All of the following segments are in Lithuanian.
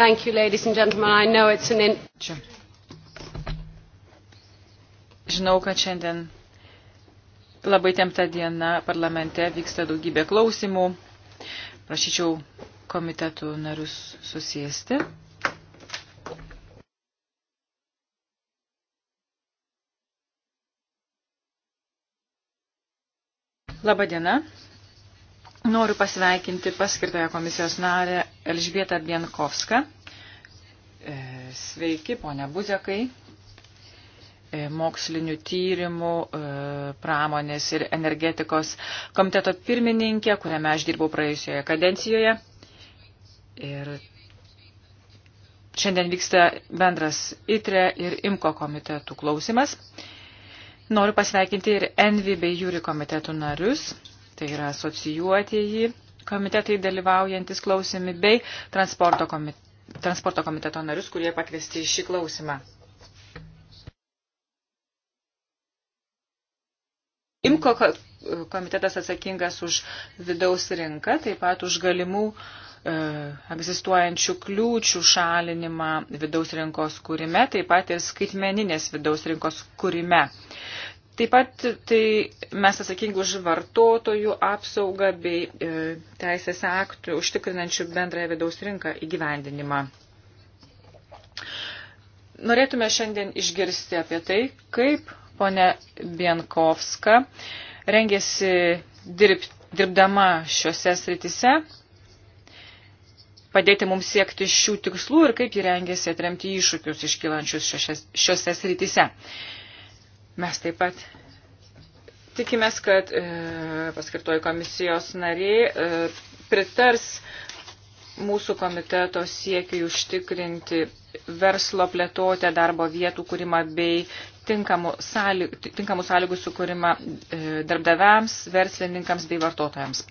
Thank you, ladies and gentlemen. I know it's an... In... Ačiū. Žinau, kad šiandien labai temta diena parlamente vyksta daugybė klausimų. Prašyčiau komitetų narius susijęsti. Labadiena. diena. Noriu pasveikinti paskirtąją komisijos narę Elžbietą Bienkovską. E, sveiki, ponia Buzekai, e, mokslinių tyrimų, e, pramonės ir energetikos komiteto pirmininkė, kuriame aš dirbau praėjusioje kadencijoje. Ir šiandien vyksta bendras ITRE ir IMKO komitetų klausimas. Noriu pasveikinti ir ENVI bei JURI komitetų narius tai yra asocijuotieji komitetai dalyvaujantis klausimi bei transporto, komite, transporto komiteto narius, kurie pakviesti į šį klausimą. Imko komitetas atsakingas už vidaus rinką, taip pat už galimų e, egzistuojančių kliūčių šalinimą vidaus rinkos kūrime, taip pat ir skaitmeninės vidaus rinkos kūrime. Taip pat tai mes atsakingi už vartotojų apsaugą bei e, teisės aktų užtikrinančių bendrąją vidaus rinką įgyvendinimą. Norėtume šiandien išgirsti apie tai, kaip ponė Bienkovska rengėsi dirb, dirbdama šiuose sritise padėti mums siekti šių tikslų ir kaip ji rengėsi atremti iššūkius iškylančius šiuose srityse. Mes taip pat tikimės, kad e, paskirtoji komisijos nariai e, pritars mūsų komiteto siekiui užtikrinti verslo plėtotę, darbo vietų kūrimą bei tinkamų sąlygų, tinkamų sąlygų sukūrimą e, darbdaviams, verslininkams bei vartotojams.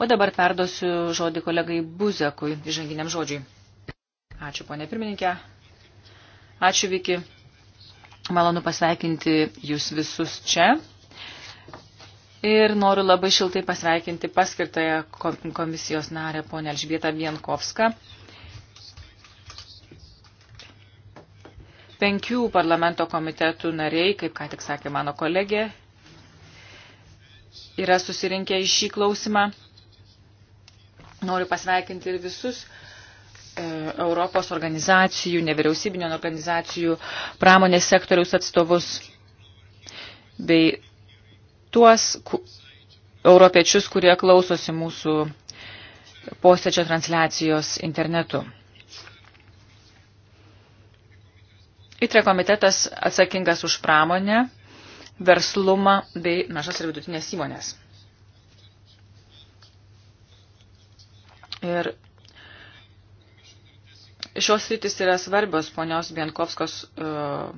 O dabar perdosiu žodį kolegai Buzekui, žanginiam žodžiui. Ačiū, ponė pirmininkė. Ačiū, Viki. Malonu pasveikinti jūs visus čia. Ir noriu labai šiltai pasveikinti paskirtąją komisijos narę ponę Elžbietą Bienkovską. Penkių parlamento komitetų nariai, kaip ką tik sakė mano kolegė, yra susirinkę į šį klausimą. Noriu pasveikinti ir visus E, Europos organizacijų, nevyriausybinio organizacijų, pramonės sektoriaus atstovus bei tuos europiečius, kurie klausosi mūsų posėdžio transliacijos internetu. ITRE komitetas atsakingas už pramonę, verslumą bei mažas ir vidutinės įmonės. Ir Šios rytis yra svarbios ponios Bienkovskos uh,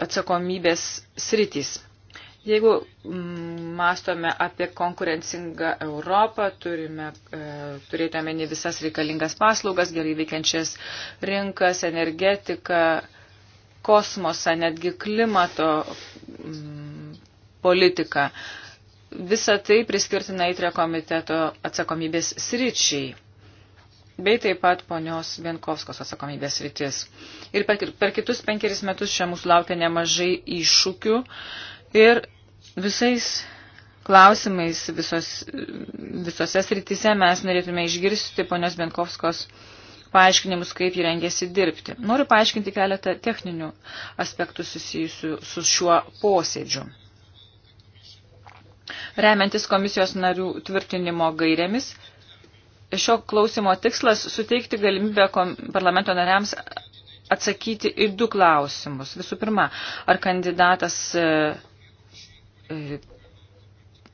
atsakomybės sritys. Jeigu mastome apie konkurencingą Europą, turime e, turėti omeny visas reikalingas paslaugas, gerai veikiančias rinkas, energetiką, kosmosą, netgi klimato m, politiką. Visa tai priskirtina įtrio komiteto atsakomybės sričiai bei taip pat ponios Vienkovskos atsakomybės rytis. Ir per kitus penkeris metus čia mūsų laukia nemažai iššūkių ir visais klausimais visos, visose srityse mes norėtume išgirsti ponios Benkovskos paaiškinimus, kaip jį rengėsi dirbti. Noriu paaiškinti keletą techninių aspektų susijusių su šiuo posėdžiu. Remiantis komisijos narių tvirtinimo gairėmis, šio klausimo tikslas suteikti galimybę parlamento nariams atsakyti į du klausimus. Visų pirma, ar kandidatas e, e,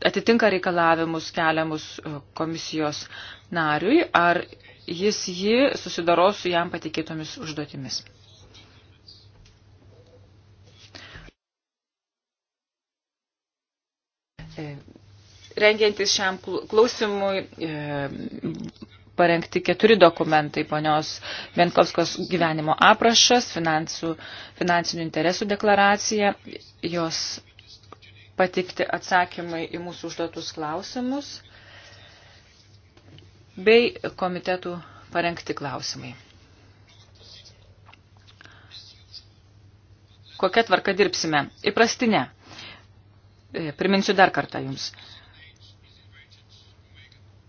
atitinka reikalavimus keliamus e, komisijos nariui, ar jis jį susidaro su jam patikėtomis užduotimis rengiantis šiam klausimui e, parengti keturi dokumentai ponios Vienkovskos gyvenimo aprašas, finansų, finansinių interesų deklaracija, jos patikti atsakymai į mūsų užduotus klausimus bei komitetų parengti klausimai. Kokia tvarka dirbsime? Įprastinė. E, priminsiu dar kartą jums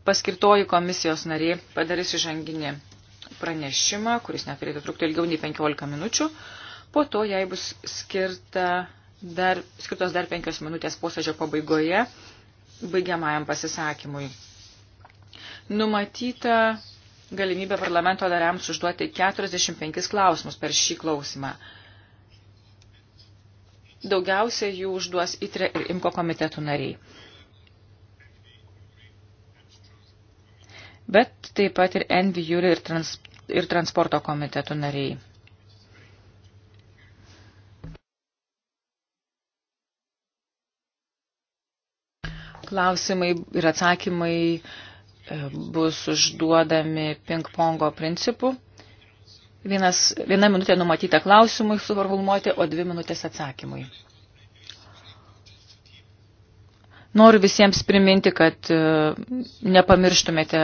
paskirtoji komisijos nariai padarys įžanginį pranešimą, kuris neturėtų trukti ilgiau nei 15 minučių. Po to, jei bus skirta dar, skirtos dar 5 minutės posėdžio pabaigoje, baigiamajam pasisakymui. Numatyta galimybė parlamento dariams užduoti 45 klausimus per šį klausimą. Daugiausia jų užduos ITRE ir IMKO komitetų nariai. bet taip pat ir Envi Jūri ir, trans, ir transporto komitetų nariai. Klausimai ir atsakymai e, bus užduodami ping-pongo principu. Vienas, viena minutė numatyta klausimui suformuluoti, o dvi minutės atsakymui. Noriu visiems priminti, kad e, nepamirštumėte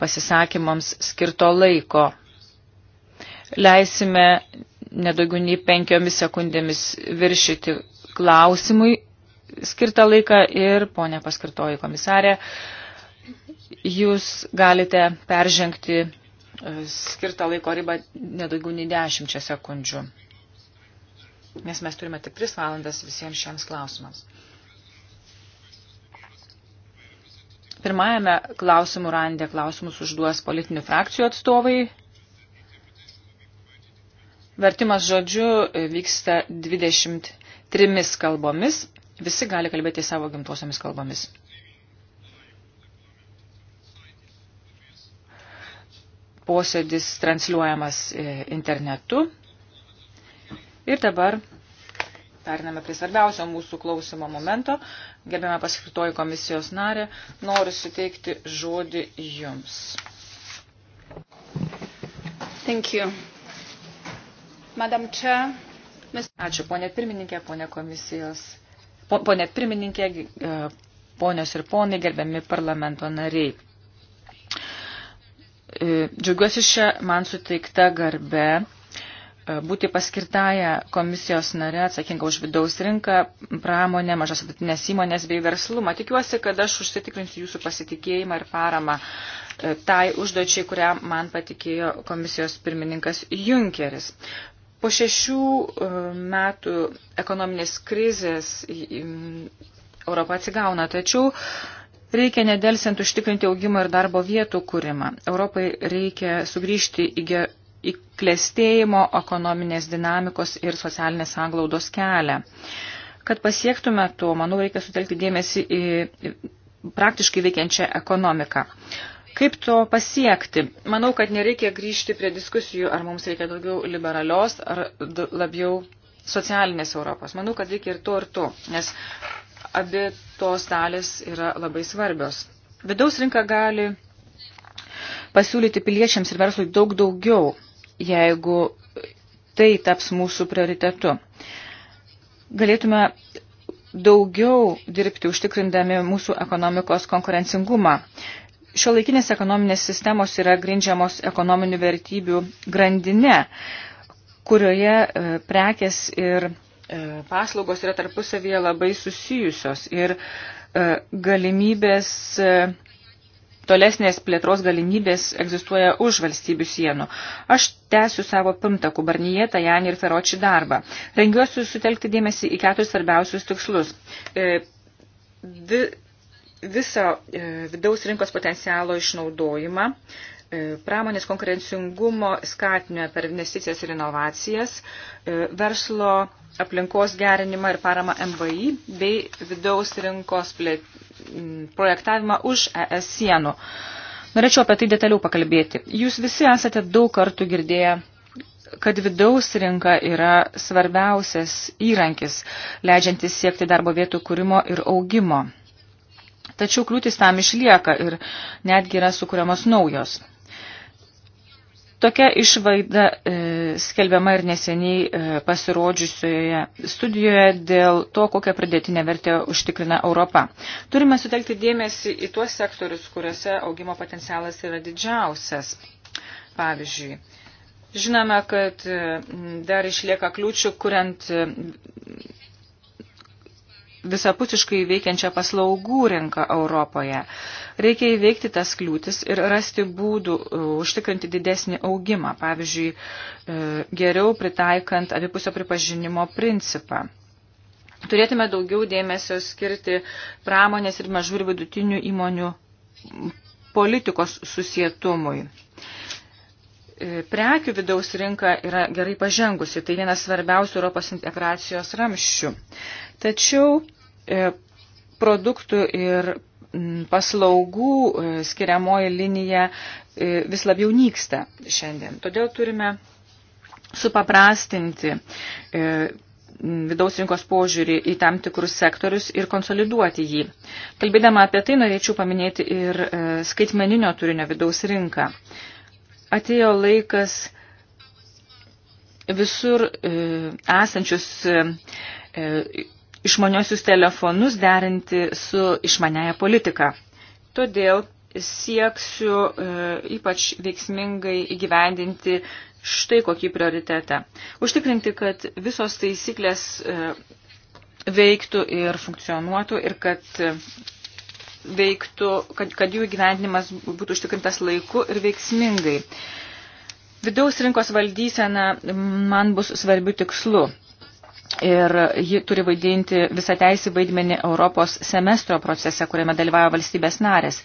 pasisakymams skirto laiko. Leisime nedaugiau nei penkiomis sekundėmis viršyti klausimui skirtą laiką ir, ponė paskirtoji komisarė, jūs galite peržengti e, skirtą laiko ribą nedaugiau nei dešimčia sekundžių, nes mes turime tik tris valandas visiems šiems klausimams. Pirmajame klausimų randė klausimus užduos politinių frakcijų atstovai. Vertimas žodžiu vyksta 23 kalbomis. Visi gali kalbėti savo gimtuosiamis kalbomis. Posėdis transliuojamas e, internetu. Ir dabar Periname prie svarbiausio mūsų klausimo momento. Gerbėme paskirtoji komisijos narė. Noriu suteikti žodį jums. Thank you. Madam Chair, Mr. Ačiū, ponė pirmininkė, ponė komisijos. Ponė pirmininkė, e, ponios ir ponai, gerbiami parlamento nariai. E, džiaugiuosi šią man suteikta garbe E, būti paskirtąją komisijos nare atsakinga už vidaus rinką, pramonę, mažas vidutinės įmonės bei verslumą. Tikiuosi, kad aš užsitikrinsiu jūsų pasitikėjimą ir paramą e, tai užduočiai, kurią man patikėjo komisijos pirmininkas Junkeris. Po šešių e, metų ekonominės krizės Europa atsigauna, tačiau reikia nedelsiant užtikrinti augimą ir darbo vietų kūrimą. Europai reikia sugrįžti į į klėstėjimo, ekonominės dinamikos ir socialinės anglaudos kelią. Kad pasiektume to, manau, reikia sutelkti dėmesį į praktiškai veikiančią ekonomiką. Kaip to pasiekti? Manau, kad nereikia grįžti prie diskusijų, ar mums reikia daugiau liberalios, ar labiau socialinės Europos. Manau, kad reikia ir to, ir to, nes abi tos dalis yra labai svarbios. Vidaus rinka gali pasiūlyti piliečiams ir verslui daug daugiau jeigu tai taps mūsų prioritetu. Galėtume daugiau dirbti užtikrindami mūsų ekonomikos konkurencingumą. Šio laikinės ekonominės sistemos yra grindžiamos ekonominių vertybių grandinė, kurioje e, prekės ir e, paslaugos yra tarpusavyje labai susijusios ir e, galimybės tolesnės plėtros galimybės egzistuoja už valstybių sienų. Aš tęsiu savo pimtakų Barnyje, Tajanį ir Feroči darbą. Rengiuosiu sutelkti dėmesį į keturis svarbiausius tikslus. E, vi, viso e, vidaus rinkos potencialo išnaudojimą, E, pramonės konkurencingumo skatinime per investicijas ir inovacijas, e, verslo aplinkos gerinimą ir paramą MVI bei vidaus rinkos projektavimą už ES sienų. Norėčiau apie tai detaliau pakalbėti. Jūs visi esate daug kartų girdėję kad vidaus rinka yra svarbiausias įrankis, leidžiantis siekti darbo vietų kūrimo ir augimo. Tačiau kliūtis tam išlieka ir netgi yra sukūriamos naujos. Tokia išvaida e, skelbiama ir neseniai e, pasirodžiusioje studijoje dėl to, kokią pridėtinę vertę užtikrina Europa. Turime sutelkti dėmesį į tuos sektorius, kuriuose augimo potencialas yra didžiausias. Pavyzdžiui, žinome, kad dar išlieka kliūčių, kuriant visapusiškai veikiančią paslaugų rinką Europoje. Reikia įveikti tas kliūtis ir rasti būdų e, užtikrinti didesnį augimą, pavyzdžiui, e, geriau pritaikant abipusio pripažinimo principą. Turėtume daugiau dėmesio skirti pramonės ir mažų ir vidutinių įmonių politikos susietumui. E, prekių vidaus rinka yra gerai pažengusi, tai vienas svarbiausių Europos integracijos ramščių. Tačiau e, produktų ir paslaugų e, skiriamoji linija vis labiau nyksta šiandien. Todėl turime supaprastinti vidaus rinkos požiūrį į tam tikrus sektorius ir konsoliduoti jį. Kalbėdama apie tai, norėčiau paminėti ir skaitmeninio turinio vidaus rinką atėjo laikas visur e, esančius e, e, išmaniosius telefonus derinti su išmaniaja politika. Todėl sieksiu ypač veiksmingai įgyvendinti štai kokį prioritetą. Užtikrinti, kad visos taisyklės veiktų ir funkcionuotų ir kad veiktų, kad, kad jų įgyvendinimas būtų užtikrintas laiku ir veiksmingai. Vidaus rinkos valdysena man bus svarbių tikslų. Ir ji turi vaidinti visą teisį vaidmenį Europos semestro procese, kuriame dalyvauja valstybės narės.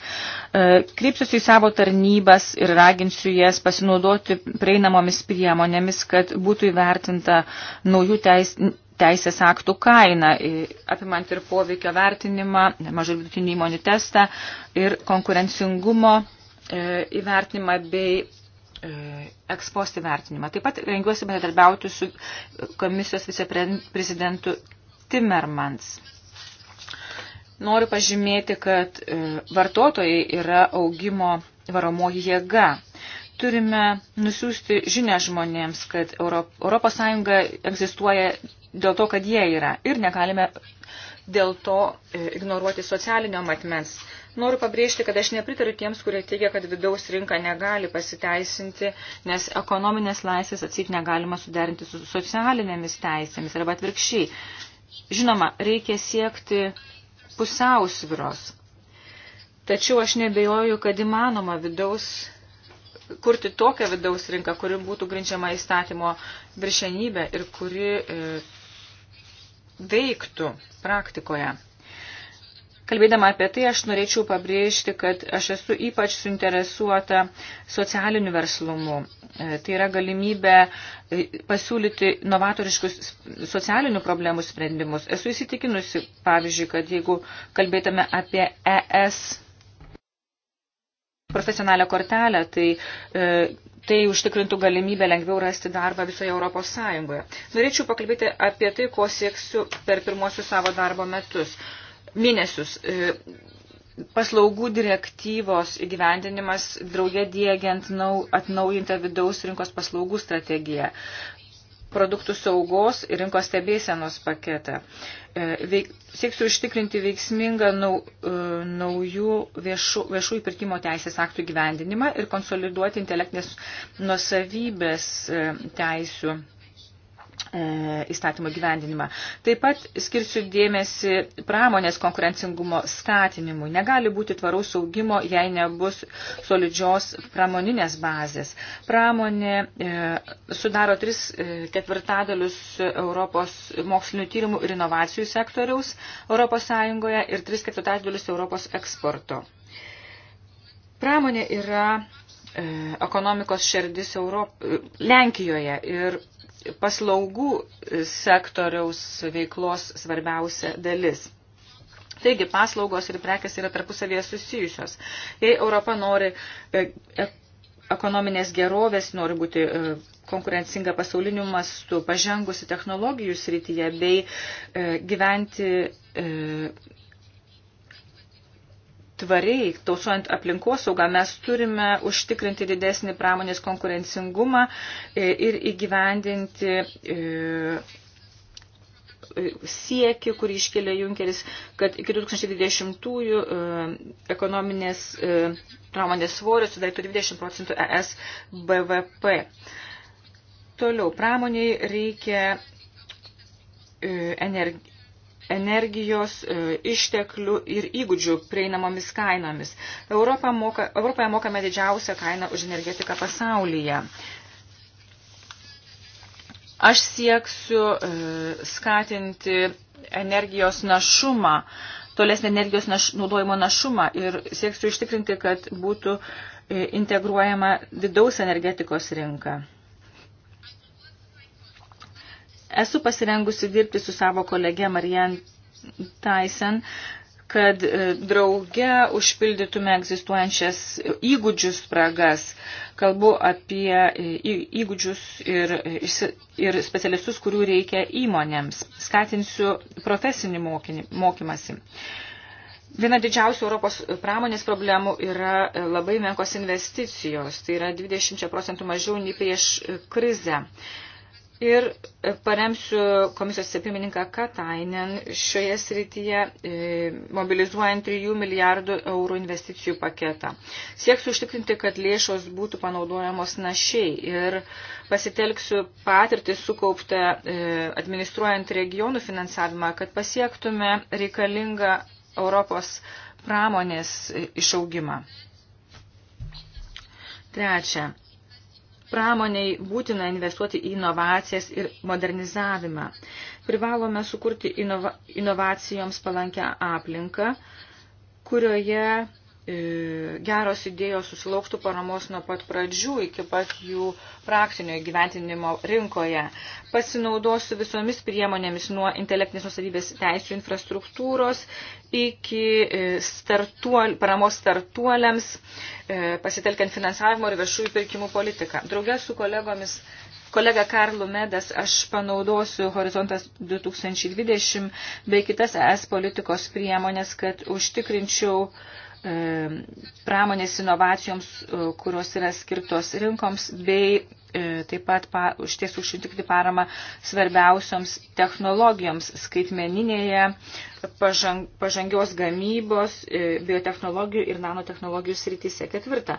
E, kreipsiuosi į savo tarnybas ir raginsiu jas pasinaudoti prieinamomis priemonėmis, kad būtų įvertinta naujų teis, teisės aktų kainą, apimant ir poveikio vertinimą, mažų vidutinių įmonių testą ir konkurencingumo e, įvertinimą bei e, ekspost įvertinimą. Taip pat rengiuosi bendradarbiauti su komisijos viceprezidentu Timmermans. Noriu pažymėti, kad e, vartotojai yra augimo varomoji jėga turime nusiųsti žinę žmonėms, kad Europos Sąjunga egzistuoja dėl to, kad jie yra. Ir negalime dėl to e, ignoruoti socialinio matmens. Noriu pabrėžti, kad aš nepritariu tiems, kurie teigia, kad vidaus rinka negali pasiteisinti, nes ekonominės laisvės atsit negalima suderinti su socialinėmis teisėmis arba atvirkščiai. Žinoma, reikia siekti pusiausviros. Tačiau aš nebejoju, kad įmanoma vidaus kurti tokią vidaus rinką, kuri būtų grinčiama įstatymo viršenybė ir kuri e, veiktų praktikoje. Kalbėdama apie tai, aš norėčiau pabrėžti, kad aš esu ypač suinteresuota socialiniu verslumu. E, tai yra galimybė e, pasiūlyti novatoriškus socialinių problemų sprendimus. Esu įsitikinusi, pavyzdžiui, kad jeigu kalbėtume apie ES profesionalią kortelę, tai e, tai užtikrintų galimybę lengviau rasti darbą visoje Europos Sąjungoje. Norėčiau pakalbėti apie tai, ko sieksiu per pirmosius savo darbo metus. Mėnesius. E, paslaugų direktyvos įgyvendinimas draugė diegiant nau, atnaujintą vidaus rinkos paslaugų strategiją, produktų saugos ir rinkos stebėsenos paketą. E, E, veik, sieksiu užtikrinti veiksmingą nau, e, naujų viešų, viešųjų pirkimo teisės aktų gyvendinimą ir konsoliduoti intelektinės nuosavybės e, teisių E, įstatymo gyvendinimą. Taip pat skirsiu dėmesį pramonės konkurencingumo skatinimui. Negali būti tvaraus augimo, jei nebus solidžios pramoninės bazės. Pramonė e, sudaro tris e, ketvirtadalius Europos mokslinių tyrimų ir inovacijų sektoriaus Europos Sąjungoje ir tris ketvirtadalius Europos eksporto. Pramonė yra e, ekonomikos šerdis Europ... Lenkijoje ir paslaugų sektoriaus veiklos svarbiausia dalis. Taigi paslaugos ir prekes yra tarpusavėje susijusios. Jei Europa nori e, e, ekonominės gerovės, nori būti e, konkurencinga pasauliniu mastu, pažengusi technologijų srityje bei gyventi tvariai, tausojant aplinkosaugą, mes turime užtikrinti didesnį pramonės konkurencingumą e, ir įgyvendinti e, e, sieki, kurį iškėlė Junkeris, kad iki 2020-ųjų ekonominės pramonės svoris sudarytų 20 procentų ES BVP. Toliau, pramoniai reikia energijos e, išteklių ir įgūdžių prieinamomis kainomis. Europa moka, Europoje mokame didžiausią kainą už energetiką pasaulyje. Aš sieksiu e, skatinti energijos našumą, tolesnį energijos naš, naudojimo našumą ir sieksiu ištikrinti, kad būtų e, integruojama vidaus energetikos rinka. Esu pasirengusi dirbti su savo kolege Marian Tyson, kad e, drauge užpildytume egzistuojančias įgūdžių spragas. Kalbu apie e, įgūdžius ir, e, ir specialistus, kurių reikia įmonėms. Skatinsiu profesinį mokinį, mokymasi. Viena didžiausių Europos pramonės problemų yra labai menkos investicijos, tai yra 20 procentų mažiau nei prieš krizę. Ir paremsiu komisijos pirmininką Katainen šioje srityje e, mobilizuojant 3 milijardų eurų investicijų paketą. Sieksiu užtikrinti, kad lėšos būtų panaudojamos našiai ir pasitelksiu patirtį sukauptą e, administruojant regionų finansavimą, kad pasiektume reikalingą Europos pramonės išaugimą. Trečia, Pramoniai būtina investuoti į inovacijas ir modernizavimą. Privalome sukurti inova, inovacijoms palankę aplinką, kurioje E, geros idėjos susilauktų paramos nuo pat pradžių iki pat jų praktinio įgyventinimo rinkoje. Pasinaudosiu visomis priemonėmis nuo intelektinės nusavybės teisų infrastruktūros iki e, startuol, paramos startuoliams, e, pasitelkiant finansavimo ir viešųjų pirkimų politiką. Drauge su kolegomis Kolega Karlu Medas, aš panaudosiu Horizontas 2020 bei kitas ES politikos priemonės, kad užtikrinčiau uh, E, pramonės inovacijoms, e, kurios yra skirtos rinkoms, bei e, taip pat pa, už tiesų užtikrinti paramą svarbiausioms technologijoms skaitmeninėje pažang, pažangios gamybos, e, biotehnologijų ir nanotehnologijų srityse. Ketvirta,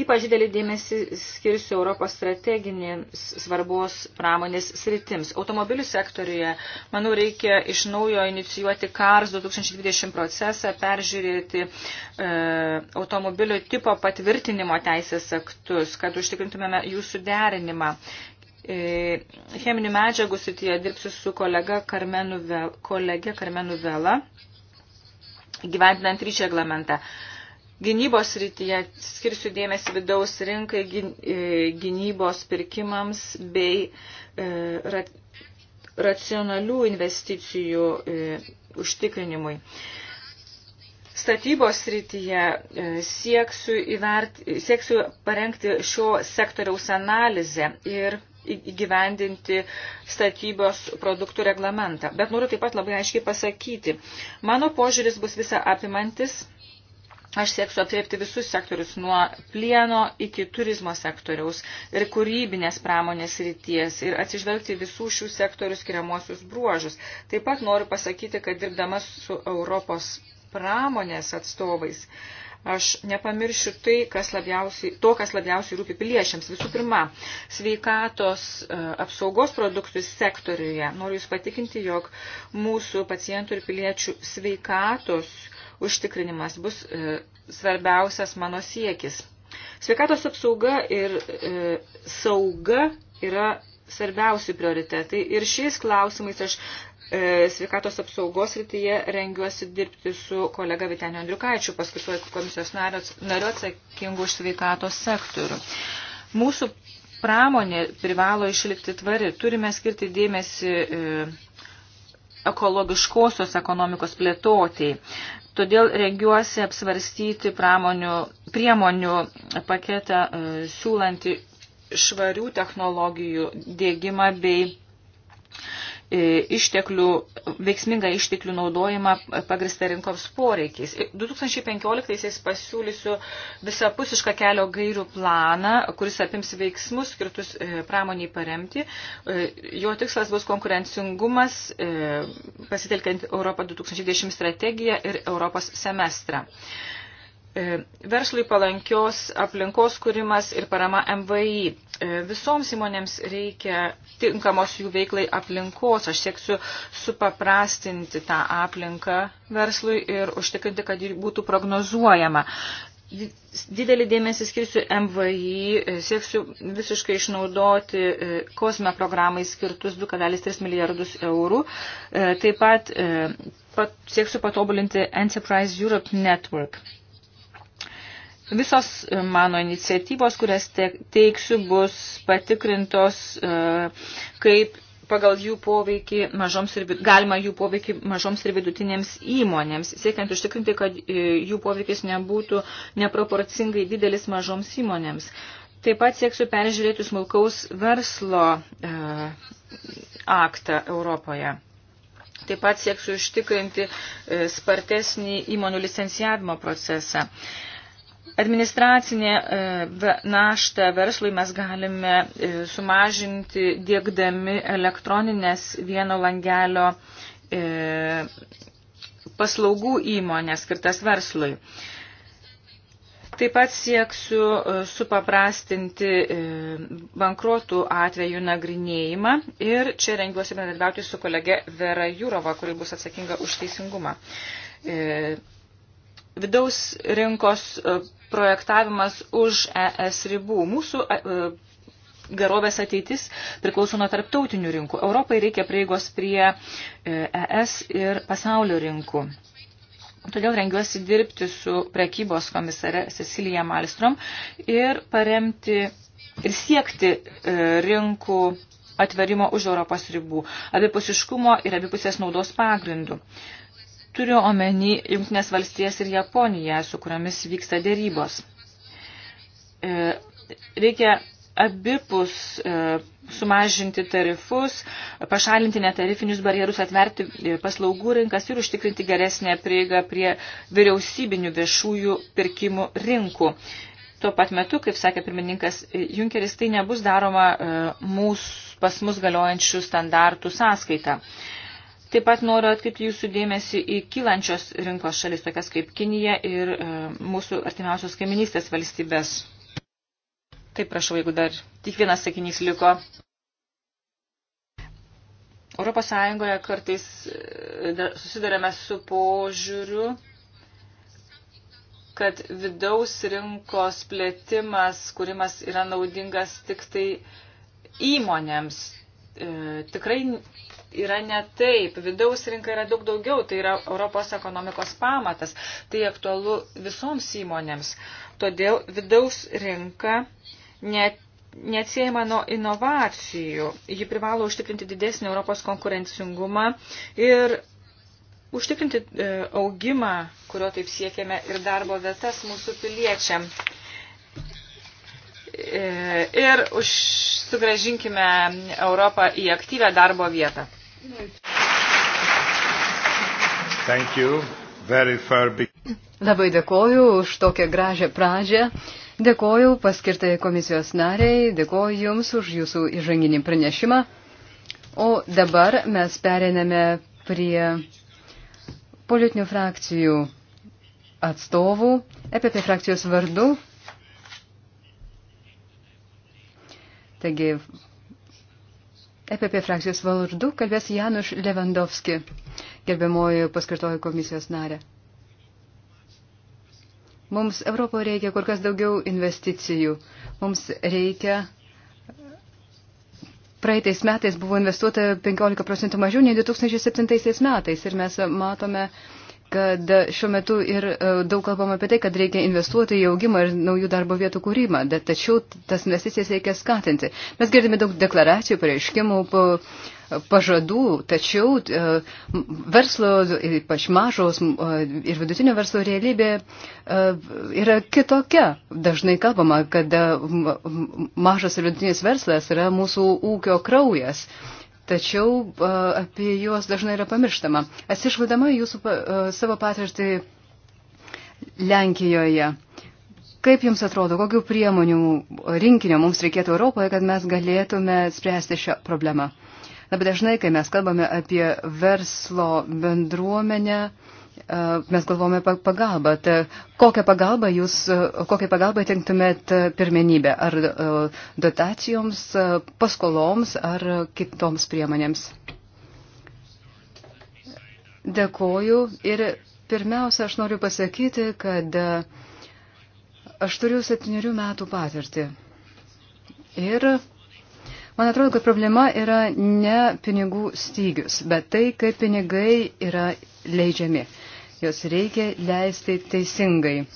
ypač didelį dėmesį skirsiu Europos strateginėms svarbos pramonės sritims. Automobilių sektoriuje, manau, reikia iš naujo inicijuoti KARS 2020 procesą, peržiūrėti e, automobilių tipo patvirtinimo teisės aktus, kad užtikrintumėme jų suderinimą. E, cheminių medžiagų srityje dirbsiu su kolega Karmenu, Vela, kolegė Karmenu Vela, gyventinant ryšį reglamentą. Gynybos srityje skirsiu dėmesį vidaus rinkai, e, gynybos pirkimams bei e, racionalių investicijų užtikrinimui. Statybos srityje sieksiu, įvert, sieksiu parengti šio sektoriaus analizę ir įgyvendinti statybos produktų reglamentą. Bet noriu taip pat labai aiškiai pasakyti, mano požiūris bus visa apimantis. Aš sieksiu apriepti visus sektorius nuo plieno iki turizmo sektoriaus ir kūrybinės pramonės ryties ir atsižvelgti visų šių sektorių skiriamuosius bruožus. Taip pat noriu pasakyti, kad dirbdamas su Europos pramonės atstovais, uh, Aš nepamiršiu tai, kas labiausiai, to, kas labiausiai rūpi piliečiams. Visų pirma, sveikatos e, apsaugos produktų sektoriuje. Noriu Jūs patikinti, jog mūsų pacientų ir piliečių sveikatos užtikrinimas bus e, svarbiausias mano siekis. Sveikatos apsauga ir e, sauga yra svarbiausi prioritetai ir šiais klausimais aš E, sveikatos apsaugos rytyje rengiuosi dirbti su kolega Viteniu Andriukaičiu, paskutiniu komisijos nariu atsakingu už sveikatos sektorių. Mūsų pramonė privalo išlikti tvari. Turime skirti dėmesį e, ekologiškosios ekonomikos plėtotėjai. Todėl rengiuosi apsvarstyti pramonių, priemonių paketą e, siūlantį švarių technologijų dėgymą bei E, išteklių, veiksmingą išteklių naudojimą pagristą rinkoms poreikiais. 2015-aisiais pasiūlysiu visapusišką kelio gairių planą, kuris apims veiksmus skirtus e, pramoniai paremti. E, jo tikslas bus konkurencingumas, pasitelkiant Europą 2020 strategiją ir Europos semestrą. E, verslui palankios aplinkos kūrimas ir parama MVI. E, visoms įmonėms reikia tinkamos jų veiklai aplinkos. Aš sieksiu supaprastinti tą aplinką verslui ir užtikrinti, kad ji būtų prognozuojama. Didelį dėmesį skirsiu MVI, e, sieksiu visiškai išnaudoti kosme programai skirtus 2,3 milijardus eurų. Taip pat, pat sieksiu patobulinti Enterprise Europe Network Visos e, mano iniciatyvos, kurias teiksiu, bus patikrintos, e, kaip pagal jų poveikį mažoms ir, galima jų poveikį mažoms ir vidutinėms įmonėms, siekiant užtikrinti, kad e, jų poveikis nebūtų neproporcingai didelis mažoms įmonėms. Taip pat sieksiu peržiūrėti smulkaus verslo e, aktą Europoje. Taip pat sieksiu užtikrinti spartesnį įmonių licencijavimo procesą. E, Administracinė e, naštą verslui mes galime e, sumažinti dėkdami elektroninės vieno langelio e, paslaugų įmonės skirtas verslui. Taip pat sieksiu supaprastinti bankruotų atvejų nagrinėjimą ir čia rengiuosi bendradarbiauti su kolege Vera Jurova, kuri bus atsakinga už teisingumą vidaus rinkos e, projektavimas už ES ribų. Mūsų e, e, gerovės ateitis priklauso nuo tarptautinių rinkų. Europai reikia prieigos prie ES ir pasaulio rinkų. Todėl rengiuosi dirbti su prekybos komisare Cecilija Malstrom ir paremti ir siekti rinkų atverimo už Europos ribų, abipusiškumo ir abipusės naudos pagrindų. Turiu omeny Junktinės valstijas ir Japoniją, su kuriomis vyksta dėrybos. E, reikia abipus e, sumažinti tarifus, pašalinti netarifinius barjerus, atverti e, paslaugų rinkas ir užtikrinti geresnę prieigą prie vyriausybinių viešųjų pirkimų rinkų. Tuo pat metu, kaip sakė pirmininkas Junkeris, tai nebus daroma mūsų pas mus galiojančių standartų sąskaita. Taip pat noriu atkreipti jūsų dėmesį į kylančios rinkos šalis, tokias kaip Kinija ir e, mūsų artimiausios kaiminystės valstybės. Taip prašau, jeigu dar tik vienas sakinys liko. Europos Sąjungoje kartais e, susidarėme su požiūriu, kad vidaus rinkos plėtimas, kūrimas yra naudingas tik tai įmonėms. E, tikrai yra ne taip. Vidaus rinka yra daug daugiau, tai yra Europos ekonomikos pamatas. Tai aktualu visoms įmonėms. Todėl vidaus rinka net neatsiejama nuo inovacijų. Ji privalo užtikrinti didesnį Europos konkurencingumą ir užtikrinti e, augimą, kurio taip siekiame, ir darbo vietas mūsų piliečiam. E, ir už, sugražinkime Europą į aktyvę darbo vietą. Labai dėkoju už tokią gražią pradžią. Dėkoju paskirtai komisijos nariai, dėkoju Jums už Jūsų įžanginį pranešimą. O dabar mes periname prie politinių frakcijų atstovų, EPP tai frakcijos vardu. Taigi EPP frakcijos vardu kalbės Januš Levandovski, gerbiamoji paskirtoji komisijos narė. Mums Europoje reikia kur kas daugiau investicijų. Mums reikia. Praeitais metais buvo investuota 15 procentų mažiau nei 2007 metais ir mes matome uh, kad šiuo metu ir e, daug kalbama apie tai, kad reikia investuoti į augimą ir naujų darbo vietų kūrimą, bet tačiau tas investicijas reikia skatinti. Mes girdime daug deklaracijų, pareiškimų, pažadų, tačiau e, verslo, ypač mažos e, ir vidutinio verslo realybė yra kitokia. Dažnai kalbama, kad mažas ir vidutinis verslas yra mūsų ūkio kraujas tačiau apie juos dažnai yra pamirštama. Atsižvadama jūsų savo patirtį Lenkijoje, kaip jums atrodo, kokiu priemonių rinkinio mums reikėtų Europoje, kad mes galėtume spręsti šią problemą? Labai dažnai, kai mes kalbame apie verslo bendruomenę, uh, mes galvome pagalbą. Tai kokią pagalbą jūs, kokią pagalbą tenktumėt pirmenybę? Ar dotacijoms, paskoloms ar kitoms priemonėms? Dėkoju ir pirmiausia, aš noriu pasakyti, kad aš turiu septyniarių metų patirtį. Ir Man atrodo, kad problema yra ne pinigų stygius, bet tai, kaip pinigai yra leidžiami. Jos reikia leisti teisingai.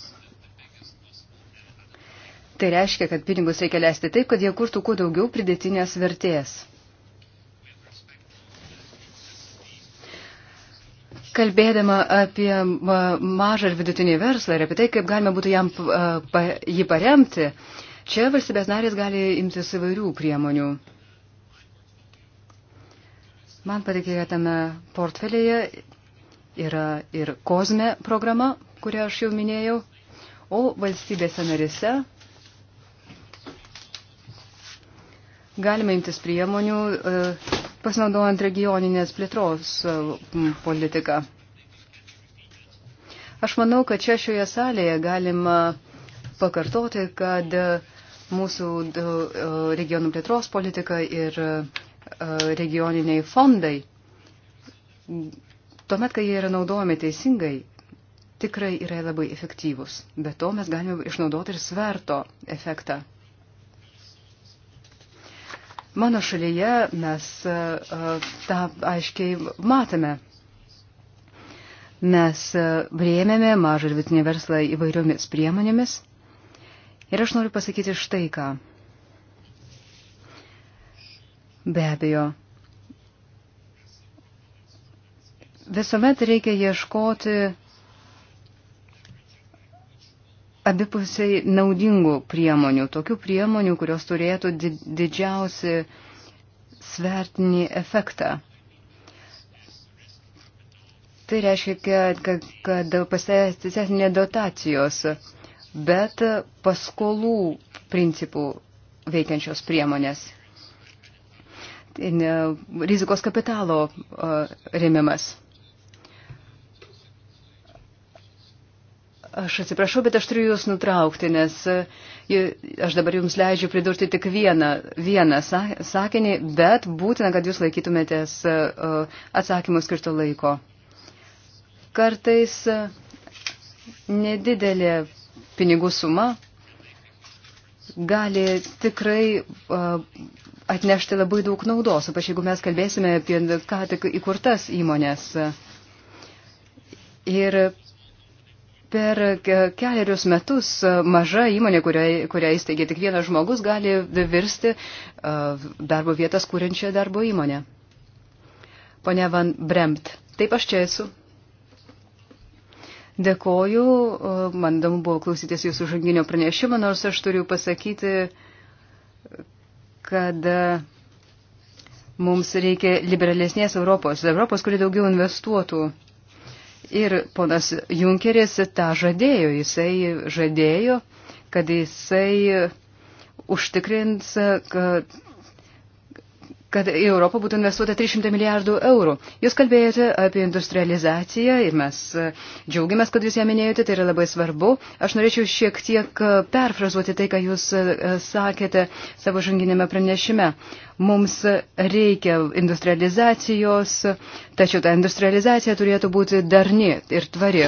Tai reiškia, kad pinigus reikia leisti taip, kad jie kurtų kuo daugiau pridėtinės vertės. Kalbėdama apie mažą ir vidutinį verslą ir apie tai, kaip galima būtų jam, pa, jį paremti, čia valstybės narės gali imtis įvairių priemonių. Man patikėjo tame portfelėje Yra ir kozme programa, kurią aš jau minėjau, o valstybėse narise galima imtis priemonių e, pasinaudojant regioninės plėtros e, politiką. Aš manau, kad čia šioje salėje galima pakartoti, kad e, mūsų regionų plėtros politika ir regioniniai fondai Tuomet, kai jie yra naudojami teisingai, tikrai yra labai efektyvus. Be to mes galime išnaudoti ir sverto efektą. Mano šalyje mes e, e, tą aiškiai matome. Mes e, rėmėme mažą ir vidutinį verslą įvairiomis priemonėmis. Ir aš noriu pasakyti štai ką. Be abejo, visuomet reikia ieškoti abipusiai naudingų priemonių, tokių priemonių, kurios turėtų didžiausi svertinį efektą. Tai reiškia, kad, kad pasitęs ne dotacijos, bet paskolų principų veikiančios priemonės. Tai ne, rizikos kapitalo remiamas. Aš atsiprašau, bet aš turiu jūs nutraukti, nes e, aš dabar jums leidžiu pridurti tik vieną, vieną sakinį, bet būtina, kad jūs laikytumėtės e, e, atsakymų skirto laiko. Kartais nedidelė pinigų suma gali tikrai atnešti labai daug naudos, ypač jeigu mes kalbėsime apie ką tik įkurtas įmonės. Ir Per keliarius metus e, maža įmonė, kurią įsteigė tik vienas žmogus, gali virsti e, darbo vietas kūrinčią darbo įmonę. Pone Van Bremt, taip aš čia esu. Dėkoju, e, man įdomu buvo klausytis jūsų žanginio pranešimo, nors aš turiu pasakyti, kad mums reikia liberalesnės Europos, Europos, kuri daugiau investuotų Ir ponas Junkeris tą žadėjo, jisai žadėjo, kad jisai užtikrins, kad kad į Europą būtų investuota 300 milijardų eurų. Jūs kalbėjote apie industrializaciją ir mes e, džiaugiamės, kad jūs ją minėjote, tai yra labai svarbu. Aš norėčiau šiek tiek e, perfrazuoti tai, ką jūs e, sakėte savo žanginėme pranešime. Mums reikia industrializacijos, tačiau ta industrializacija turėtų būti darni ir tvari.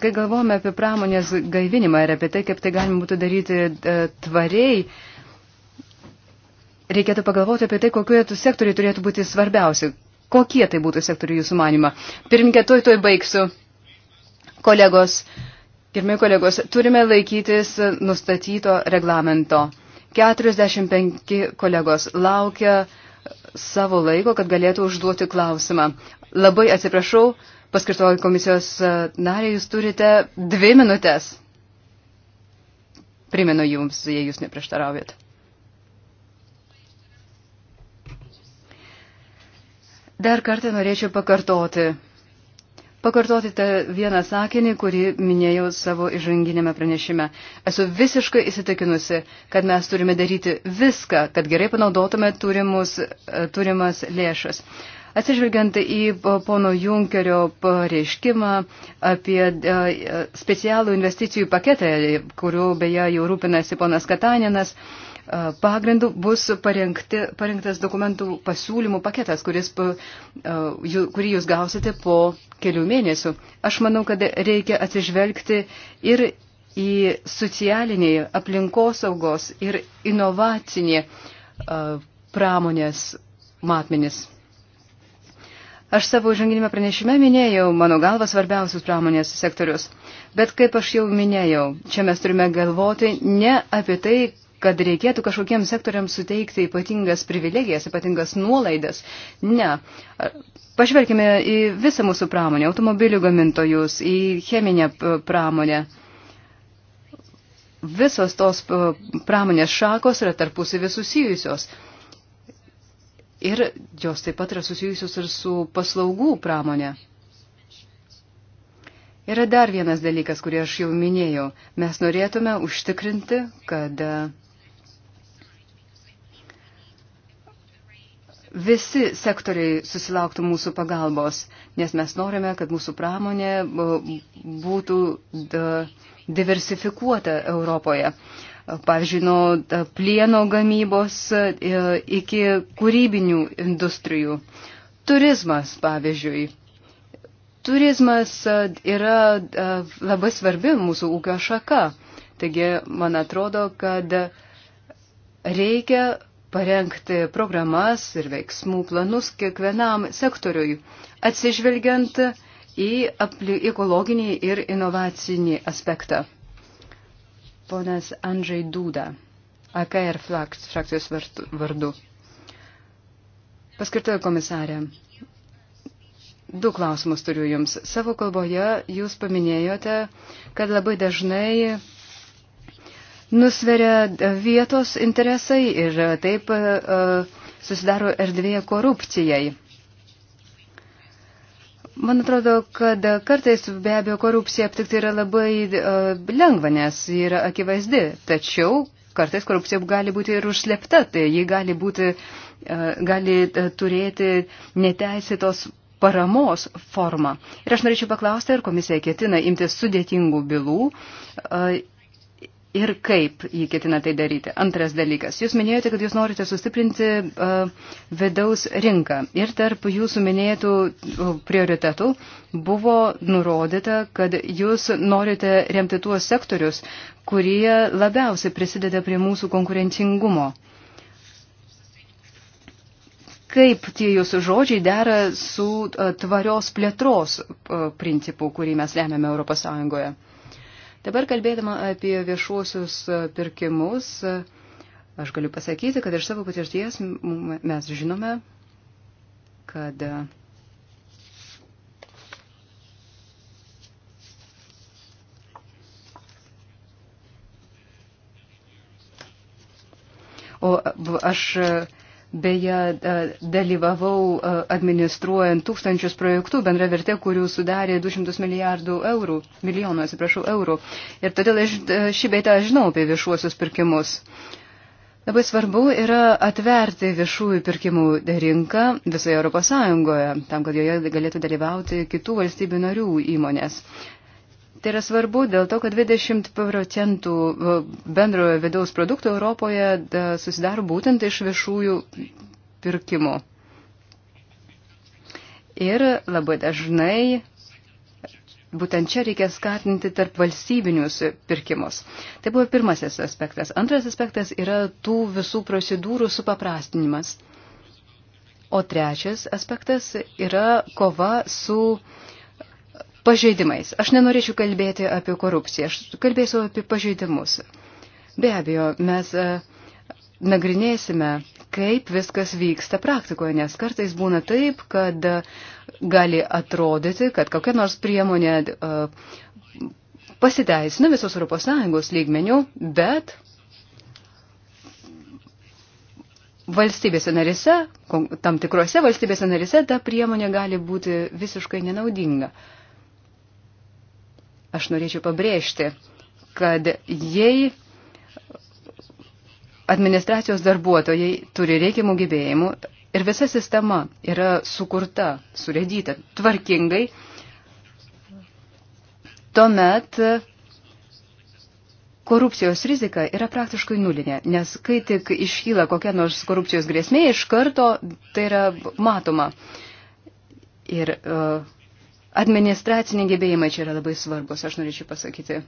Kai galvojame apie pramonės gaivinimą ir apie tai, kaip tai galima būtų daryti tvariai, reikėtų pagalvoti apie tai, kokie tų sektoriai turėtų būti svarbiausi. Kokie tai būtų sektoriai jūsų manima? Pirminkė, toj toj baigsiu. Kolegos, pirmie kolegos, turime laikytis nustatyto reglamento. 45 kolegos laukia savo laiko, kad galėtų užduoti klausimą. Labai atsiprašau, paskirtoji komisijos narė, jūs turite dvi minutės. Primenu jums, jei jūs neprieštaraujate. Dar kartą norėčiau pakartoti. Pakartoti tą vieną sakinį, kurį minėjau savo įžanginėme pranešime. Esu visiškai įsitikinusi, kad mes turime daryti viską, kad gerai panaudotume turimus, turimas lėšas. Atsižvelgiant į pono Junkerio pareiškimą apie e, specialų investicijų paketą, kuriuo beje jau rūpinasi ponas Kataninas, E, pagrindu bus parengti, parengtas dokumentų pasiūlymų paketas, kuris, e, kurį jūs gausite po kelių mėnesių. Aš manau, kad reikia atsižvelgti ir į socialinį aplinkosaugos ir inovacinį e, pramonės matmenis. Aš savo žanginime pranešime minėjau mano galva svarbiausius pramonės sektorius. Bet kaip aš jau minėjau, čia mes turime galvoti ne apie tai, kad reikėtų kažkokiems sektoriams suteikti ypatingas privilegijas, ypatingas nuolaidas. Ne. Pažvelkime į visą mūsų pramonę, automobilių gamintojus, į cheminę pramonę. Visos tos pramonės šakos yra tarpusavį susijusios. Ir jos taip pat yra susijusios ir su paslaugų pramonė. Yra dar vienas dalykas, kurį aš jau minėjau. Mes norėtume užtikrinti, kad visi sektoriai susilauktų mūsų pagalbos, nes mes norime, kad mūsų pramonė būtų diversifikuota Europoje. Pavyzdžiui, nuo plieno gamybos e, iki kūrybinių industrijų. Turizmas, pavyzdžiui. Turizmas e, yra e, labai svarbi mūsų ūkio šaka. Taigi, man atrodo, kad reikia parengti programas ir veiksmų planus kiekvienam sektoriui, atsižvelgiant į ekologinį ir inovacinį aspektą. Ponas Andžai Dūda, AKR frakcijos vardu. Paskirtoja komisarė, Du klausimus turiu Jums. Savo kalboje Jūs paminėjote, kad labai dažnai nusveria e, vietos interesai ir taip e, e, susidaro erdvėje korupcijai. Man atrodo, kad kartais be abejo korupcija aptikti yra labai uh, lengva, nes ji yra akivaizdi. Tačiau kartais korupcija gali būti ir užslepta, tai ji gali, būti, uh, gali turėti neteisėtos paramos formą. Ir aš norėčiau paklausti, ar komisija ketina imtis sudėtingų bylų uh, ir kaip jį ketina tai daryti. Antras dalykas. Jūs minėjote, kad jūs norite sustiprinti uh, vidaus rinką. Ir tarp jūsų minėtų e, prioritetų buvo nurodyta, kad jūs norite remti tuos sektorius, kurie labiausiai prisideda prie mūsų konkurencingumo. Kaip tie jūsų žodžiai dera su uh, tvarios plėtros uh, principu, kurį mes remiame Europos Sąjungoje? Dabar kalbėdama apie viešuosius e, pirkimus, e, aš galiu pasakyti, kad iš savo patirties mes žinome, kad e, O aš Beje, e, dalyvavau e, administruojant tūkstančius projektų bendra vertė, kurių sudarė 200 milijardų eurų, milijonų, atsiprašau, eurų. Ir todėl aš e, šį beitą žinau apie viešuosius pirkimus. Labai svarbu yra atverti viešųjų pirkimų rinką visoje Europos Sąjungoje, tam, kad joje galėtų dalyvauti kitų valstybių narių įmonės. Tai yra svarbu dėl to, kad 20 procentų e, bendrojo vidaus produkto Europoje e, susidaro būtent iš viešųjų pirkimų. Ir labai dažnai būtent čia reikia skatinti tarp valstybinius pirkimus. Tai buvo pirmasis aspektas. Antras aspektas yra tų visų procedūrų supaprastinimas. O trečias aspektas yra kova su uh, pažeidimais. Aš nenorėčiau kalbėti apie korupciją, aš kalbėsiu apie pažeidimus. Be abejo, mes e, nagrinėsime, kaip viskas vyksta praktikoje, nes kartais būna taip, kad e, gali atrodyti, kad kokia nors priemonė e, pasiteisina visos ES lygmenių, bet valstybėse narise, tam tikrose valstybėse narise ta priemonė gali būti visiškai nenaudinga. Uh, Aš norėčiau pabrėžti, kad jei administracijos darbuotojai turi reikiamų gebėjimų ir visa sistema yra sukurta, surėdyta tvarkingai, tuomet korupcijos rizika yra praktiškai nulinė, nes kai tik iškyla kokia nors korupcijos grėsmė, iš karto tai yra matoma. Ir uh, administraciniai gebėjimai čia yra labai svarbus, aš norėčiau pasakyti.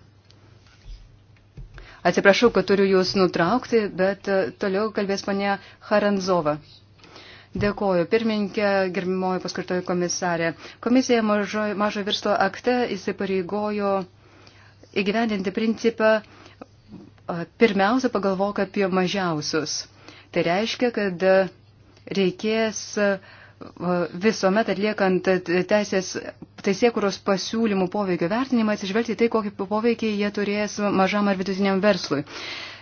Atsiprašau, kad turiu jūs nutraukti, bet e, toliau kalbės mane Haranzova. Dėkoju, pirmininkė, gerbimoji paskirtoji komisarė. Komisija mažo, mažo virsto akte įsipareigojo įgyvendinti principą e, pirmiausia pagalvok apie mažiausius. Tai reiškia, kad reikės uh, visuomet atliekant teisės, teisėkuros pasiūlymų poveikio vertinimą atsižvelgti tai, kokį poveikį jie turės mažam ar vidutiniam verslui.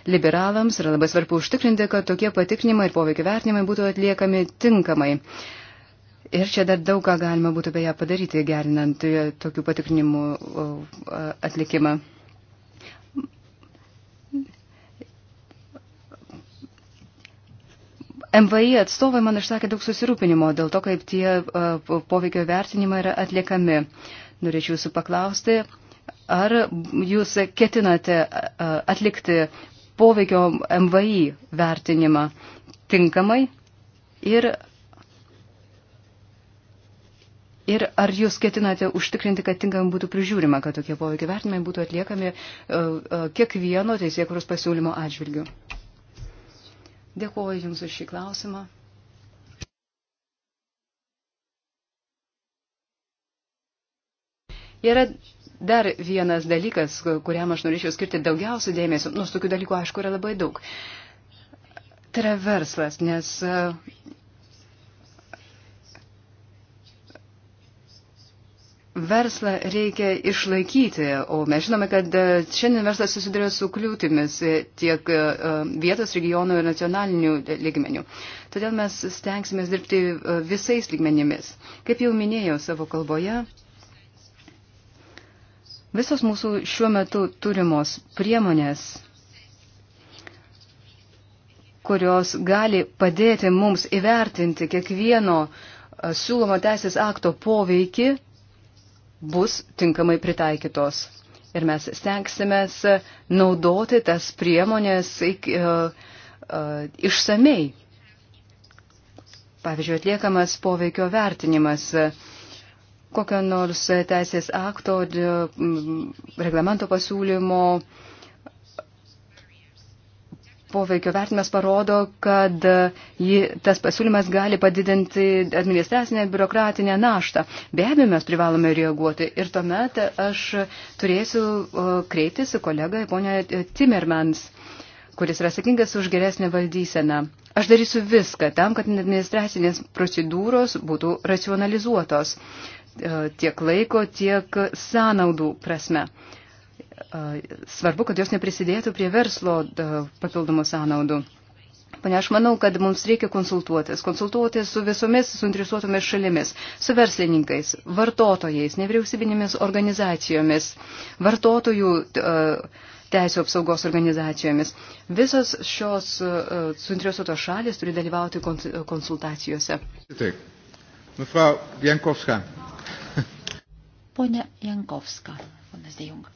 Liberalams yra labai svarbu užtikrinti, kad tokie patikrinimai ir poveikio vertinimai būtų atliekami tinkamai. Ir čia dar daug ką galima būtų beje padaryti, gerinant tokių patikrinimų atlikimą. MVI atstovai man išsakė daug susirūpinimo dėl to, kaip tie poveikio vertinimai yra atliekami. Norėčiau jūsų paklausti, ar jūs ketinate atlikti poveikio MVI vertinimą tinkamai ir Ir ar jūs ketinate užtikrinti, kad tinkamai būtų prižiūrima, kad tokie poveikio vertinimai būtų atliekami kiekvieno teisėkuros pasiūlymo atžvilgiu? Dėkuoju Jums už šį klausimą. Yra dar vienas dalykas, kuriam aš norėčiau skirti daugiausiai dėmesio, nors nu, tokių dalykų, aišku, yra labai daug. Tai yra verslas, nes Verslą reikia išlaikyti, o mes žinome, kad e, šiandien verslas susiduria su kliūtimis e, tiek e, vietos, regionų ir nacionalinių lygmenių. Todėl mes stengsimės dirbti visais lygmenimis. Kaip jau minėjau savo kalboje, visos mūsų šiuo metu turimos priemonės, kurios gali padėti mums įvertinti kiekvieno siūlomo teisės akto poveikį, bus tinkamai pritaikytos. Ir mes stengsime naudoti tas priemonės e, e, išsamei. Pavyzdžiui, atliekamas poveikio vertinimas kokio nors teisės akto reglamento pasiūlymo poveikio vertinimas parodo, kad ji, tas pasiūlymas gali padidinti administracinę biurokratinę naštą. Be abejo, mes privalome reaguoti. Ir tuomet aš turėsiu kreiptis į kolegą, ponę Timmermans kuris yra sakingas už geresnę valdyseną. Aš darysiu viską tam, kad administracinės procedūros būtų racionalizuotos e, tiek laiko, tiek sąnaudų prasme svarbu, kad jos neprisidėtų prie verslo papildomų sąnaudų. Pane, aš manau, kad mums reikia konsultuotis, konsultuotis su visomis suinteresuotomis šalimis, su verslininkais, vartotojais, nevyriausybinėmis organizacijomis, vartotojų teisų apsaugos organizacijomis. Visos šios suinteresuotos šalis turi dalyvauti konsultacijose. Taip. Mevrouw nu, Jankovska. Pone Jankovska, ponas Dejunga.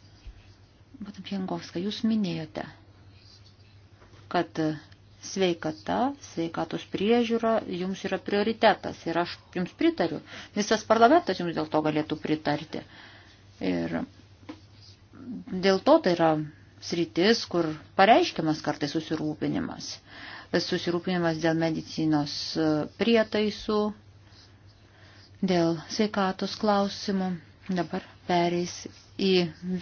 Matam Pienkovska, jūs minėjote, kad sveikata, sveikatos priežiūra jums yra prioritetas ir aš jums pritariu. Visas parlamentas jums dėl to galėtų pritarti. Ir dėl to tai yra sritis, kur pareiškiamas kartais susirūpinimas. Susirūpinimas dėl medicinos prietaisų, dėl sveikatos klausimų. Dabar pereis į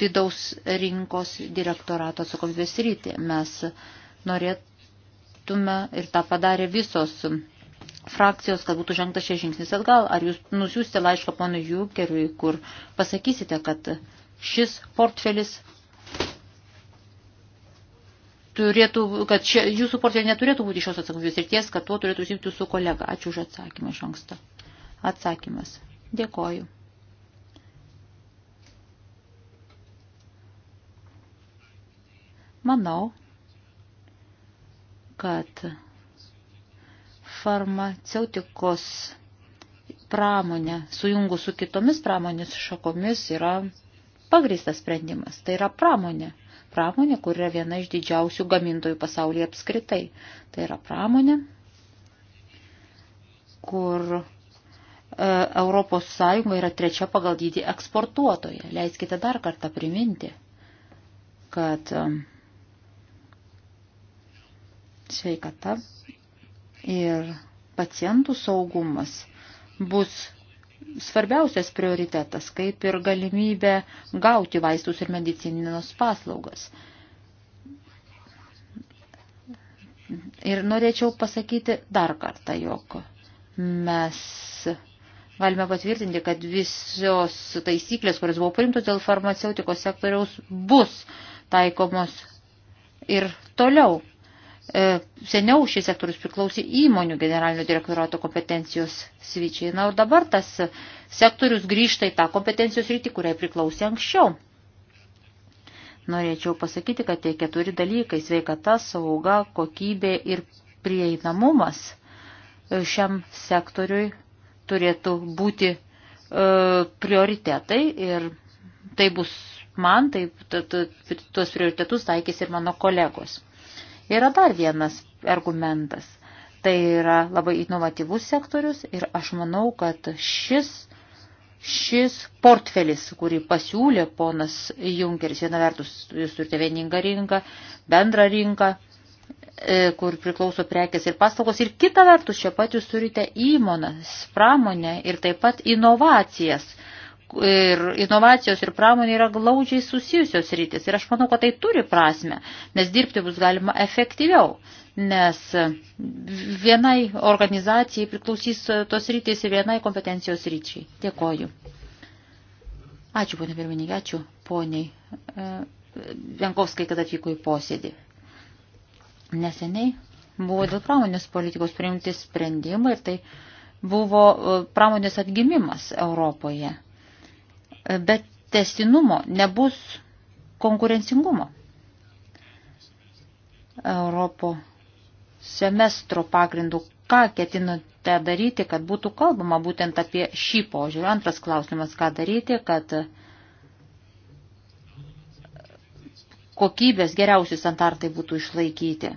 vidaus rinkos direktorato atsakomybės rytį. Mes norėtume ir tą padarė visos frakcijos, kad būtų žengta šie žingsnis atgal. Ar jūs nusiųsite laišką ponui Jukeriui, kur pasakysite, kad šis portfelis turėtų, kad šia, jūsų portfelė neturėtų būti šios atsakomybės ryties, kad tuo turėtų užsimti jūsų kolega. Ačiū už atsakymą iš anksto. Atsakymas. Dėkoju. Manau, kad farmaceutikos pramonė, sujungus su kitomis pramonės šakomis, yra pagristas sprendimas. Tai yra pramonė. Pramonė, kur yra viena iš didžiausių gamintojų pasaulyje apskritai. Tai yra pramonė, kur e, Europos Sąjunga yra trečia pagal dydį eksportuotoja. Leiskite dar kartą priminti, kad um, sveikata ir pacientų saugumas bus svarbiausias prioritetas, kaip ir galimybė gauti vaistus ir medicinos paslaugas. Ir norėčiau pasakyti dar kartą, jog mes galime patvirtinti, kad visos taisyklės, kurios buvo priimtos dėl farmaceutikos sektoriaus, bus taikomos ir toliau. E, seniau šis sektorius priklausė įmonių generalinio direktorato kompetencijos svyčiai. Na, o dabar tas sektorius grįžta į tą kompetencijos rytį, kuriai priklausė anksčiau. Norėčiau pasakyti, kad tie keturi dalykai - sveikata, sauga, kokybė ir prieinamumas e, šiam sektoriui turėtų būti e, prioritetai ir tai bus man, tai tuos prioritetus taikys ir mano kolegos. Yra dar vienas argumentas. Tai yra labai inovatyvus sektorius ir aš manau, kad šis, šis portfelis, kurį pasiūlė ponas Junkeris, viena vertus jūs turite vieningą rinką, bendrą rinką, e, kur priklauso prekės ir paslaugos. Ir kita vertus, čia pat jūs turite įmonas, pramonę ir taip pat inovacijas, ir inovacijos ir pramonė yra glaudžiai susijusios rytis. Ir aš manau, kad tai turi prasme, nes dirbti bus galima efektyviau, nes vienai organizacijai priklausys tos rytis ir vienai kompetencijos ryčiai. Dėkoju. Ačiū, ponė pirmininkė, ačiū poniai e, Jankovskai, kad atvyko į posėdį. Neseniai buvo dėl pramonės politikos priimti sprendimai ir tai buvo e, pramonės atgimimas Europoje bet tesinumo nebus konkurencingumo. Europo semestro pagrindų, ką ketinate daryti, kad būtų kalbama būtent apie šį požiūrį. Antras klausimas, ką daryti, kad kokybės geriausi standartai būtų išlaikyti.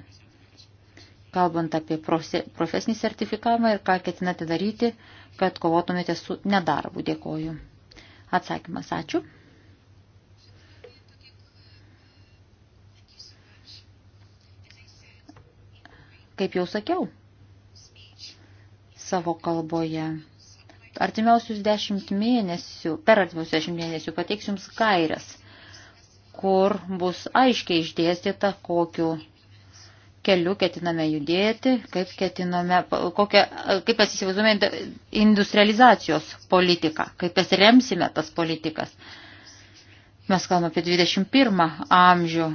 Kalbant apie profesinį sertifikavimą ir ką ketinate daryti, kad kovotumėte su nedarbu. Dėkoju. Atsakymas ačiū. Kaip jau sakiau, savo kalboje. Artimiausius dešimt mėnesių, per artimiausius dešimt mėnesių pateiksiu jums kairės, kur bus aiškiai išdėstyta, kokiu keliu ketiname judėti, kaip, ketiname, kokią, kaip mes įsivaizduojame industrializacijos politiką, kaip mes remsime tas politikas. Mes kalbame apie 21 amžių.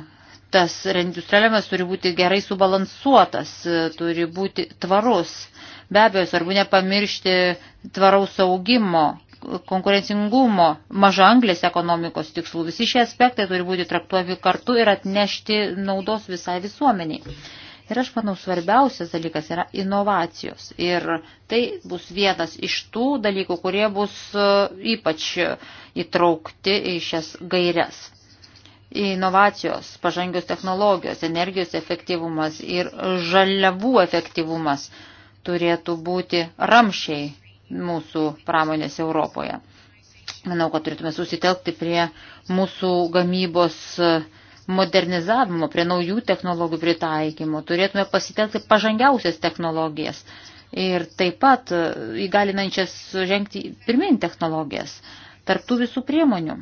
Tas reindustrialiavimas turi būti gerai subalansuotas, turi būti tvarus. Be abejo, svarbu nepamiršti tvaraus augimo, konkurencingumo, mažanglės ekonomikos tikslų. Visi šie aspektai turi būti traktuojami kartu ir atnešti naudos visai visuomeniai. Ir aš manau, svarbiausias dalykas yra inovacijos. Ir tai bus vienas iš tų dalykų, kurie bus e, ypač e, įtraukti į šias gairias inovacijos, pažangios technologijos, energijos efektyvumas ir žaliavų efektyvumas turėtų būti ramšiai mūsų pramonės Europoje. Manau, kad turėtume susitelkti prie mūsų gamybos modernizavimo, prie naujų technologijų pritaikymo. Turėtume pasitelkti pažangiausias technologijas ir taip pat įgalinančias žengti pirmin technologijas tarptų visų priemonių.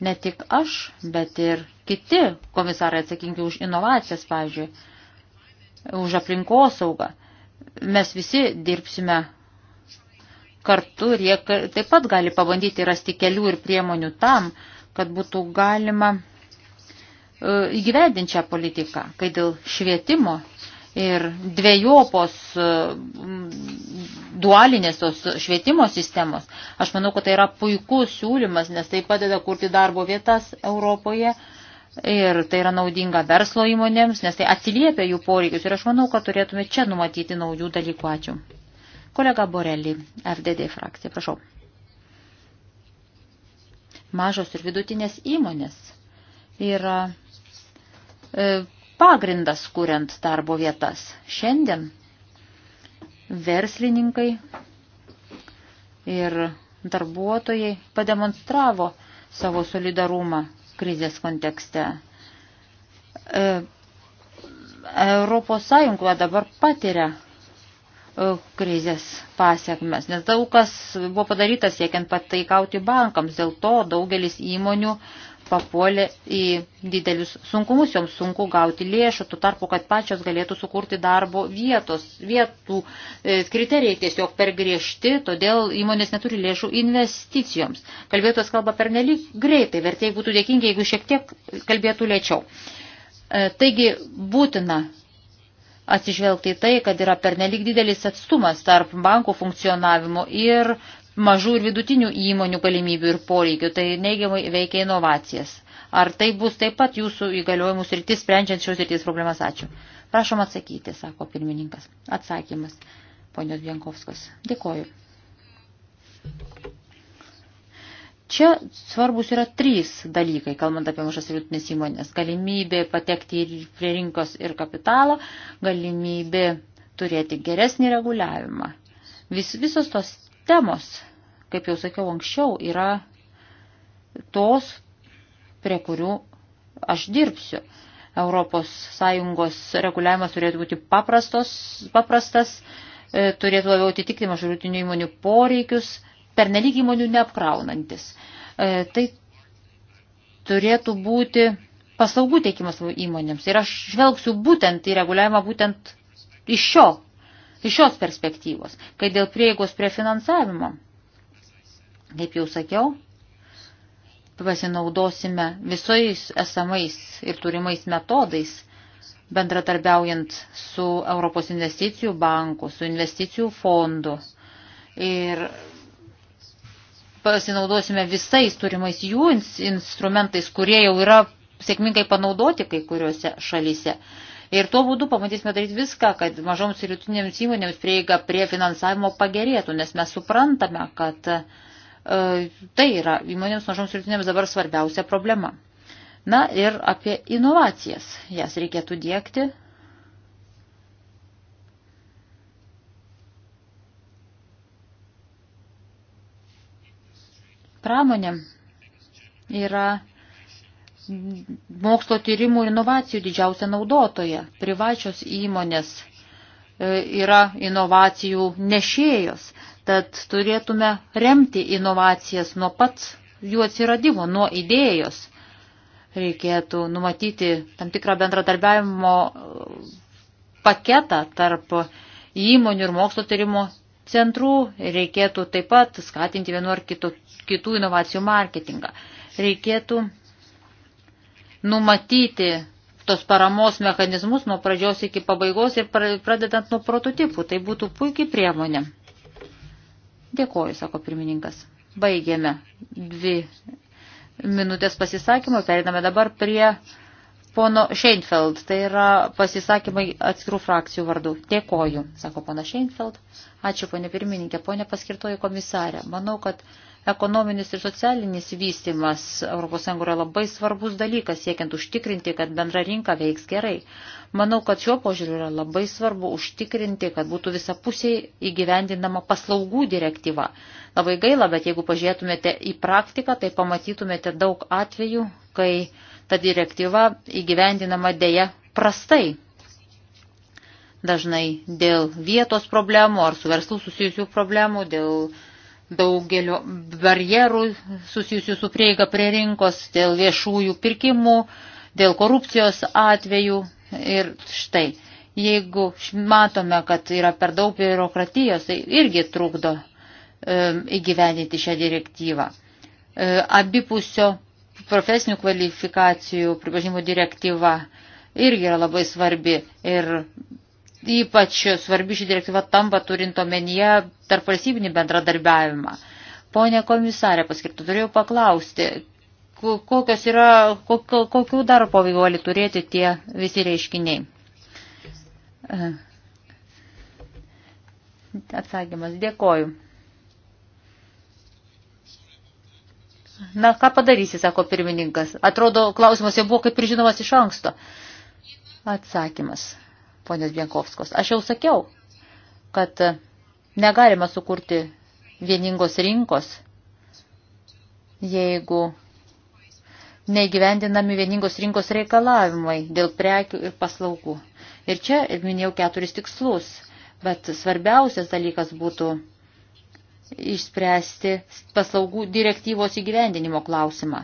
Ne tik aš, bet ir kiti komisarai atsakingi už inovacijas, pavyzdžiui, už aplinkosaugą. Mes visi dirbsime kartu ir jie taip pat gali pabandyti rasti kelių ir priemonių tam, kad būtų galima e, įgyvendinti šią politiką, kai dėl švietimo ir dviejopos e, dualinės tos švietimo sistemos. Aš manau, kad tai yra puikus siūlymas, nes tai padeda kurti darbo vietas Europoje ir tai yra naudinga verslo įmonėms, nes tai atsiliepia jų poreikius ir aš manau, kad turėtume čia numatyti naujų dalykų. Ačiū. Kolega Borelli, FDD frakcija, prašau. Mažos ir vidutinės įmonės yra e, pagrindas kuriant darbo vietas. Šiandien verslininkai ir darbuotojai pademonstravo savo solidarumą krizės kontekste. E, Europos Sąjungoje dabar patiria E, krizės pasiekmes, nes daug kas buvo padaryta siekiant pataikauti bankams, dėl to daugelis įmonių papuolė į didelius sunkumus, joms sunku gauti lėšų, tu tarpu, kad pačios galėtų sukurti darbo vietos, vietų e, kriterijai tiesiog per griežti, todėl įmonės neturi lėšų investicijoms. Kalbėtos kalba per nelik greitai, vertėjai būtų dėkingi, jeigu šiek tiek kalbėtų lėčiau. E, taigi būtina atsižvelgti į tai, kad yra pernelik didelis atstumas tarp bankų funkcionavimo ir mažų ir vidutinių įmonių galimybių ir poreikių. Tai neigiamai veikia inovacijas. Ar tai bus taip pat jūsų įgaliojimų sritis, sprendžiant šios sritis problemas? Ačiū. Prašom atsakyti, sako pirmininkas. Atsakymas, ponios Bienkovskos. Dėkoju. Čia svarbus yra trys dalykai, kalbant apie mažas ir vidutinės įmonės. Galimybė patekti ir prie rinkos ir kapitalą, galimybė turėti geresnį reguliavimą. Vis, visos tos temos, kaip jau sakiau anksčiau, yra tos, prie kurių aš dirbsiu. Europos Sąjungos reguliavimas turėtų būti paprastos, paprastas, e, turėtų labiau atitikti mažurutinių įmonių poreikius pernelyg įmonių neapkraunantis. E, tai turėtų būti paslaugų teikimas įmonėms. Ir aš žvelgsiu būtent į reguliavimą būtent iš, šio, iš šios perspektyvos, kai dėl prieigos prie finansavimo, kaip jau sakiau, pasinaudosime visais esamais ir turimais metodais, bendratarbiaujant su Europos investicijų banku, su investicijų fondu. Ir pasinaudosime visais turimais jų instrumentais, kurie jau yra sėkmingai panaudoti kai kuriuose šalyse. Ir tuo būdu pamatysime daryti viską, kad mažoms ir rytinėms įmonėms prieiga prie finansavimo pagerėtų, nes mes suprantame, kad e, tai yra įmonėms mažoms ir rytinėms dabar svarbiausia problema. Na ir apie inovacijas. Jas reikėtų dėkti pramonė yra mokslo tyrimų ir inovacijų didžiausia naudotoja. Privačios įmonės e, yra inovacijų nešėjos, tad turėtume remti inovacijas nuo pat jų atsiradimo, nuo idėjos. Reikėtų numatyti tam tikrą bendradarbiavimo e, paketą tarp įmonių ir mokslo tyrimo centrų, reikėtų taip pat skatinti vienu ar kitų, kitų inovacijų marketingą. Reikėtų numatyti tos paramos mechanizmus nuo pradžios iki pabaigos ir pradedant nuo prototipų. Tai būtų puikiai priemonė. Dėkoju, sako pirmininkas. Baigėme dvi minutės pasisakymą, periname dabar prie pono Šeinfeld, tai yra pasisakymai atskirų frakcijų vardu. Dėkoju, sako pana Šeinfeld. Ačiū, ponė pirmininkė, ponė paskirtoji komisarė. Manau, kad ekonominis ir socialinis vystimas ES yra labai svarbus dalykas, siekiant užtikrinti, kad bendra rinka veiks gerai. Manau, kad šiuo požiūriu yra labai svarbu užtikrinti, kad būtų visapusiai įgyvendinama paslaugų direktyva. Labai gaila, bet jeigu pažiūrėtumėte į praktiką, tai pamatytumėte daug atvejų, kai uh, ta direktyva įgyvendinama dėja prastai. Dažnai dėl vietos problemų ar su verslu susijusių problemų, dėl daugelio barjerų susijusių su prieiga prie rinkos, dėl viešųjų pirkimų, dėl korupcijos atvejų. Ir štai, jeigu matome, kad yra per daug biurokratijos, tai irgi trukdo e, įgyveninti šią direktyvą. E, abipusio profesinių kvalifikacijų pripažinimo direktyva irgi yra labai svarbi ir ypač svarbi ši direktyva tampa turint omenyje tarp valstybinį bendradarbiavimą. Pone komisarė, paskirtų turėjau paklausti, kokios yra, kokio, kokių dar poveikio gali turėti tie visi reiškiniai. Atsakymas, dėkoju. Na, ką padarysi, sako pirmininkas. Atrodo, klausimas jau buvo kaip ir žinomas iš anksto. Atsakymas, ponės Bienkovskos. Aš jau sakiau, kad negalima sukurti vieningos rinkos, jeigu neįgyvendinami vieningos rinkos reikalavimai dėl prekių ir paslaugų. Ir čia minėjau keturis tikslus, bet svarbiausias dalykas būtų išspręsti paslaugų direktyvos įgyvendinimo klausimą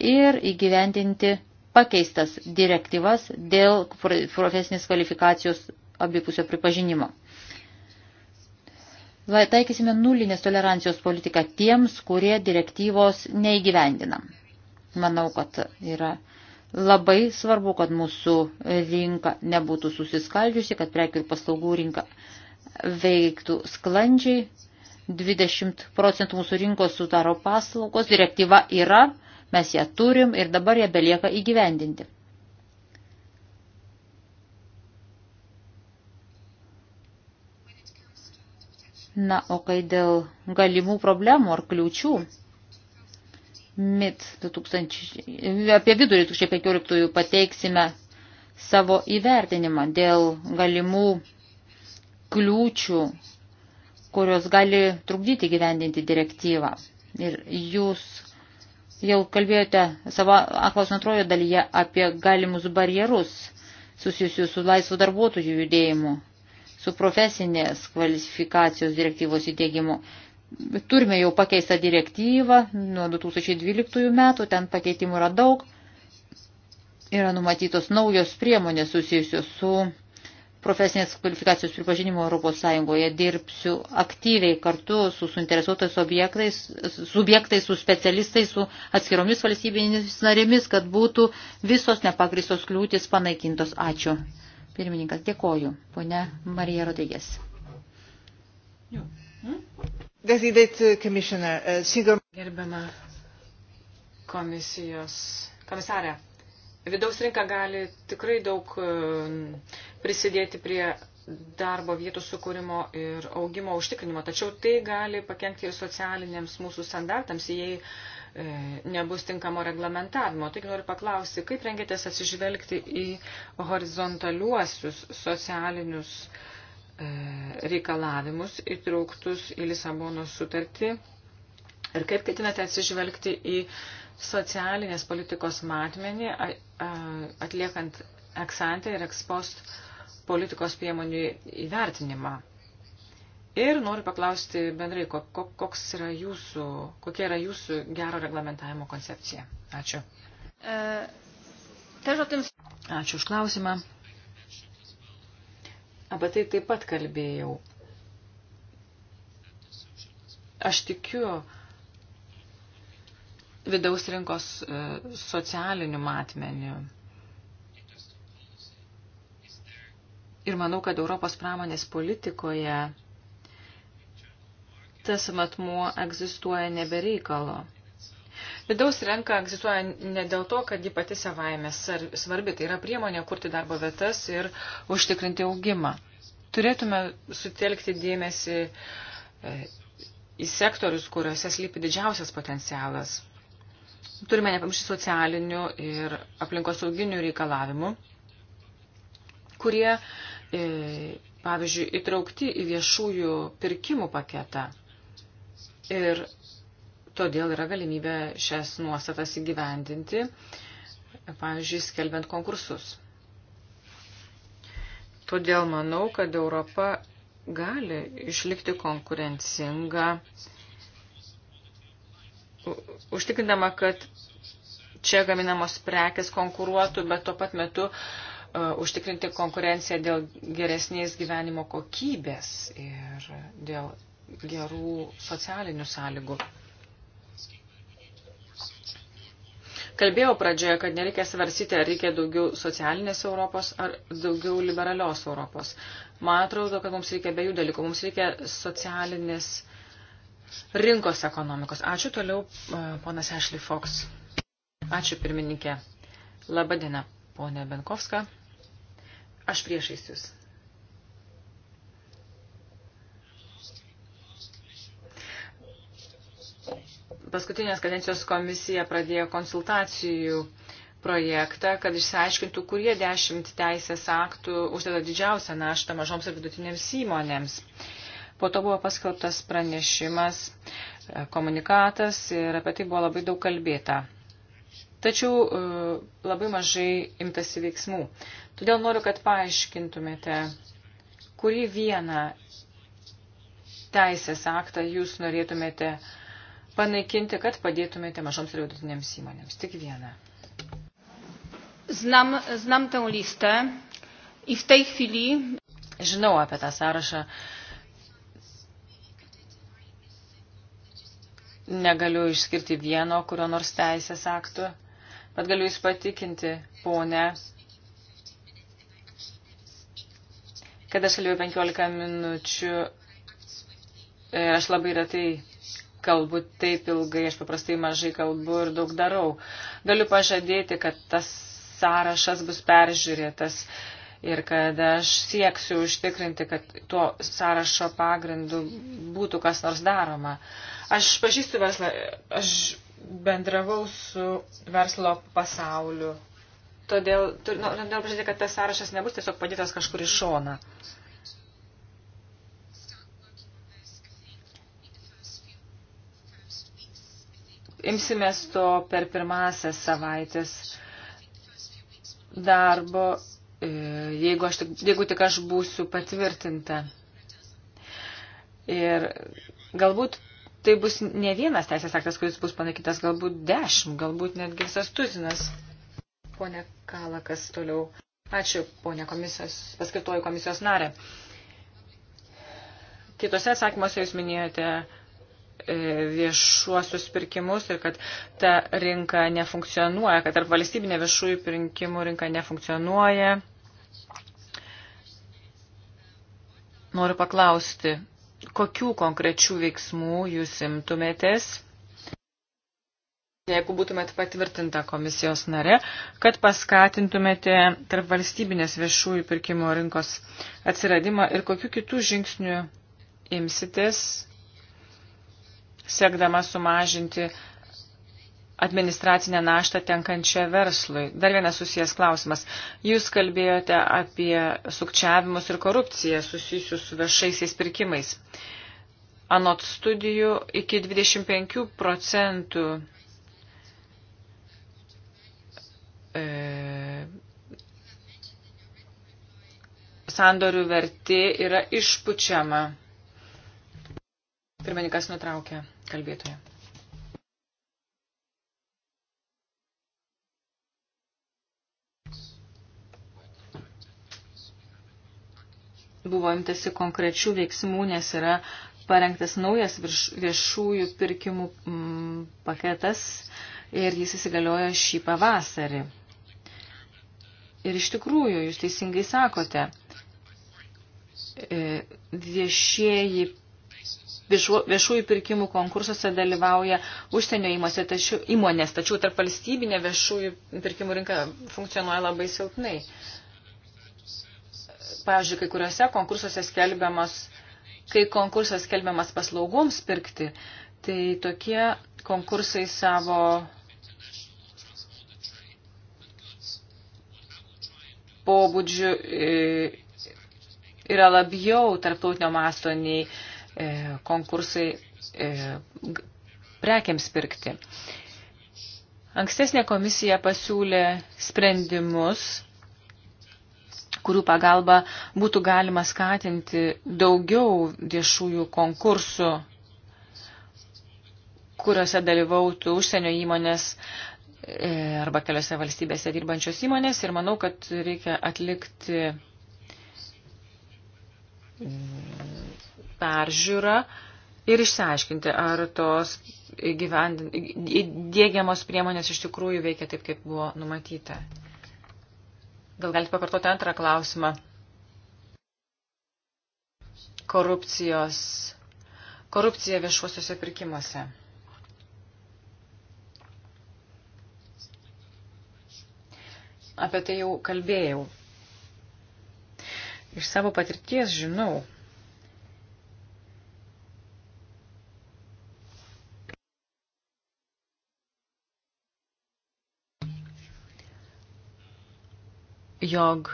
ir įgyvendinti pakeistas direktyvas dėl profesinės kvalifikacijos abipusio pripažinimo. Taikysime nulinės tolerancijos politiką tiems, kurie direktyvos neįgyvendina. Manau, kad yra labai svarbu, kad mūsų rinka nebūtų susiskaldžiusi, kad prekių ir paslaugų rinka veiktų sklandžiai 20 procentų mūsų rinkos sudaro paslaugos, direktyva yra, mes ją turim ir dabar ją belieka įgyvendinti. Na, o kai dėl galimų problemų ar kliūčių, MIT 2000, apie vidurį 2015 pateiksime savo įvertinimą dėl galimų kliūčių kurios gali trukdyti gyvendinti direktyvą. Ir jūs jau kalbėjote savo aklos antrojo dalyje apie galimus barjerus susijusius su laisvo darbuotojų judėjimu, su profesinės kvalifikacijos direktyvos įdėgymu. Turime jau pakeistą direktyvą nuo 2012 metų, ten pakeitimų yra daug. Yra numatytos naujos priemonės susijusios su profesinės kvalifikacijos pripažinimo ES dirbsiu aktyviai kartu su suinteresuotais objektais, subjektais, su specialistais, su atskiromis valstybinėmis narėmis, kad būtų visos nepagristos kliūtis panaikintos. Ačiū. Pirmininkas, dėkoju. Pone Marija Rodrygės. Hm? Uh, Gerbiama komisijos komisarė. Vidaus rinka gali tikrai daug e, prisidėti prie darbo vietų sukūrimo ir augimo užtikrinimo, tačiau tai gali pakengti ir socialiniams mūsų standartams, jei e, nebus tinkamo reglamentavimo. Taigi noriu paklausti, kaip rengėtės atsižvelgti į horizontaliuosius socialinius e, reikalavimus įtrauktus į Lisabonos sutartį ir kaip ketinate atsižvelgti į socialinės politikos matmenį, atliekant eksantę ir ekspost politikos priemonių įvertinimą. Ir noriu paklausti bendrai, koks yra jūsų, kokia yra jūsų gero reglamentavimo koncepcija. Ačiū. Uh, Ačiū už klausimą. Apie tai taip pat kalbėjau. Aš tikiu, vidaus rinkos e, socialiniu matmeniu. Ir manau, kad Europos pramonės politikoje tas matmuo egzistuoja nebereikalo. Vidaus renka egzistuoja ne dėl to, kad ji pati savaime svarbi, tai yra priemonė kurti darbo vietas ir užtikrinti augimą. Turėtume sutelkti dėmesį e, į sektorius, kuriuose slypi didžiausias potencialas Turime nepamiršti socialinių ir aplinkosauginių reikalavimų, kurie, e, pavyzdžiui, įtraukti į viešųjų pirkimų paketą. Ir todėl yra galimybė šias nuostatas įgyvendinti, pavyzdžiui, skelbiant konkursus. Todėl manau, kad Europa gali išlikti konkurencinga užtikrindama, kad čia gaminamos prekes konkuruotų, bet tuo pat metu uh, užtikrinti konkurenciją dėl geresnės gyvenimo kokybės ir dėl gerų socialinių sąlygų. Kalbėjau pradžioje, kad nereikia svarsyti, ar reikia daugiau socialinės Europos ar daugiau liberalios Europos. Man atrodo, kad mums reikia be jų dalykų. Mums reikia socialinės Europos rinkos ekonomikos. Ačiū toliau, e, ponas Ashley Fox. Ačiū pirmininkė. Labadiena, ponė Benkovska. Aš priešais jūs. paskutinės kadencijos komisija pradėjo konsultacijų projektą, kad išsiaiškintų, kurie dešimt teisės aktų uždeda didžiausią naštą mažoms ir vidutinėms įmonėms. Po to buvo paskelbtas pranešimas, e, komunikatas ir apie tai buvo labai daug kalbėta. Tačiau e, labai mažai imtasi veiksmų. Todėl noriu, kad paaiškintumėte, kurį vieną teisės aktą jūs norėtumėte panaikinti, kad padėtumėte mažoms ir vidutinėms įmonėms. Tik vieną. Znam, znam tę listę. I w tej chwili. Žinau apie tą sąrašą Negaliu išskirti vieno, kurio nors teisės aktų, bet galiu jūs patikinti, ponė, kad aš kalbėjau 15 minučių ir aš labai retai kalbu taip ilgai, aš paprastai mažai kalbu ir daug darau. Galiu pažadėti, kad tas sąrašas bus peržiūrėtas. Uh, ir kad aš sieksiu užtikrinti, kad tuo sąrašo pagrindu būtų kas nors daroma. Aš pažįstu verslą, aš bendravau su verslo pasauliu. Todėl nu, noriu nu, pasakyti, kad tas sąrašas nebus tiesiog padėtas kažkur į šoną. Imsimės to per pirmąsias savaitės darbo E, jeigu, aš tik, jeigu tik aš būsiu patvirtinta. Ir galbūt tai bus ne vienas teisės aktas, kuris bus panaikytas, galbūt dešimt, galbūt netgi visas tuzinas. Pone Kalakas toliau. Ačiū, ponė komisijos, paskirtoju komisijos narė. Kitose atsakymuose jūs minėjote E, viešuosius pirkimus ir kad ta rinka nefunkcionuoja, kad tarp valstybinė viešųjų pirkimų rinka nefunkcionuoja. Noriu paklausti, kokių konkrečių veiksmų jūs imtumėtės, jeigu būtumėt patvirtinta komisijos nare, kad paskatintumėte tarp valstybinės viešųjų pirkimo rinkos atsiradimą ir kokių kitų žingsnių imsitės siekdama sumažinti administracinę naštą tenkančią verslui. Dar vienas susijęs klausimas. Jūs kalbėjote apie sukčiavimus ir korupciją susijusius su viešaisiais pirkimais. Anot studijų iki 25 procentų e, sandorių vertė yra išpučiama. Pirmininkas nutraukė kalbėtoje. Buvo imtasi konkrečių veiksmų, nes yra parengtas naujas virš, viešųjų pirkimų m, mm, paketas ir jis įsigaliojo šį pavasarį. Ir iš tikrųjų, jūs teisingai sakote, e, viešieji viešųjų pirkimų konkursuose dalyvauja užsienio įmonės, tačiau, įmonės, tačiau tarp valstybinė viešųjų pirkimų rinka funkcionuoja labai silpnai. Pavyzdžiui, kai kuriuose konkursuose skelbiamas, kai konkursas skelbiamas paslaugoms pirkti, tai tokie konkursai savo pobūdžių e, yra labiau tarptautinio masto nei E, konkursai e, prekiams pirkti. Ankstesnė komisija pasiūlė sprendimus, kurių pagalba būtų galima skatinti daugiau viešųjų konkursų, kuriuose dalyvautų užsienio įmonės e, arba keliose valstybėse dirbančios įmonės ir manau, kad reikia atlikti peržiūrą ir išsiaiškinti, ar tos dėgiamos priemonės iš tikrųjų veikia taip, kaip buvo numatyta. Gal galite pakartoti antrą klausimą. Korupcijos. Korupcija viešuosiuose pirkimuose. Apie tai jau kalbėjau. Iš savo patirties žinau, jog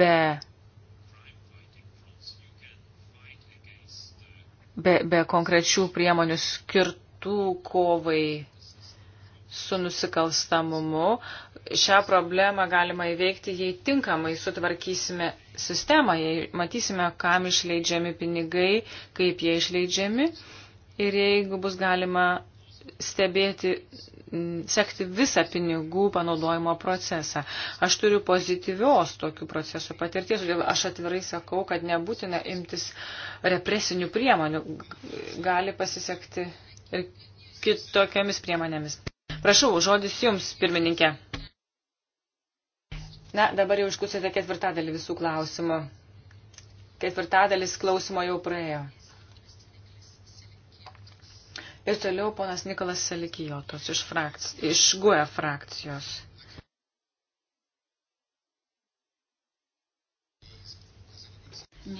be, be, be konkrečių priemonių skirtų kovai su nusikalstamumu, šią problemą galima įveikti, jei tinkamai sutvarkysime sistemą, jei matysime, kam išleidžiami pinigai, kaip jie išleidžiami ir jeigu bus galima stebėti, sekti visą pinigų panaudojimo procesą. Aš turiu pozityvios tokių procesų patirties, todėl aš atvirai sakau, kad nebūtina imtis represinių priemonių. Gali pasisekti ir kitokiamis priemonėmis. Prašau, žodis jums, pirmininkė. Na, dabar jau išklausėte ketvirtadalį visų klausimų. Ketvirtadalis klausimo jau praėjo. Ir toliau ponas Nikolas Selikijotos iš, frakci... iš GUE frakcijos.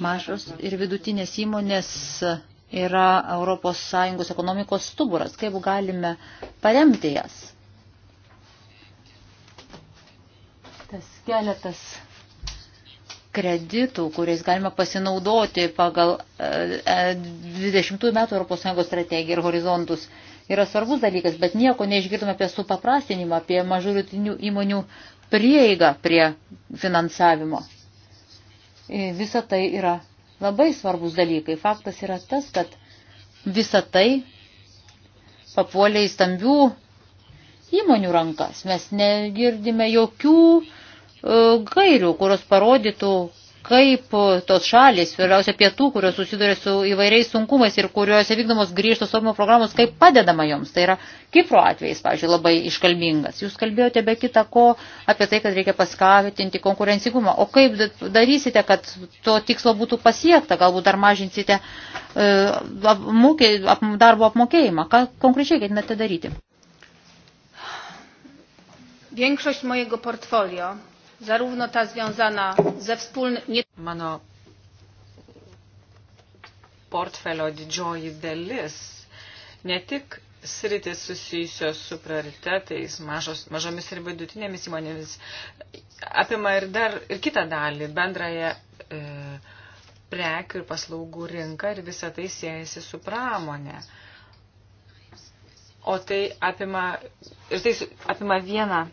Mažos ir vidutinės įmonės yra ES ekonomikos stuburas. Kaip galime paremti jas? Tas keletas kreditų, kuriais galima pasinaudoti pagal 20 e, e, metų ES strategiją ir horizontus, yra svarbus dalykas, bet nieko neišgirdome apie supaprastinimą, apie mažų rytinių įmonių prieigą prie finansavimo. E, visa tai yra labai svarbus dalykai. Faktas yra tas, kad visa tai papuolė į stambių įmonių rankas. Mes negirdime jokių E, gairių, kurios parodytų, kaip tos šalis, svarbiausia pietų, kurios susiduria su įvairiais sunkumais ir kuriuose vykdomos grįžtos saugumo programos, kaip padedama joms. Tai yra Kipro atvejais, pavyzdžiui, labai iškalbingas. Jūs kalbėjote be kita ko apie tai, kad reikia paskatinti konkurencingumą. O kaip darysite, kad to tikslo būtų pasiekta? Galbūt dar mažinsite e, apmokė, ap, darbo apmokėjimą? Ką konkrečiai ketinate daryti? Większość mojego portfolio zarówno ta związana ze wspólnym. Mano portfelio didžioji dalis, ne tik sritis susijusios su prioritetais, mažos, mažomis ir vidutinėmis įmonėmis, apima ir dar ir kitą dalį, bendrąją e, prekių ir paslaugų rinką ir visą tai siejasi su pramonė. O tai apima, ir tai apima vieną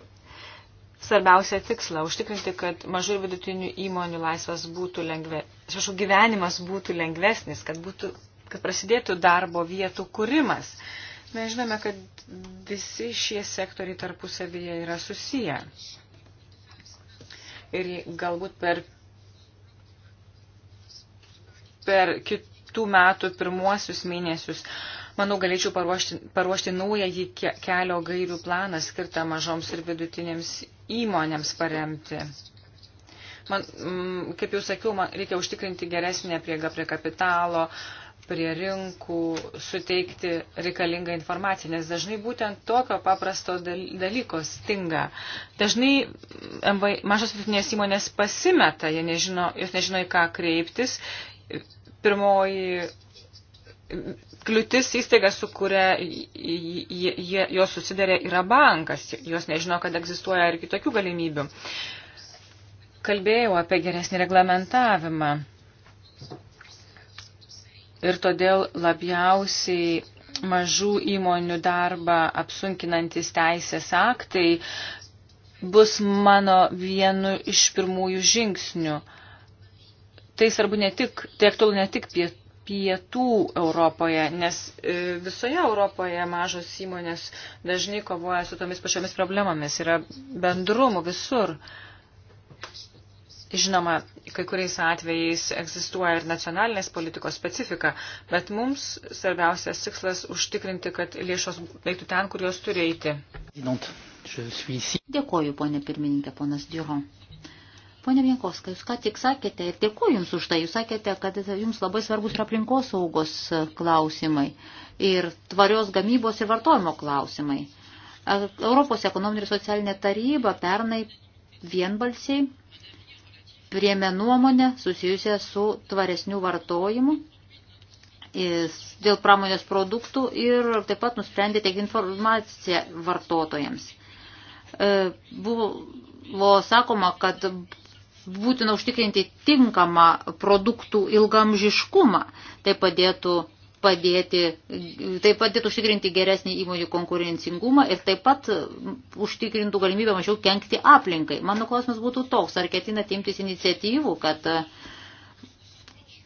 svarbiausią tikslą - užtikrinti, kad mažų ir vidutinių įmonių laisvas būtų lengve, šešų gyvenimas būtų lengvesnis, kad, būtų, kad prasidėtų darbo vietų kūrimas. Mes žinome, kad visi šie sektoriai tarpusavyje yra susiję. Ir galbūt per, per kitų metų pirmuosius mėnesius manau, galėčiau paruošti, paruošti naują kelio gairių planą skirtą mažoms ir vidutinėms įmonėms paremti. Man, mm, kaip jau sakiau, man reikia užtikrinti geresnę priegą prie kapitalo, prie rinkų, suteikti reikalingą informaciją, nes dažnai būtent tokio paprasto dalyko stinga. Dažnai MV, mm, mažos vidutinės įmonės pasimeta, jie nežino, jos nežino, į ką kreiptis. Pirmoji kliūtis įstaiga, su kuria jos susidarė, yra bankas. Jos nežino, kad egzistuoja ir kitokių galimybių. Kalbėjau apie geresnį reglamentavimą. Ir todėl labiausiai mažų įmonių darbą apsunkinantis teisės aktai bus mano vienu iš pirmųjų žingsnių. Tai svarbu ne tik, tai aktualu ne tik pietų pietų Europoje, nes e, visoje Europoje mažos įmonės dažnai kovoja su tomis pačiomis problemomis, yra bendrumų visur. Žinoma, kai kuriais atvejais egzistuoja ir nacionalinės politikos specifika, bet mums svarbiausias tikslas užtikrinti, kad lėšos veiktų ten, kur jos turi eiti. Dėkoju, ponė pirmininkė, ponas Diuron. Pone Vienkoska, jūs ką tik sakėte ir dėkuoju Jums už tai, Jūs sakėte, kad Jums labai svarbus yra aplinkos saugos klausimai ir tvarios gamybos ir vartojimo klausimai. Europos ekonominė ir socialinė taryba pernai vienbalsiai priemė nuomonę susijusią su tvaresniu vartojimu dėl pramonės produktų ir taip pat nusprendė teikti informaciją vartotojams. E, buvo sakoma, kad būtina užtikrinti tinkamą produktų ilgamžiškumą. Tai padėtų, padėti, tai padėtų užtikrinti geresnį įmonių konkurencingumą ir taip pat užtikrintų galimybę mažiau kenkti aplinkai. Mano klausimas būtų toks, ar ketina imtis iniciatyvų, kad e,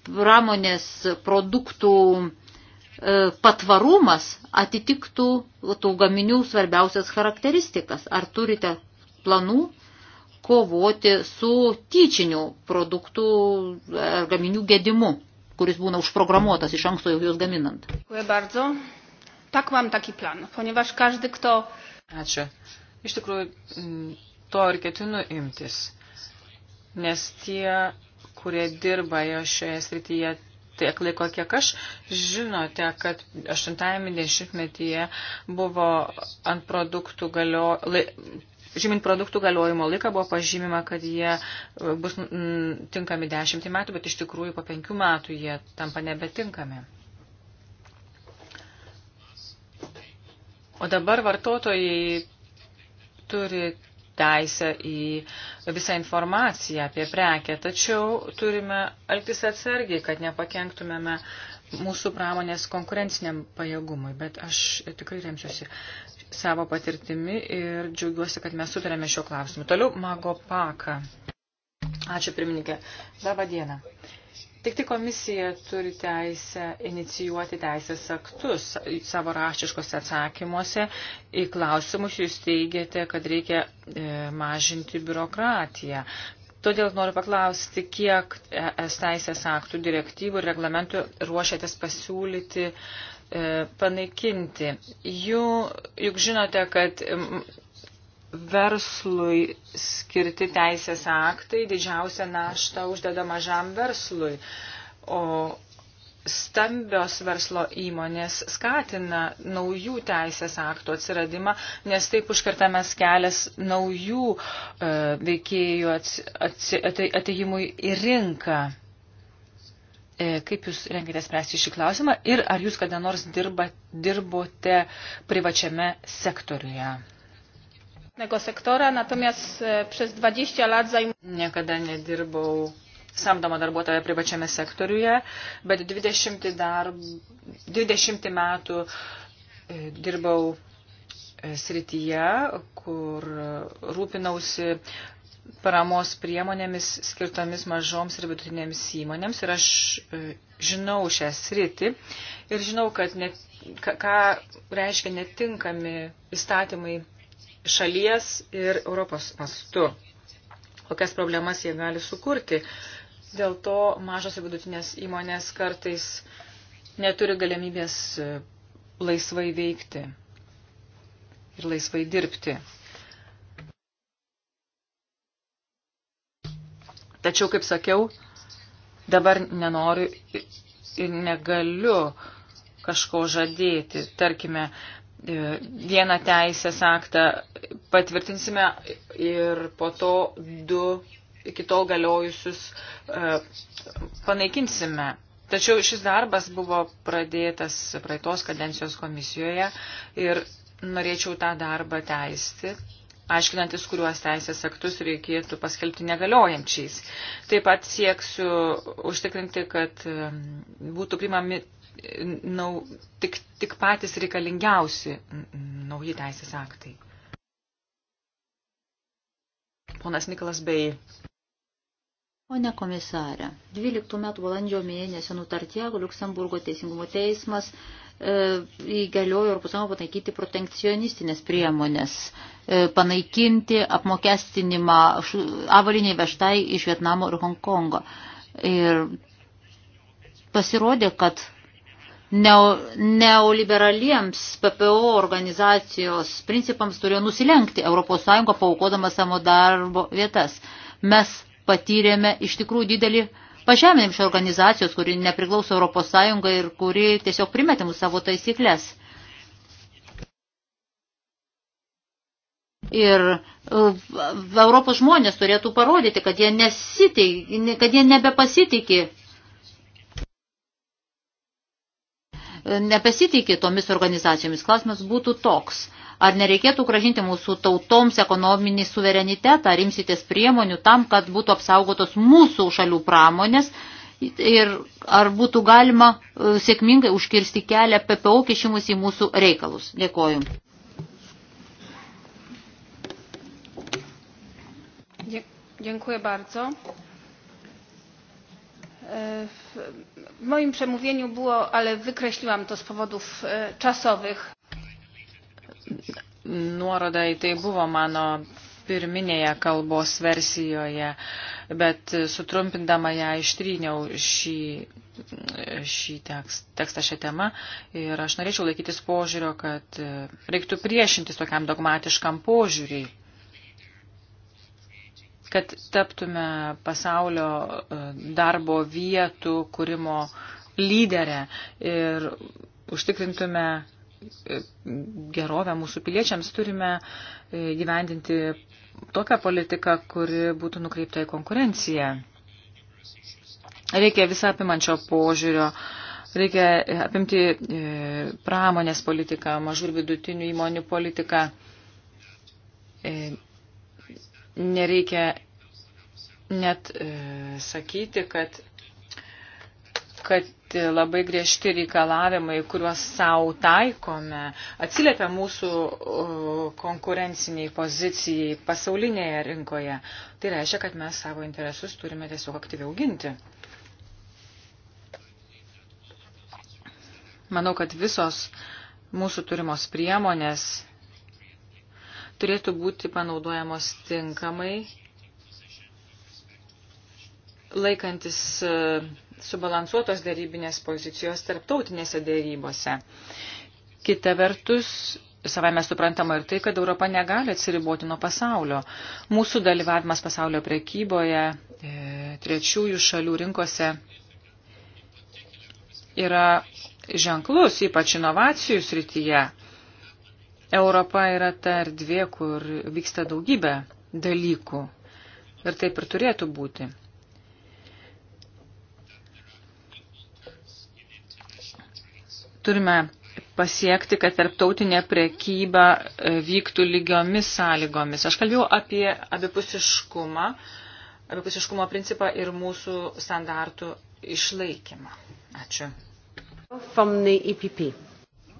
pramonės produktų e, patvarumas atitiktų tų gaminių svarbiausias charakteristikas. Ar turite planų kovoti su tyčinių produktų ar e, gaminių gedimu, kuris būna užprogramuotas iš anksto jau juos gaminant. Tak mam taki plan, ponieważ każdy, kto... Ačiū. Iš tikrųjų, to ir ketinu imtis, nes tie, kurie dirba šioje srityje tiek laiko, kiek aš, žinote, kad 80-metyje buvo ant produktų galio, lai, žymint produktų galiojimo laiką buvo pažymima, kad jie e, bus tinkami dešimtį metų, bet iš tikrųjų po penkių metų jie tampa nebetinkami. O dabar vartotojai turi teisę į visą informaciją apie prekę, tačiau turime elgtis atsargiai, kad nepakenktumėme mūsų pramonės konkurenciniam pajėgumui, bet aš tikrai remsiuosi savo patirtimi ir džiaugiuosi, kad mes sutarėme šio klausimu. Toliau Mago Paka. Ačiū, pirmininkė. Labą dieną. Tik tai komisija turi teisę inicijuoti teisės aktus savo raštiškose atsakymuose. Į klausimus jūs teigiate, kad reikia e, mažinti biurokratiją. Todėl noriu paklausti, kiek es teisės aktų direktyvų ir reglamentų ruošiatės pasiūlyti uh, E, panaikinti. Jų, juk žinote, kad verslui skirti teisės aktai didžiausią naštą uždeda mažam verslui, o stambios verslo įmonės skatina naujų teisės aktų atsiradimą, nes taip užkartamas kelias naujų e, veikėjų atsi, atsi, atėjimui į rinką. E, kaip Jūs rengite spręsti šį klausimą ir ar Jūs kada nors dirba, dirbote privačiame sektoriuje? Sektora, natomiast e, przez 20 lat zajm... Niekada nedirbau samdomo darbuotojo privačiame sektoriuje, bet 20, darb, 20 metų e, dirbau srityje, kur rūpinausi paramos priemonėmis skirtomis mažoms ir vidutinėms įmonėms. Ir aš e, žinau šią sritį ir žinau, kad net, ką reiškia netinkami įstatymai šalies ir Europos mastu, kokias problemas jie gali sukurti. Dėl to mažos ir vidutinės įmonės kartais neturi galimybės e, laisvai veikti ir laisvai dirbti. Tačiau, kaip sakiau, dabar nenoriu ir negaliu kažko žadėti. Tarkime, e, vieną teisės aktą patvirtinsime ir po to du iki tol galiojusius e, panaikinsime. Tačiau šis darbas buvo pradėtas praeitos kadencijos komisijoje ir norėčiau tą darbą teisti, aiškinantis, kuriuos teisės aktus reikėtų paskelbti negaliojančiais. Taip pat sieksiu užtikrinti, kad um, būtų primami nau, tik, tik patys reikalingiausi nauji teisės aktai. Ponas Nikolas Bei. Pone komisarė, 12 metų valandžio mėnesio nutartie Luksemburgo teisingumo teismas E, įgaliojo Europos Sąjungą panaikyti protekcionistinės priemonės, e, panaikinti apmokestinimą avaliniai veštai iš Vietnamo ir Hongkongo. Ir pasirodė, kad neo, neoliberaliems PPO organizacijos principams turėjo nusilenkti ES paukodama savo darbo vietas. Mes patyrėme iš tikrųjų didelį pažeminėm šios organizacijos, kuri nepriklauso Europos Sąjungai ir kuri tiesiog primetė mūsų savo taisyklės. Ir e, Europos žmonės turėtų parodyti, kad jie, nesitik, kad jie nebepasitikė e, nepasitikė tomis organizacijomis. Klausimas būtų toks. Ar nereikėtų gražinti mūsų tautoms ekonominį suverenitetą, ar imsitės priemonių tam, kad būtų apsaugotos mūsų šalių pramonės ir ar būtų galima e, sėkmingai užkirsti kelią PPO kišimus į mūsų reikalus. Dėkoju. Dziękuję bardzo. E, w moim przemówieniu było, ale wykreśliłam to z powodów e, czasowych nuoroda į tai buvo mano pirminėje kalbos versijoje, bet sutrumpindama ją ištryniau šį, šį tekst, tekstą šią temą ir aš norėčiau laikytis požiūrio, kad reiktų priešintis tokiam dogmatiškam požiūriui kad taptume pasaulio e, darbo vietų kūrimo lyderę ir užtikrintume gerovę mūsų piliečiams, turime e, gyvendinti tokią politiką, kuri būtų nukreipta į konkurenciją. Reikia visą apimančio požiūrio, reikia apimti e, pramonės politiką, mažų ir vidutinių įmonių politiką. E, nereikia net sakyti, kad kad labai griežti reikalavimai, kuriuos savo taikome, atsiliepia mūsų konkurenciniai pozicijai pasaulinėje rinkoje. Tai reiškia, kad mes savo interesus turime tiesiog aktyviau ginti. Manau, kad visos mūsų turimos priemonės turėtų būti panaudojamos tinkamai, laikantis uh, subalansuotos dėrybinės pozicijos tarptautinėse dėrybose. Kita vertus, savai mes suprantama ir tai, kad Europa negali atsiriboti nuo pasaulio. Mūsų dalyvavimas pasaulio prekyboje, e, trečiųjų šalių rinkose yra ženklus, ypač inovacijų srityje. Europa yra ta erdvė, kur vyksta daugybė dalykų. Ir taip ir turėtų būti. turime pasiekti, kad tarptautinė prekyba e, vyktų lygiomis sąlygomis. Aš kalbėjau apie abipusiškumą, abipusiškumo principą ir mūsų standartų išlaikymą. Ačiū. From the EPP.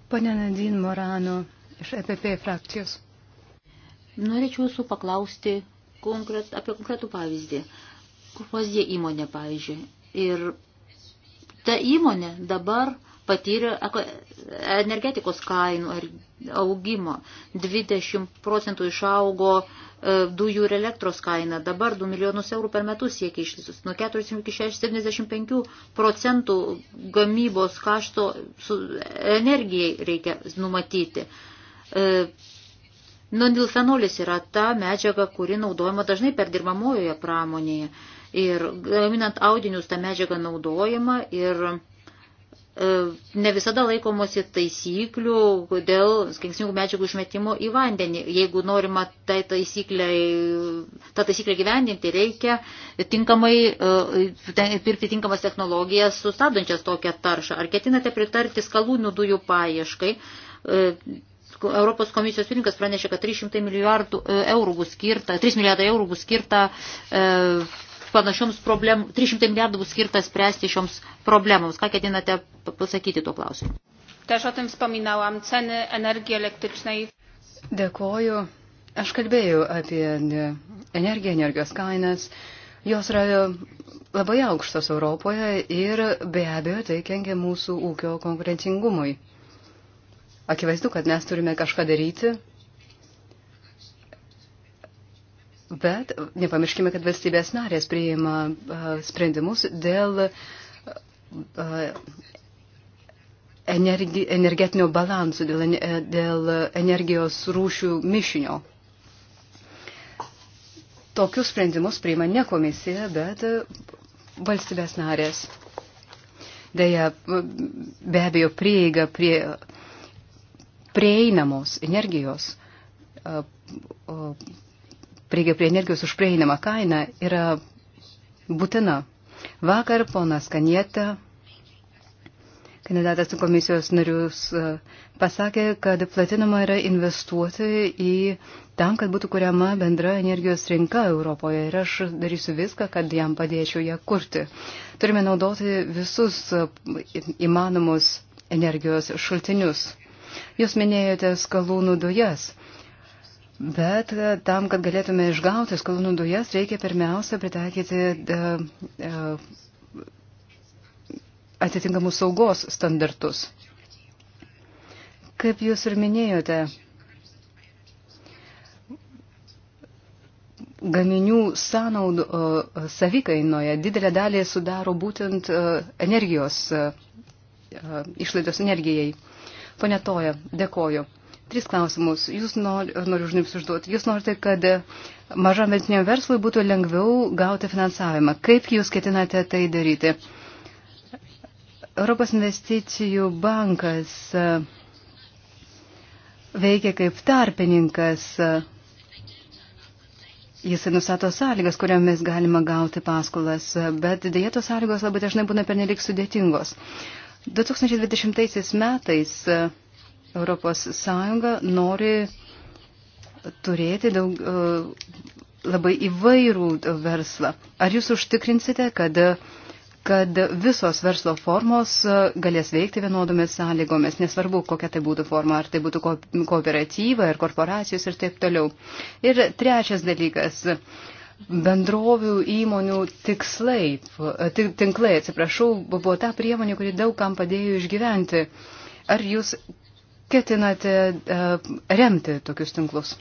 Pane Nadin Morano iš EPP frakcijos. Norėčiau jūsų paklausti konkret, apie konkretų pavyzdį. Kurpozie įmonė, pavyzdžiui. Ir ta įmonė dabar uh, patyrė energetikos kainų augimo. 20 procentų išaugo e, dujų ir elektros kaina. Dabar 2 milijonus eurų per metus siekia išlisus. Nuo 40 iki 75 procentų gamybos kašto energijai reikia numatyti. E, Nonilfenolis yra ta medžiaga, kuri naudojama dažnai perdirbamojoje pramonėje. Ir gaminant audinius tą medžiagą naudojama ir E, ne visada laikomosi taisyklių dėl kenksmingų medžiagų išmetimo į vandenį. Jeigu norima tai taisyklę, tą taisyklę gyvendinti, reikia tinkamai e, pirkti tinkamas technologijas sustabdančias tokią taršą. Ar ketinate pritarti skalūnių dujų paieškai? E, Europos komisijos pirmininkas pranešė, kad 300 milijardų eurų bus skirta, 3 milijardai eurų bus skirta e, panašioms problemams, 300 milijardų bus skirtas spręsti šioms problemams. Ką ketinate pasakyti tuo klausimu? Też o tym wspominałam, ceny energii elektrycznej. Dėkoju. Aš kalbėjau apie energiją, energijos kainas. Jos yra labai aukštos Europoje ir be abejo tai kenkia mūsų ūkio konkurencingumui. Akivaizdu, kad mes turime kažką daryti, Bet nepamirškime, kad valstybės narės priima sprendimus dėl energi, energetinio balansų, dėl, e, dėl energijos rūšių mišinio. Tokius sprendimus priima ne komisija, bet valstybės narės. Deja, be abejo, prieiga prie prieinamos energijos prieiga prie energijos už prieinamą kainą yra būtina. Vakar ponas Kanieta, kandidatas į komisijos narius, e, pasakė, kad platinama yra investuoti į tam, kad būtų kuriama bendra energijos rinka Europoje ir aš darysiu viską, kad jam padėčiau ją kurti. Turime naudoti visus įmanomus energijos šaltinius. Jūs minėjote skalūnų dujas. Bet e, tam, kad galėtume išgauti skalūnų dujas, reikia pirmiausia pritaikyti e, e, atitinkamus saugos standartus. Kaip jūs ir minėjote, gaminių sąnaudų savikainoje didelę dalį sudaro būtent energijos išlaidos energijai. Pone Toja, dėkoju. Tris klausimus. Jūs nor, noriu už jums užduoti. Jūs norite, kad mažam vidutiniam verslui būtų lengviau gauti finansavimą. Kaip jūs ketinate tai daryti? Europos investicijų bankas e, veikia kaip tarpininkas. Jis nusato sąlygas, kuriomis galima gauti paskolas, bet dėja tos sąlygos labai dažnai būna pernelik sudėtingos. 2020 metais Europos Sąjunga nori turėti daug, e, labai įvairų verslą. Ar jūs užtikrinsite, kad, kad visos verslo formos e, galės veikti vienodomis sąlygomis, nesvarbu, kokia tai būtų forma, ar tai būtų kooperatyva, ar korporacijos ir taip toliau. Ir trečias dalykas bendrovių įmonių tikslai, tinklai, atsiprašau, buvo ta priemonė, kuri daug kam padėjo išgyventi. Ar jūs ketinate e, remti tokius tinklus?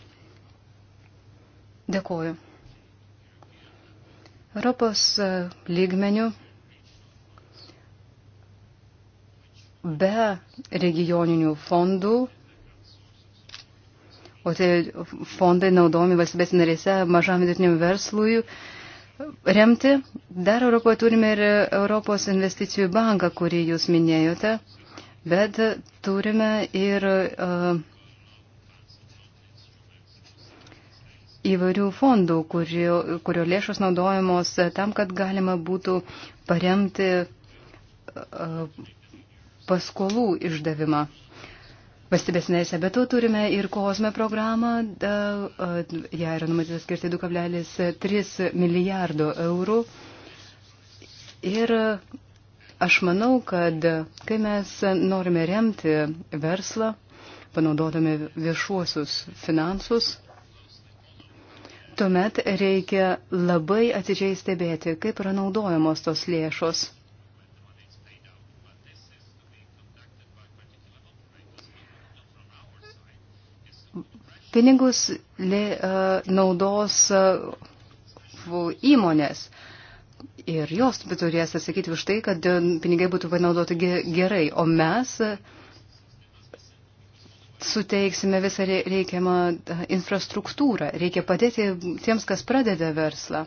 Dėkuoju. Europos e, lygmenių be regioninių fondų, o tie fondai naudomi valstybės narėse mažam vidutiniam verslui, remti. Dar Europoje turime ir Europos investicijų banką, kurį jūs minėjote bet turime ir e, įvairių fondų, kurio, kurio lėšos naudojamos tam, kad galima būtų paremti e, paskolų išdavimą. Valstybės narėse, bet to turime ir kosme programą, e, ją yra numatyta skirti 2,3 milijardo eurų. Ir Aš manau, kad kai mes norime remti verslą, panaudodami viešuosius finansus, tuomet reikia labai atidžiai stebėti, kaip yra naudojamos tos lėšos. Pinigus lė, naudos įmonės, Ir jos turės atsakyti už tai, kad e, pinigai būtų panaudoti gerai, o mes e, suteiksime visą reikiamą e, infrastruktūrą. Reikia padėti tiems, kas pradeda verslą.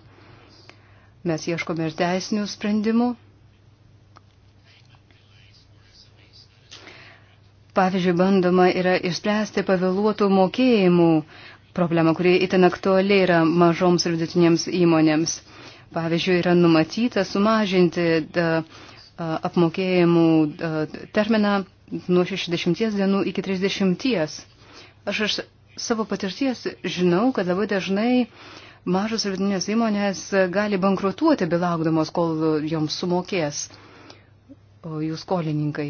Mes ieškome ir teisinių sprendimų. Pavyzdžiui, bandoma yra išspręsti pavėluotų mokėjimų problemą, kuri itin aktuali yra mažoms ir vidutinėms įmonėms. Pavyzdžiui, yra numatyta sumažinti da, apmokėjimų da, terminą nuo 60 dienų iki 30. Aš iš savo patirties žinau, kad labai dažnai mažos ir vidinės įmonės gali bankrutuoti, belaukdamos, kol joms sumokės jų skolininkai.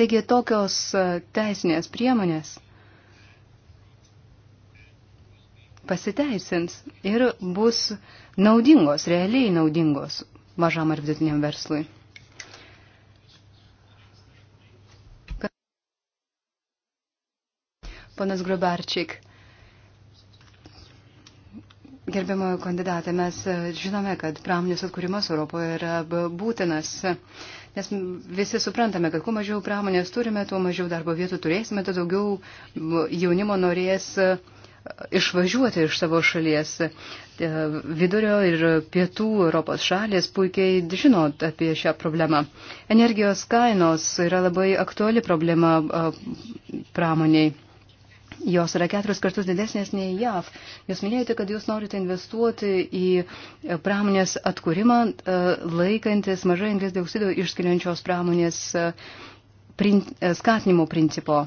Taigi tokios teisinės priemonės pasiteisins ir bus naudingos, realiai naudingos mažam ar vidutiniam verslui. Panas Grubarčik, gerbiamojo kandidatė, mes žinome, kad pramonės atkūrimas Europoje yra būtinas, nes visi suprantame, kad kuo mažiau pramonės turime, tuo mažiau darbo vietų turėsime, tuo daugiau jaunimo norės uh, išvažiuoti iš savo šalies. E, vidurio ir pietų Europos šalės puikiai žino apie šią problemą. Energijos kainos yra labai aktuali problema e, pramoniai. Jos yra keturis kartus didesnės nei JAV. Jūs minėjote, kad jūs norite investuoti į pramonės atkūrimą, e, laikantis mažai anglės dioksido išskiriančios pramonės skatinimo principo.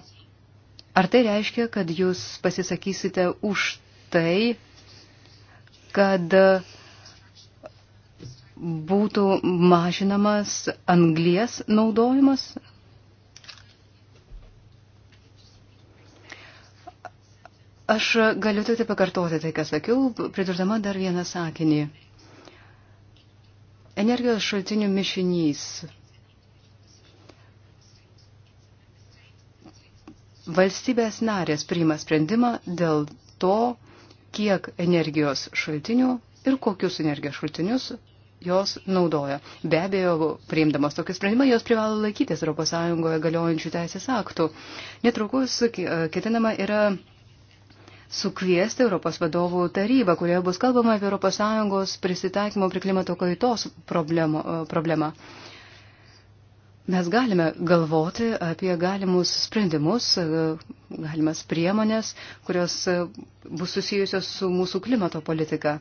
Ar tai reiškia, kad jūs pasisakysite už tai, kad būtų mažinamas anglies naudojimas? Aš galiu tik tai pakartoti tai, ką sakiau, pridurdama dar vieną sakinį. Energijos šaltinių mišinys valstybės narės priima sprendimą dėl to, kiek energijos šaltinių ir kokius energijos šaltinius jos naudoja. Be abejo, priimdamas tokį sprendimą, jos privalo laikytis ES galiojančių teisės aktų. Netrukus ketinama yra sukviesti Europos vadovų tarybą, kurioje bus kalbama apie ES prisitaikymo prie klimato kaitos problemo, problemą. Mes galime galvoti apie galimus sprendimus, galimas priemonės, kurios bus susijusios su mūsų klimato politika.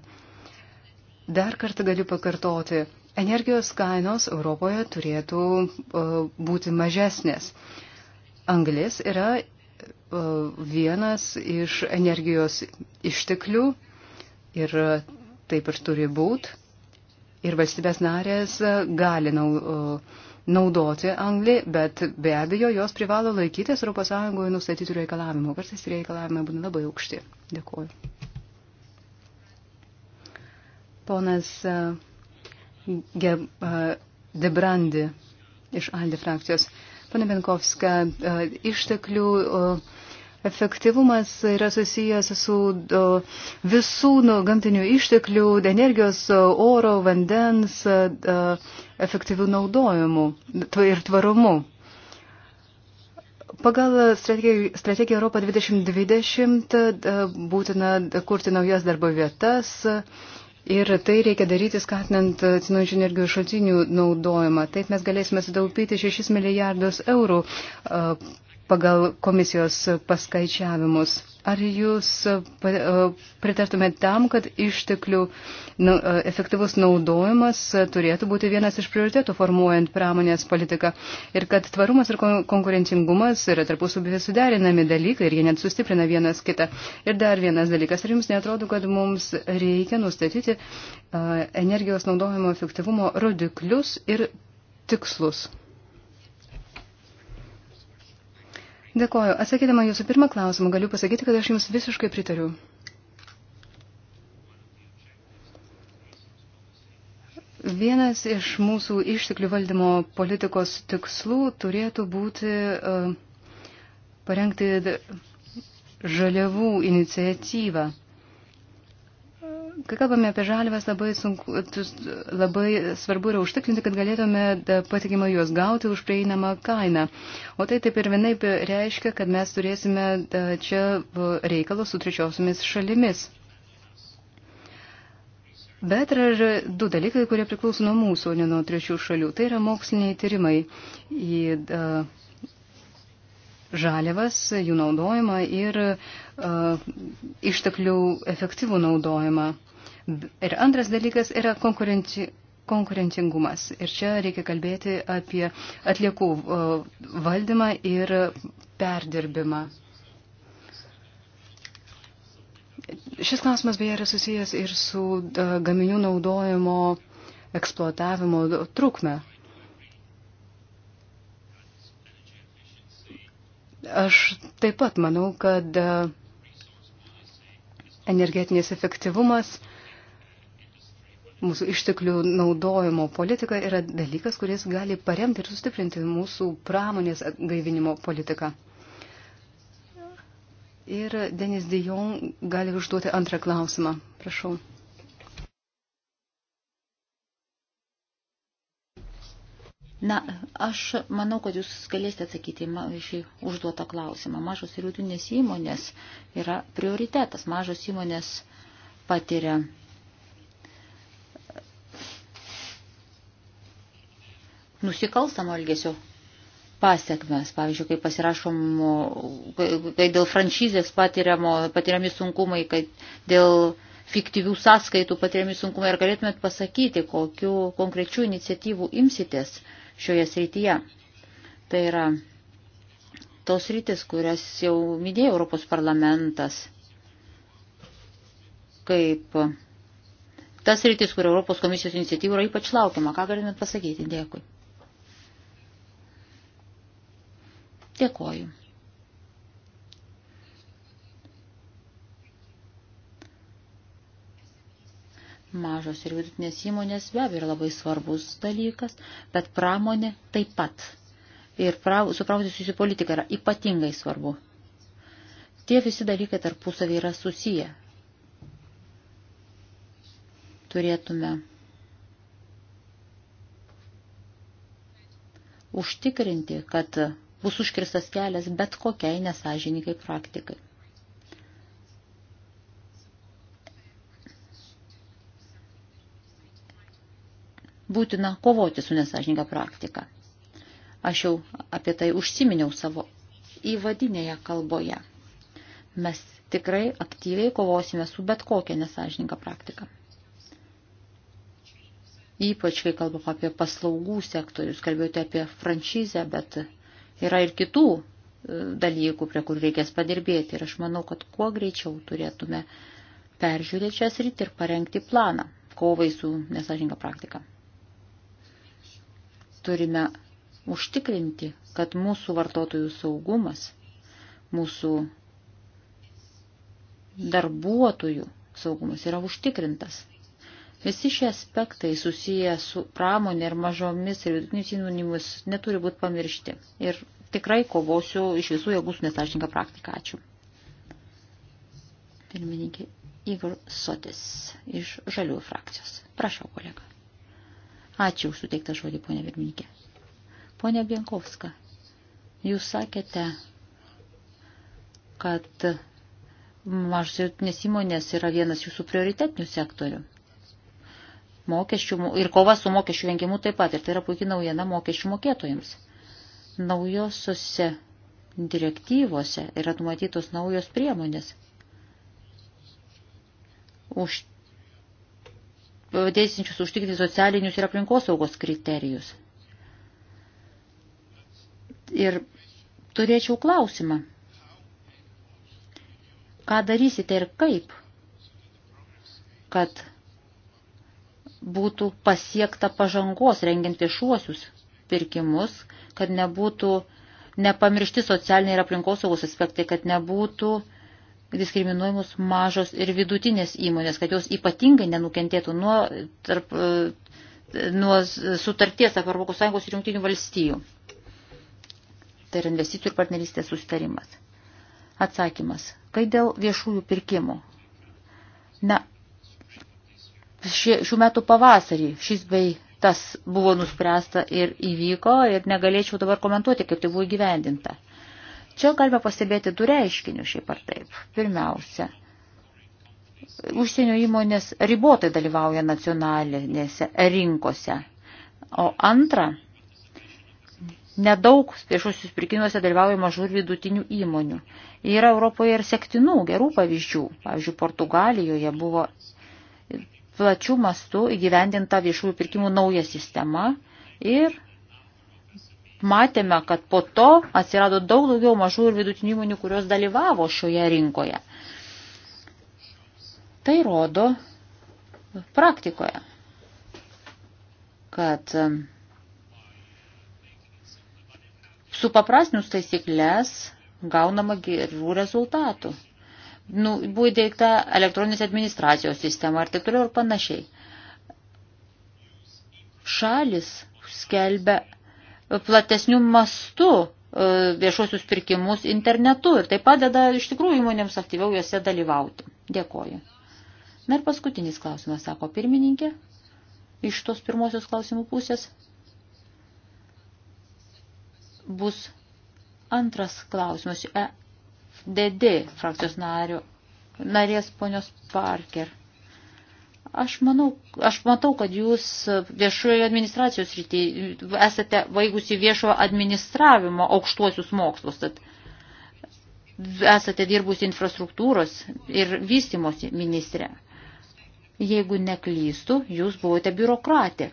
Dar kartą galiu pakartoti, energijos kainos Europoje turėtų e, būti mažesnės. Anglis yra e, vienas iš energijos išteklių ir taip ir turi būti. Ir valstybės narės gali naudoti e, naudoti anglį, bet be abejo jos privalo laikytis ES nustatytų reikalavimų. Kartais reikalavimai būna labai aukšti. Dėkuoju. Ponas e, e, Debrandi iš Aldi frakcijos. Pane Benkovska, e, išteklių efektyvumas yra susijęs su visų gamtinių išteklių, energijos, oro, vandens. Da, efektyvių naudojimų ir tvarumu. Pagal strategiją Europą 2020 e, būtina kurti naujas darbo vietas ir tai reikia daryti skatinant atsinaujinančių energijos šaltinių naudojimą. Taip mes galėsime sutaupyti 6 milijardus eurų e, pagal komisijos paskaičiavimus. Ar jūs e, e, pritartumėt tam, kad išteklių nu, e, efektyvus naudojimas turėtų būti vienas iš prioritėtų formuojant pramonės politiką ir kad tvarumas ir konkurencingumas yra tarpusubėje suderinami dalykai ir jie net sustiprina vienas kitą. Ir dar vienas dalykas, ar jums netrodo, kad mums reikia nustatyti energijos naudojimo efektyvumo rodiklius ir tikslus? Dėkoju. Atsakydama jūsų pirmą klausimą, galiu pasakyti, kad aš jums visiškai pritariu. Vienas iš mūsų išteklių valdymo politikos tikslų turėtų būti e, parengti žaliavų iniciatyvą. Kai kalbame apie žalvės, labai, sunku, labai svarbu yra užtikrinti, kad galėtume patikimą juos gauti už prieinamą kainą. O tai taip ir vienaip reiškia, kad mes turėsime čia reikalą su trečiosiomis šalimis. Bet yra ir du dalykai, kurie priklauso nuo mūsų, o ne nuo trečių šalių. Tai yra moksliniai tyrimai į žalėvas, jų naudojimą ir uh, E, išteklių efektyvų naudojimą. Ir antras dalykas yra konkurenci, konkurencingumas. Ir čia reikia kalbėti apie atliekų e, valdymą ir perdirbimą. Šis klausimas beje yra susijęs ir su e, gaminių naudojimo eksploatavimo trukme. Aš taip pat manau, kad energetinės efektyvumas, mūsų išteklių naudojimo politika yra dalykas, kuris gali paremti ir sustiprinti mūsų pramonės gaivinimo politiką. Ir Denis Dijon gali užduoti antrą klausimą. Prašau. Na, aš manau, kad jūs galėsite atsakyti į šį užduotą klausimą. Mažos ir vidutinės įmonės yra prioritetas. Mažos įmonės patiria e, nusikalstamo elgesio pasiekmes. Pavyzdžiui, kai pasirašomo, kai dėl franšizės patiriami sunkumai, kai dėl fiktyvių sąskaitų patiriami sunkumai, ar galėtumėt pasakyti, kokiu konkrečiu iniciatyvu imsitės šioje srityje. Tai yra tos rytis, kurias jau minėjo Europos parlamentas, kaip tas rytis, kur Europos komisijos iniciatyvų yra ypač laukiama. Ką galime pasakyti? Dėkui. Dėkoju. Mažos ir vidutinės įmonės be abejo yra labai svarbus dalykas, bet pramonė taip pat. Ir prav, su pramonė susijusi politika yra ypatingai svarbu. Tie visi dalykai tarpusavį yra susiję. Turėtume užtikrinti, kad bus užkirstas kelias bet kokiai nesažininkai praktikai. būtina kovoti su nesažininga praktika. Aš jau apie tai užsiminiau savo įvadinėje kalboje. Mes tikrai aktyviai kovosime su bet kokia nesažininga praktika. Ypač, kai kalbam apie paslaugų sektorius, kalbėjote apie franšizę, bet yra ir kitų e, dalykų, prie kur reikės padirbėti. Ir aš manau, kad kuo greičiau turėtume peržiūrėti šią sritį ir parengti planą kovai su nesažininga praktika. Turime užtikrinti, kad mūsų vartotojų saugumas, mūsų darbuotojų saugumas yra užtikrintas. Visi šie aspektai susiję su pramonė ir mažomis ir vidutinius įmonimis neturi būti pamiršti. Ir tikrai kovosiu iš visų jėgų su nesažininką praktiką. Ačiū. Pirmininkė Igor Sotis iš Žaliųjų frakcijos. Prašau, kolega. Ačiū už suteiktą žodį, ponė Virminkė. Pone Bienkovska, jūs sakėte, kad mažos vidutinės įmonės yra vienas jūsų prioritetinių sektorių. Mokesčių, ir kova su mokesčių vengimu taip pat, ir tai yra puikiai naujiena mokesčių mokėtojams. Naujosiuose direktyvose yra numatytos naujos priemonės už padėsinčius užtikrinti socialinius ir aplinkosaugos kriterijus. Ir turėčiau klausimą. Ką darysite ir kaip, kad būtų pasiekta pažangos rengiant viešuosius pirkimus, kad nebūtų nepamiršti socialiniai ir aplinkosaugos aspektai, kad nebūtų uh, diskriminuojamos mažos ir vidutinės įmonės, kad jos ypatingai nenukentėtų nuo, tarp, e, nuo sutarties tarp Europos Sąjungos ir Junktinių valstijų. Tai yra investicijų ir partnerystės sustarimas. Atsakymas. Kai dėl viešųjų pirkimų? Na, šie, šių metų pavasarį šis bei tas buvo nuspręsta ir įvyko ir negalėčiau dabar komentuoti, kaip tai buvo įgyvendinta. Čia galime pastebėti du reiškinius šiaip ar taip. Pirmiausia, užsienio įmonės ribotai dalyvauja nacionalinėse rinkose. O antra, nedaug viešusius pirkimuose dalyvauja mažų ir vidutinių įmonių. Yra Europoje ir sektinų gerų pavyzdžių. Pavyzdžiui, Portugalijoje buvo plačių mastų įgyvendinta viešųjų pirkimų nauja sistema ir matėme, kad po to atsirado daug daugiau mažų ir vidutinių įmonių, kurios dalyvavo šioje rinkoje. Tai rodo praktikoje, kad um, supaprasnius taisyklės gaunama gerų rezultatų. Nu, buvo įdėkta elektroninės administracijos sistema ir taip toliau ir panašiai. Šalis skelbia platesnių mastų e, viešuosius pirkimus internetu ir tai padeda iš tikrųjų įmonėms aktyviau juose dalyvauti. Dėkoju. Na ir paskutinis klausimas, sako pirmininkė, iš tos pirmosios klausimų pusės. Bus antras klausimas, EDD frakcijos nario, narės ponios Parker. Aš, manau, aš matau, kad jūs viešojo administracijos rytėje esate vaigusi viešojo administravimo aukštuosius mokslus, tad esate dirbusi infrastruktūros ir vystimosi ministrė. Jeigu neklystų, jūs buvote biurokratė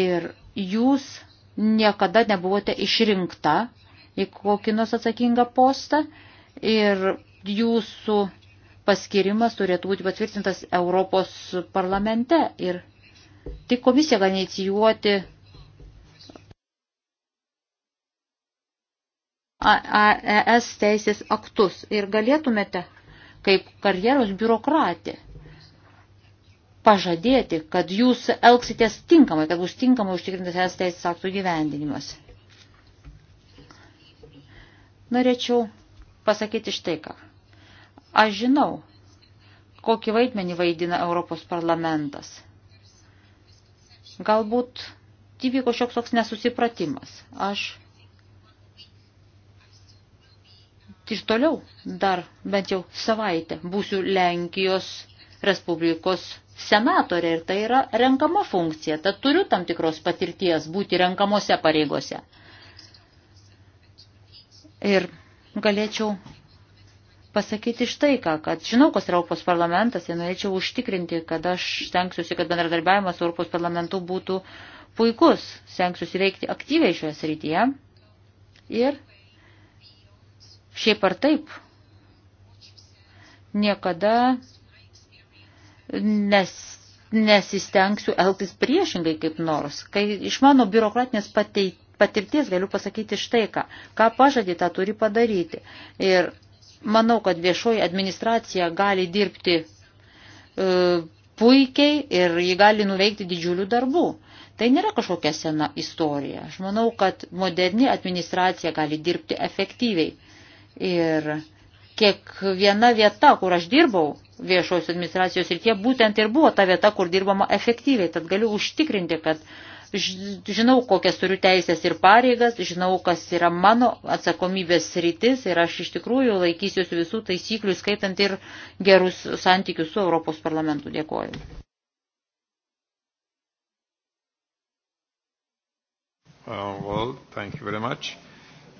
ir jūs niekada nebuvote išrinkta į kokį nors atsakingą postą ir jūsų paskirimas turėtų būti patvirtintas Europos parlamente ir tik komisija gali inicijuoti ES teisės aktus ir galėtumėte kaip karjeros biurokratė pažadėti, kad jūs elgsitės tinkamai, kad bus tinkamai užtikrintas ES e teisės aktų gyvendinimas. Norėčiau pasakyti štai ką. Aš žinau, kokį vaidmenį vaidina Europos parlamentas. Galbūt įvyko šioks toks nesusipratimas. Aš ir toliau dar bent jau savaitę būsiu Lenkijos Respublikos senatorė ir tai yra renkama funkcija. Tad turiu tam tikros patirties būti renkamose pareigose. Ir galėčiau pasakyti štai ką, kad žinau, kas yra Europos parlamentas ir norėčiau užtikrinti, kad aš stengsiuosi, kad bendradarbiavimas su Europos parlamentu būtų puikus, stengsiuosi veikti aktyviai šioje srityje ir šiaip ar taip niekada nes, nesistengsiu elgtis priešingai kaip nors, kai iš mano biurokratinės patirties galiu pasakyti štai ką, ką pažadį tą turi padaryti. Ir Manau, kad viešoji administracija gali dirbti e, puikiai ir ji gali nuveikti didžiulių darbų. Tai nėra kažkokia sena istorija. Aš manau, kad moderni administracija gali dirbti efektyviai. Ir kiekviena vieta, kur aš dirbau viešosios administracijos ir tie būtent ir buvo ta vieta, kur dirbama efektyviai. Tad galiu užtikrinti, kad žinau, kokias turiu teisės ir pareigas, žinau, kas yra mano atsakomybės rytis ir aš iš tikrųjų laikysiuosi visų taisyklių, skaitant ir gerus santykius su Europos parlamentu. Dėkoju. Uh, well, thank you very much.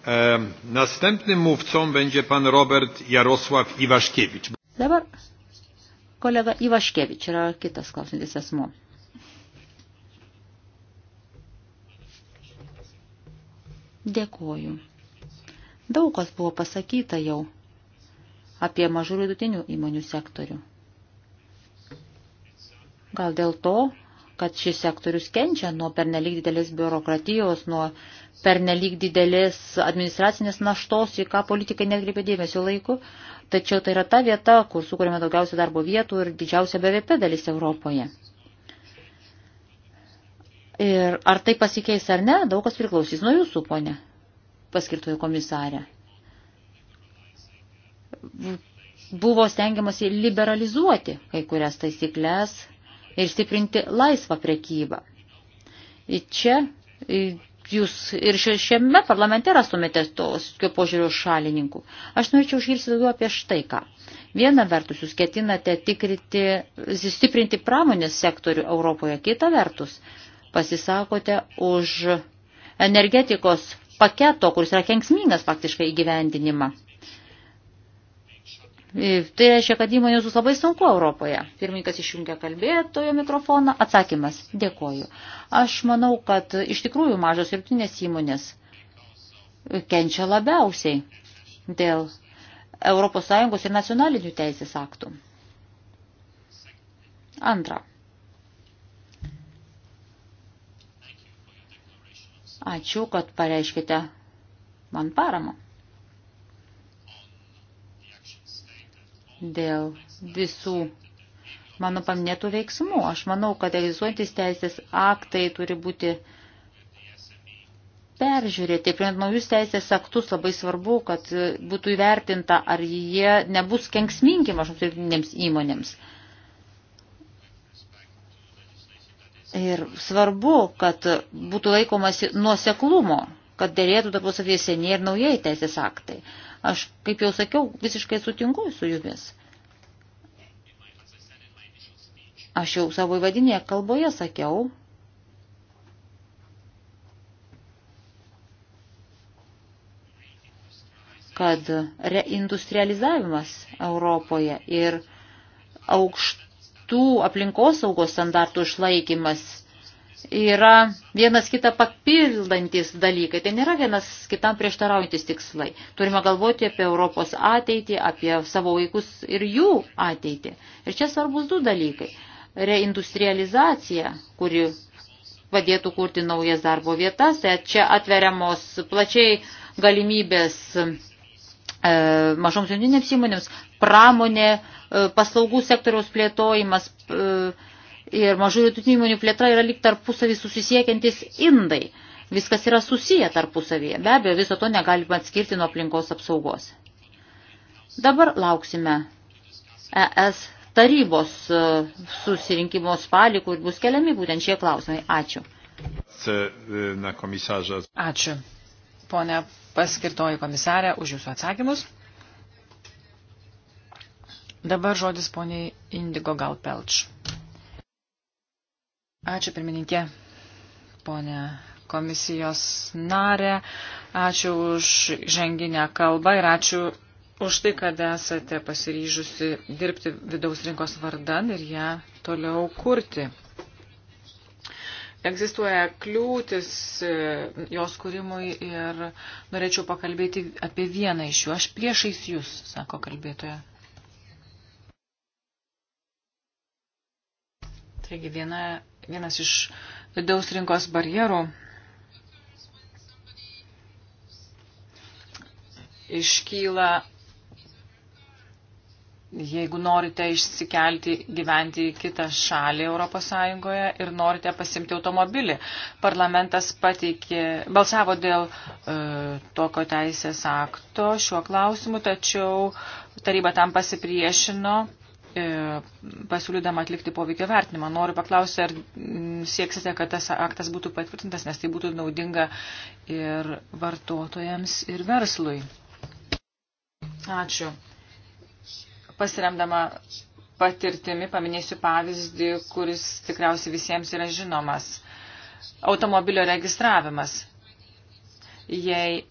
Um, następnym mówcą będzie pan Robert Jarosław Iwaszkiewicz. Dabar kolega Iwaszkiewicz yra kitas klausantis asmo. Dėkoju. Daug kas buvo pasakyta jau apie mažų vidutinių įmonių sektorių. Gal dėl to, kad šis sektorius kenčia nuo pernelyg didelės biurokratijos, nuo pernelyg didelės administracinės naštos, į ką politikai netkreipia dėmesio laiku, tačiau tai yra ta vieta, kur sukūrėme daugiausia darbo vietų ir didžiausia BVP dalis Europoje. Ir ar tai pasikeis ar ne, daug kas priklausys nuo jūsų, ponė, paskirtojo komisarė. Buvo stengiamasi liberalizuoti kai kurias taisyklės ir stiprinti laisvą prekybą. Ir čia jūs ir šiame parlamente rastumėte tos požiūrio šalininkų. Aš norėčiau išgirsti daugiau apie štai ką. Viena vertus jūs ketinate tikrinti, stiprinti pramonės sektorių Europoje, kita vertus pasisakote už energetikos paketo, kuris yra kenksmingas faktiškai įgyvendinimą. E, tai reiškia, kad įmonė jūs labai sunku Europoje. Pirmininkas išjungia kalbėtojo mikrofoną. Atsakymas. Dėkoju. Aš manau, kad iš tikrųjų mažos ir įmonės kenčia labiausiai dėl ES ir nacionalinių teisės aktų. Antra. Ačiū, kad pareiškite man paramą. Dėl visų mano paminėtų veiksmų. Aš manau, kad egzistuojantis teisės aktai turi būti peržiūrėti. Priimant naujus teisės aktus labai svarbu, kad būtų įvertinta, ar jie nebus kenksmingi mažoms ir įmonėms. Ir svarbu, kad būtų laikomasi nuoseklumo, kad dėlėtų tarpusavėje seniai ir naujai teisės aktai. Aš, kaip jau sakiau, visiškai sutinku su jumis. Aš jau savo įvadinėje kalboje sakiau, kad reindustrializavimas Europoje ir aukšt griežtų aplinkosaugos standartų išlaikymas yra vienas kitą papildantis dalykai. Tai nėra vienas kitam prieštaraujantis tikslai. Turime galvoti apie Europos ateitį, apie savo vaikus ir jų ateitį. Ir čia svarbus du dalykai. Reindustrializacija, kuri padėtų kurti naujas darbo vietas, tai čia atveriamos plačiai galimybės E, mažoms jauninėms įmonėms, pramonė, e, paslaugų sektoriaus plėtojimas e, ir mažų vidutinių įmonių plėtra yra lyg tarpusavį susisiekiantis indai. Viskas yra susiję tarpusavyje. Be abejo, viso to negalima atskirti nuo aplinkos apsaugos. Dabar lauksime ES tarybos susirinkimo spalį, kur bus keliami būtent šie klausimai. Ačiū. Ačiū ponė paskirtoji komisarė, už jūsų atsakymus. Dabar žodis poniai Indigo Galpelč. Ačiū pirmininkė, ponė komisijos narė. Ačiū už ženginę kalbą ir ačiū už tai, kad esate pasiryžusi dirbti vidaus rinkos vardan ir ją toliau kurti egzistuoja kliūtis e, jos kūrimui ir norėčiau pakalbėti apie vieną iš jų. Aš priešais jūs, sako kalbėtoja. Taigi viena, vienas iš vidaus rinkos barjerų iškyla Jeigu norite išsikelti gyventi į kitą šalį ES ir norite pasimti automobilį, parlamentas pateikė, balsavo dėl e, tokio teisės akto šiuo klausimu, tačiau taryba tam pasipriešino e, pasiūlydama atlikti poveikio vertinimą. Noriu paklausti, ar sieksite, kad tas aktas būtų patvirtintas, nes tai būtų naudinga ir vartotojams, ir verslui. Ačiū. Pasiremdama patirtimi paminėsiu pavyzdį, kuris tikriausiai visiems yra žinomas. Automobilio registravimas. Jei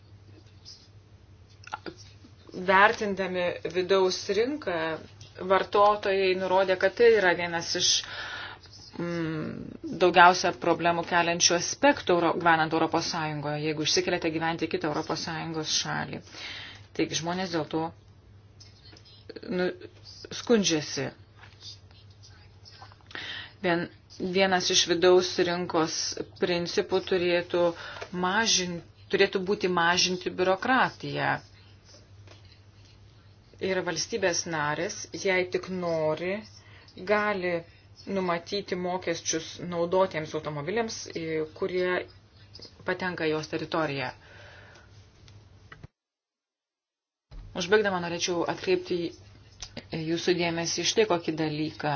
vertindami vidaus rinką, vartotojai nurodė, kad tai yra vienas iš mm, daugiausia problemų keliančių aspektų gyvenant Europos Sąjungoje, jeigu išsikeliate gyventi kitą Europos Sąjungos šalį. Taigi žmonės dėl to nu, skundžiasi. Vien, vienas iš vidaus rinkos principų turėtų, mažin, turėtų būti mažinti biurokratiją. Ir valstybės narės, jei tik nori, gali numatyti mokesčius naudotiems automobiliams, e, kurie patenka jos teritoriją. Užbaigdama norėčiau atkreipti jūsų dėmesį iš tai kokį dalyką.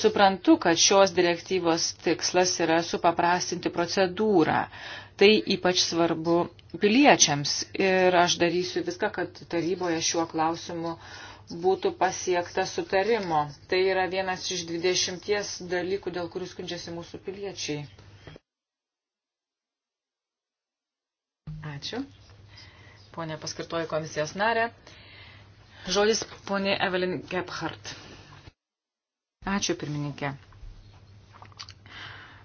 Suprantu, kad šios direktyvos tikslas yra supaprastinti procedūrą. Tai ypač svarbu piliečiams ir aš darysiu viską, kad taryboje šiuo klausimu būtų pasiekta sutarimo. Tai yra vienas iš dvidešimties dalykų, dėl kurių skundžiasi mūsų piliečiai. Ačiū. Pone paskirtoji komisijos narė. Žodis ponė Evelyn Gebhardt. Ačiū pirmininkė.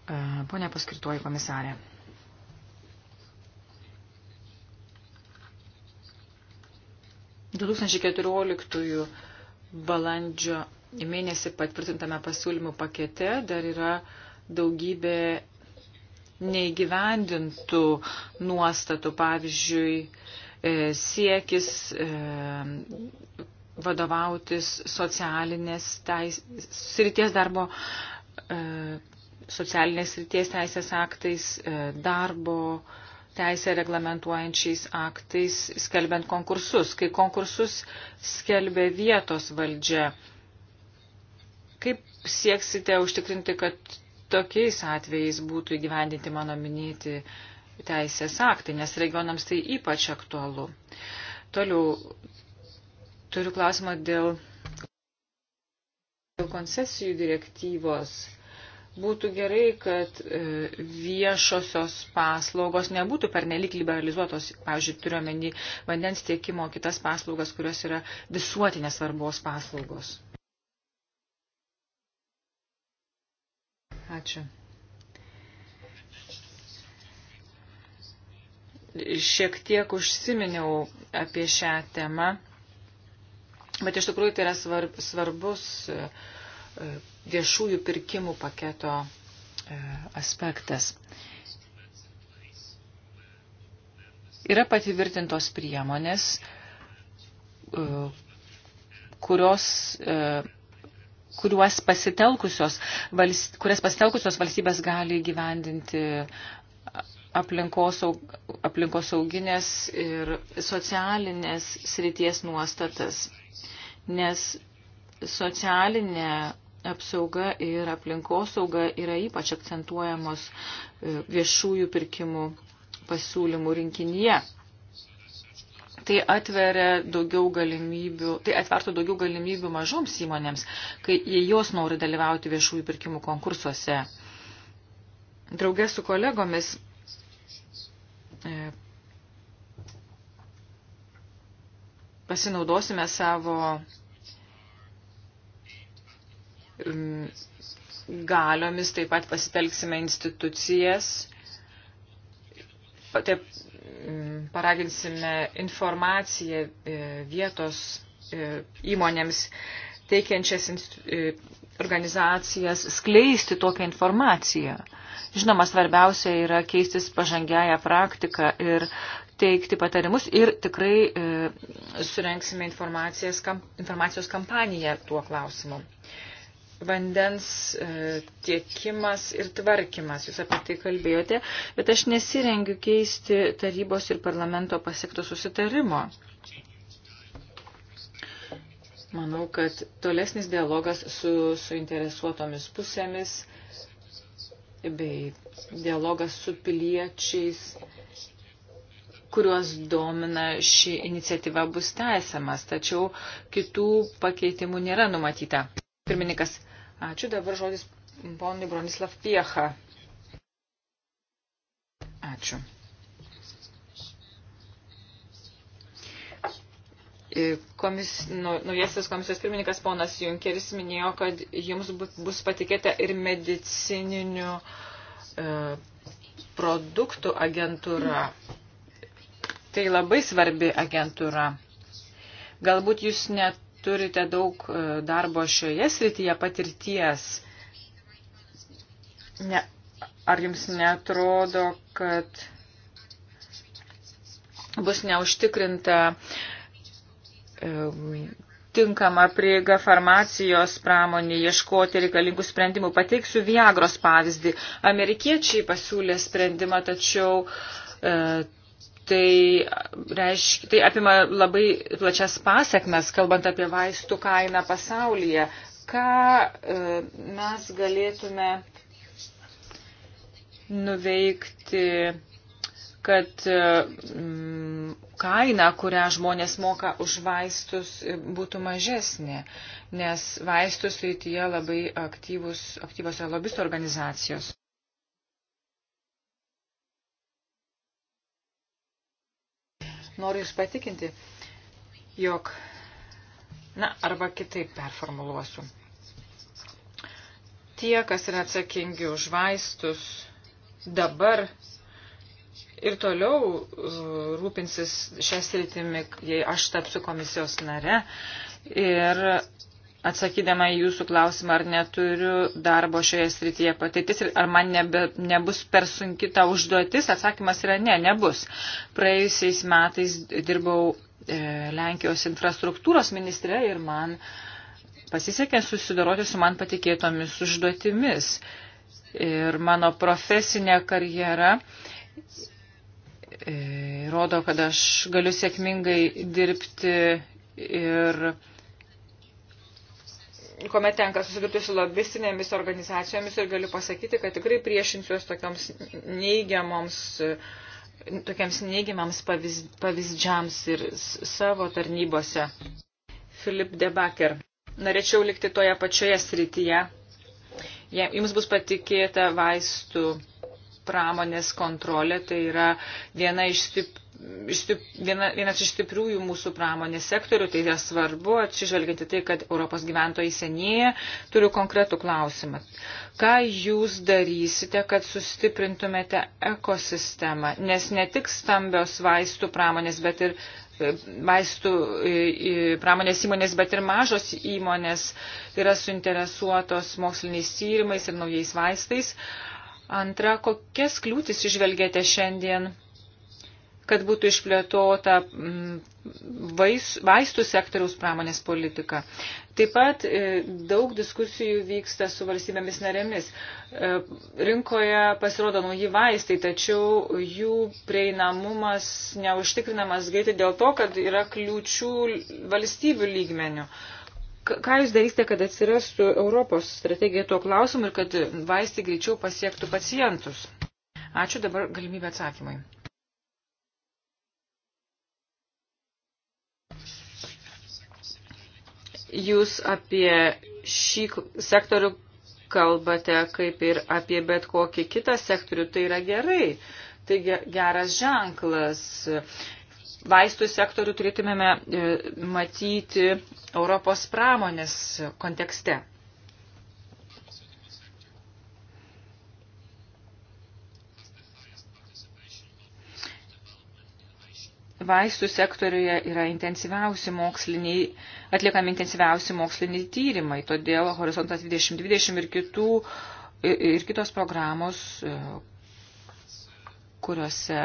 E, Pone paskirtuoji komisarė. Du 2014 balandžio mėnesį patvirtintame pasiūlymų pakete dar yra daugybė neįgyvendintų nuostatų, pavyzdžiui, E, siekis e, vadovautis socialinės teis, srities darbo, e, socialinės srities teisės aktais, darbo teisę reglamentuojančiais aktais, skelbiant konkursus, kai konkursus skelbia vietos valdžia. Kaip sieksite užtikrinti, kad tokiais atvejais būtų įgyvendinti mano minėti uh, teisės aktai, nes regionams tai ypač aktualu. Toliau turiu klausimą dėl koncesijų direktyvos būtų gerai, kad e, viešosios paslaugos nebūtų pernelik liberalizuotos, pavyzdžiui, turiuomenį vandens tiekimo, kitas paslaugas, kurios yra visuotinės svarbos paslaugos. Ačiū. šiek tiek užsiminiau apie šią temą, bet iš tikrųjų tai yra svarb, svarbus e, viešųjų pirkimų paketo e, aspektas. Yra patvirtintos priemonės, e, kurios, kuriuos pasitelkusios, kurias pasitelkusios valstybės gali gyvendinti aplinkosauginės ir socialinės srities nuostatas, nes socialinė apsauga ir aplinkosauga yra ypač akcentuojamos e, viešųjų pirkimų pasiūlymų rinkinyje. Tai atveria daugiau galimybių, tai atvertų daugiau galimybių mažoms įmonėms, kai jos nori dalyvauti viešųjų pirkimų konkursuose. Draugės su kolegomis E, pasinaudosime savo galiomis, taip pat pasitelksime institucijas, taip, paraginsime informaciją e, vietos e, įmonėms teikiančias organizacijas skleisti tokią informaciją. Žinoma, svarbiausia yra keistis pažangiają praktiką ir teikti patarimus ir tikrai e, surenksime kam, informacijos kampaniją tuo klausimu. Vandens e, tiekimas ir tvarkimas, jūs apie tai kalbėjote, bet aš nesirengiu keisti tarybos ir parlamento pasiekto susitarimo. Manau, kad tolesnis dialogas su suinteresuotomis pusėmis e, bei dialogas su piliečiais, kuriuos domina ši iniciatyva bus tęsiamas, tačiau kitų pakeitimų nėra numatyta. Pirmininkas, ačiū dabar žodis ponui Bronislav Piecha. Ačiū. E, komis, nu, naujasis komisijos pirmininkas ponas Junkeris minėjo, kad jums bus patikėta ir medicininių e, produktų agentūra. Tai labai svarbi agentūra. Galbūt jūs neturite daug e, darbo šioje srityje patirties. Ne, ar jums netrodo, kad bus neužtikrinta uh, tinkamą prieigą farmacijos pramonį, ieškoti reikalingų sprendimų. Pateiksiu Viagros pavyzdį. Amerikiečiai pasiūlė sprendimą, tačiau e, tai, reiškia, tai apima labai plačias pasiekmes, kalbant apie vaistų kainą pasaulyje. Ką e, mes galėtume nuveikti kad mm, kaina, kurią žmonės moka už vaistus, būtų mažesnė, nes vaistų srityje labai aktyvus, aktyvos yra lobistų organizacijos. Noriu Jūs patikinti, jog, na, arba kitaip performuluosiu. Tie, kas yra atsakingi už vaistus, dabar ir toliau uh, rūpinsis šią sritimi, jei aš tapsiu komisijos nare. Ir atsakydama į jūsų klausimą, ar neturiu darbo šioje srityje patirtis ir ar man nebe, nebus per sunki ta užduotis, atsakymas yra ne, nebus. Praėjusiais metais dirbau e, Lenkijos infrastruktūros ministre ir man pasisekė susidoroti su man patikėtomis užduotimis. Ir mano profesinė karjera E, rodo, kad aš galiu sėkmingai dirbti ir kuomet tenka susidurti su lobistinėmis organizacijomis ir galiu pasakyti, kad tikrai priešinsiuos tokiams neigiamoms tokiems neigiamams pavyzdžiams ir savo tarnybose. Filip Debaker. Norėčiau likti toje pačioje srityje. Jums bus patikėta vaistų pramonės kontrolė, tai yra viena iš stip, Štip, viena, vienas iš stipriųjų mūsų pramonės sektorių, tai yra svarbu atsižvelginti tai, kad Europos gyventojai senėja. Turiu konkretų klausimą. Ką jūs darysite, kad sustiprintumėte ekosistemą? Nes ne tik stambios vaistų pramonės, bet ir e, vaistų e, e, pramonės įmonės, bet ir mažos įmonės yra suinteresuotos moksliniais tyrimais ir naujais vaistais. Uh, Antra, kokias kliūtis išvelgėte šiandien, kad būtų išplėtota mm, vais, vaistų sektoriaus pramonės politika? Taip pat e, daug diskusijų vyksta su valstybėmis narėmis. E, rinkoje pasirodo nauji vaistai, tačiau jų prieinamumas neužtikrinamas greitai dėl to, kad yra kliūčių valstybių lygmenių. Uh, ką jūs darysite, kad atsirastų Europos strategija tuo klausimu ir kad vaistai greičiau pasiektų pacientus? Ačiū dabar galimybę atsakymai. Jūs apie šį sektorių kalbate kaip ir apie bet kokį kitą sektorių, tai yra gerai. Tai geras ženklas vaistų sektorių turėtumėme e, matyti Europos pramonės kontekste. Vaistų sektoriuje yra intensyviausi moksliniai, atliekami intensyviausi moksliniai tyrimai, todėl Horizontas 2020 ir, kitų, ir kitos programos e, kuriuose,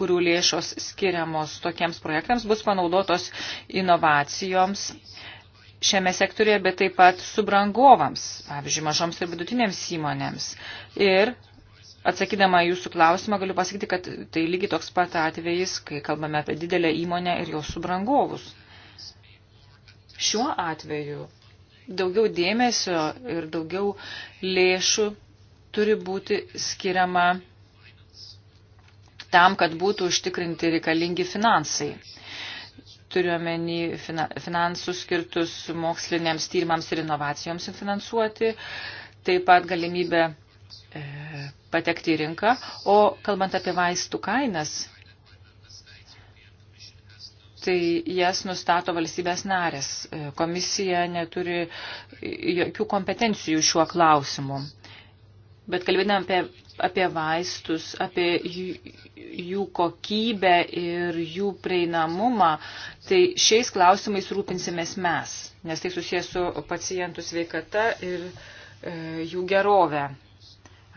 kurių lėšos skiriamos tokiems projektams, bus panaudotos inovacijoms šiame sektorėje, bet taip pat subrangovams, pavyzdžiui, mažoms ir vidutinėms įmonėms. Ir atsakydama jūsų klausimą, galiu pasakyti, kad tai lygiai toks pat atvejis, kai kalbame apie didelę įmonę ir jos subrangovus. Šiuo atveju daugiau dėmesio ir daugiau lėšų turi būti skiriama tam, kad būtų užtikrinti reikalingi finansai. Turiuomenį finansus skirtus moksliniams tyrimams ir inovacijoms finansuoti, taip pat galimybę e, patekti į rinką. O kalbant apie vaistų kainas, tai jas nustato valstybės narės. E, komisija neturi jokių kompetencijų šiuo klausimu. Bet kalbėdami apie apie vaistus, apie jų kokybę ir jų prieinamumą, tai šiais klausimais rūpinsimės mes, nes tai susijęs su pacientų sveikata ir e, jų gerovė.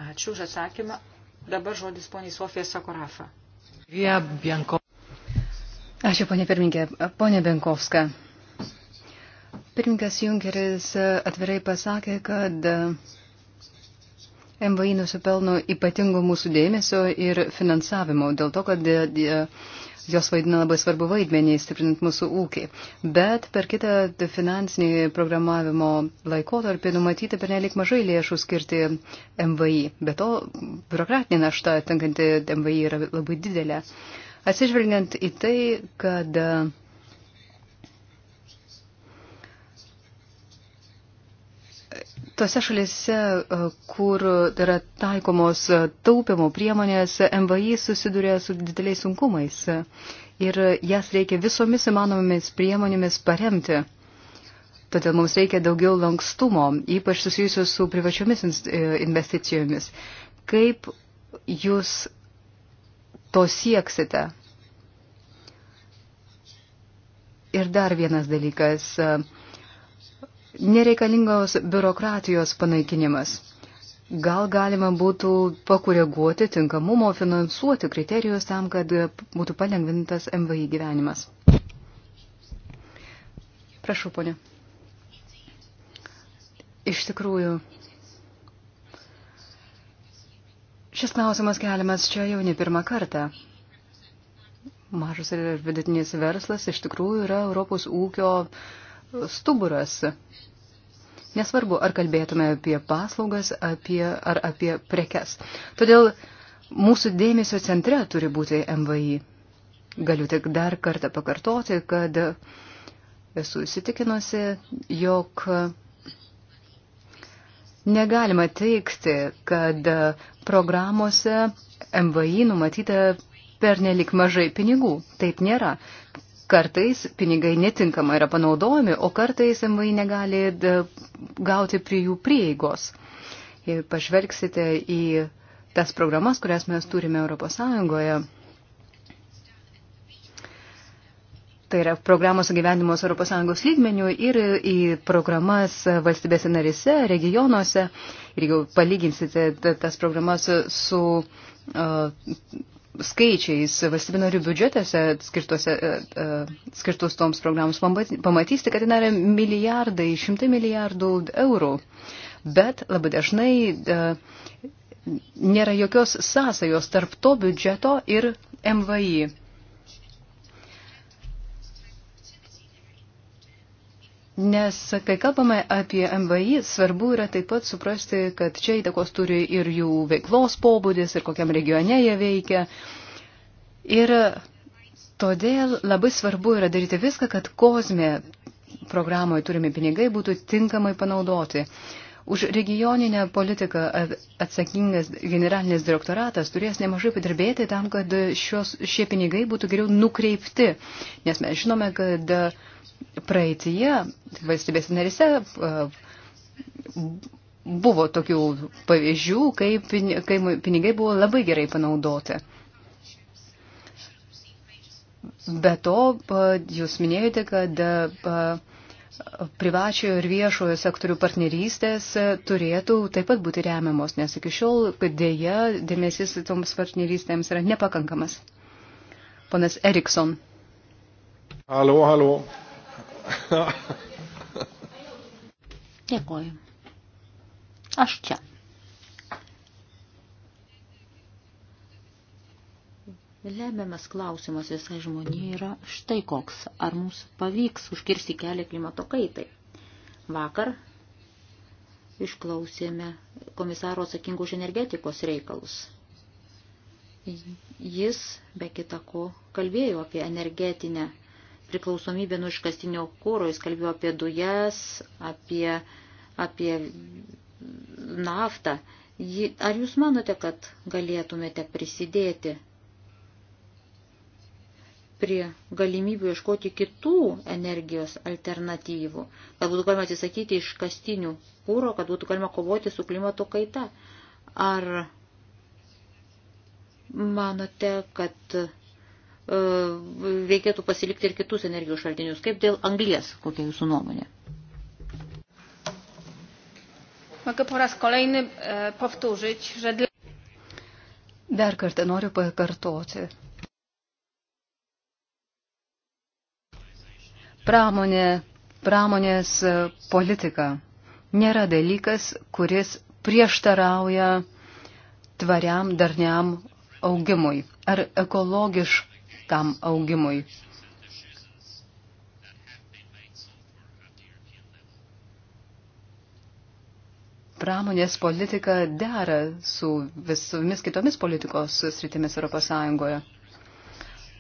Ačiū už atsakymą. Dabar žodis poniai Sofija Sakurafa. Ačiū, ponė pirmininkė. Ponė Benkovska. Pirmininkas Junkeris atvirai pasakė, kad MVI nusipelno ypatingo mūsų dėmesio ir finansavimo, dėl to, kad e, e, jos vaidina labai svarbu vaidmenį, stiprinant mūsų ūkį. Bet per kitą finansinį programavimo laikotarpį numatyti per nelik mažai lėšų skirti MVI. Be to, biurokratinė našta tenkanti MVI yra labai didelė. Atsižvelgiant į tai, kad uh, tose šalise, e, kur yra taikomos e, taupimo priemonės, MVI susiduria su dideliais sunkumais e, ir jas reikia visomis įmanomomis priemonėmis paremti. Todėl mums reikia daugiau lankstumo, ypač susijusiu su privačiomis investicijomis. Kaip jūs to sieksite? Ir dar vienas dalykas. Uh, Nereikalingos biurokratijos panaikinimas. Gal galima būtų pakoreguoti tinkamumo finansuoti kriterijus tam, kad būtų palengvintas MVI gyvenimas. Prašau, ponė. Iš tikrųjų, šis klausimas keliamas čia jau ne pirmą kartą. Mažas ir vidutinis verslas iš tikrųjų yra Europos ūkio uh, stuburas. Nesvarbu, ar kalbėtume apie paslaugas apie, ar apie prekes. Todėl mūsų dėmesio centre turi būti MVI. Galiu tik dar kartą pakartoti, kad esu įsitikinusi, jog negalima teikti, kad programuose MVI numatyta per nelik mažai pinigų. Taip nėra kartais pinigai netinkamai yra panaudojami, o kartais MVI negali e, gauti prie jų prieigos. Jei pažvelgsite į tas programas, kurias mes turime Europos Sąjungoje, tai yra programos gyvenimos Europos Sąjungos lygmenių ir į programas valstybėse narise, regionuose, ir jeigu palyginsite tas programas su uh, skaičiais valstybinio narių biudžetuose skirtuose, e, e, skirtus toms programoms, pamatysite, kad ten yra milijardai, šimtai milijardų eurų. Bet labai dažnai e, nėra jokios sąsajos tarp to biudžeto ir MVI. Nes, kai kalbame apie MVI, svarbu yra taip pat suprasti, kad čia įtakos turi ir jų veiklos pobūdis, ir kokiam regione jie veikia. Ir todėl labai svarbu yra daryti viską, kad kozme programoje turimi pinigai būtų tinkamai panaudoti. Už regioninę politiką atsakingas generalinis direktoratas turės nemažai padirbėti tam, kad šios, šie pinigai būtų geriau nukreipti, nes mes žinome, kad uh, praeitie valstybės narise e, buvo tokių pavyzdžių, kai, kai pinigai buvo labai gerai panaudoti. Be to, e, jūs minėjote, kad e, privačiojo ir viešojo sektorių partnerystės turėtų taip pat būti remiamos, nes iki šiol dėja dėmesys toms partnerystėms yra nepakankamas. Ponas Erikson. Halo, halo. Dėkuoju. Aš čia. Lemiamas klausimas visai žmonijai yra štai koks. Ar mums pavyks užkirsti kelią klimato kaitai? Vakar išklausėme komisaro atsakingų už energetikos reikalus. Jis, be kitako, kalbėjo apie energetinę priklausomybė nuo iškastinio kūro, jis kalbėjo apie dujas, apie, apie naftą. Ar jūs manote, kad galėtumėte prisidėti prie galimybių ieškoti kitų energijos alternatyvų, kad būtų galima atsisakyti iškastinių kūro, kad būtų galima kovoti su klimato kaita? Ar manote, kad E, reikėtų pasilikti ir kitus energijos šaltinius. Kaip dėl anglies, kokia jūsų nuomonė? Mogę po raz kolejny e, powtórzyć, że dla... Dar kartą noriu pakartoti. Pramonė, pramonės politika nėra dalykas, kuris prieštarauja tvariam, darniam augimui ar ekologiškai tam augimui. pramonės politika dera su visomis kitomis politikos sritimis Europos Sąjungoje.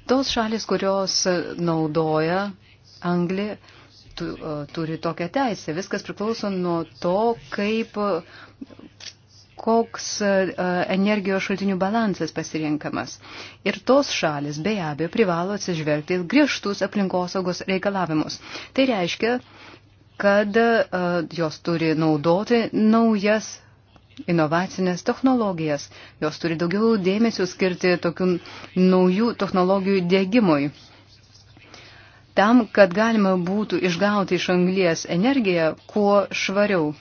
Tos šalis, kurios naudoja anglį, turi tokią teisę. Viskas priklauso nuo to, kaip koks e, e, energijos šaltinių balansas pasirinkamas. Ir tos šalis be abejo privalo atsižvelgti griežtus aplinkosaugos reikalavimus. Tai reiškia, kad e, jos turi naudoti naujas inovacinės technologijas, jos turi daugiau dėmesio skirti tokių naujų technologijų dėgymui. Tam, kad galima būtų išgauti iš anglies energiją kuo švariau.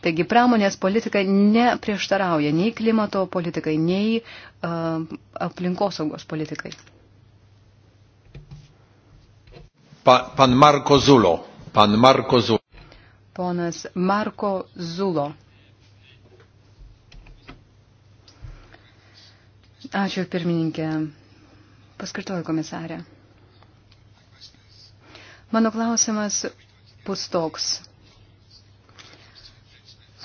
Taigi pramonės politika neprieštarauja nei klimato politikai, nei uh, aplinkosaugos politikai. Pa, pan Marko Zulo. Pan Marko Zulo. Ponas Marko Zulo. Ačiū pirmininkė. Paskirtoju komisarė. Mano klausimas bus toks.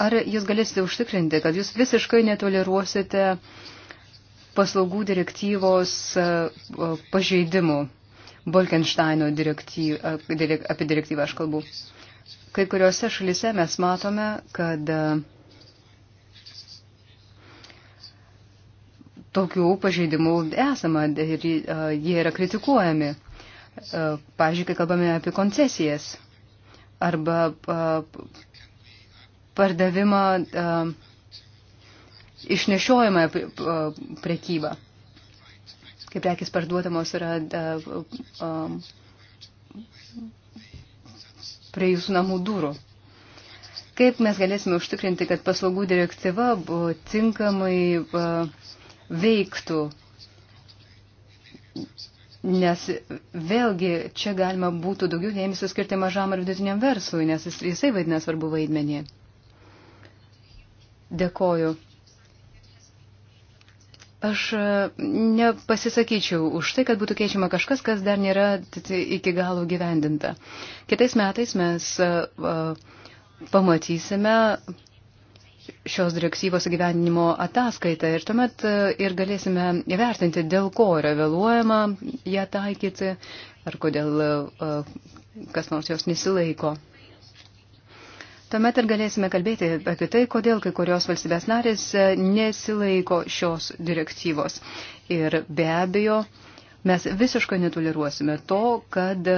Ar jūs galėsite užtikrinti, kad jūs visiškai netoleruosite paslaugų direktyvos e, e, pažeidimų, Bolkensteino direktyv, e, apie direktyvą aš kalbu? Kai kuriuose šalyse mes matome, kad tokių pažeidimų esama ir jie yra kritikuojami. Pavyzdžiui, kai kalbame apie koncesijas arba pardavimą išnešiojamą prekybą, kai prekis parduodamos yra prie jūsų namų durų. Kaip mes galėsime užtikrinti, kad paslaugų direktyva tinkamai veiktų? Nes vėlgi čia galima būtų daugiau dėmesio skirti mažam ir vidutiniam verslui, nes jisai vaidina svarbu vaidmenį. Dėkoju. Aš e, nepasisakyčiau už tai, kad būtų keičiama kažkas, kas dar nėra iki galo gyvendinta. Kitais metais mes e, e, pamatysime šios direktyvos gyvenimo ataskaitą ir tuomet ir galėsime įvertinti, dėl ko yra vėluojama ją taikyti ar kodėl kas nors jos nesilaiko. Tuomet ir galėsime kalbėti apie tai, kodėl kai kurios valstybės narės e, nesilaiko šios direktyvos. Ir be abejo, mes visiškai netoleruosime to, kad e,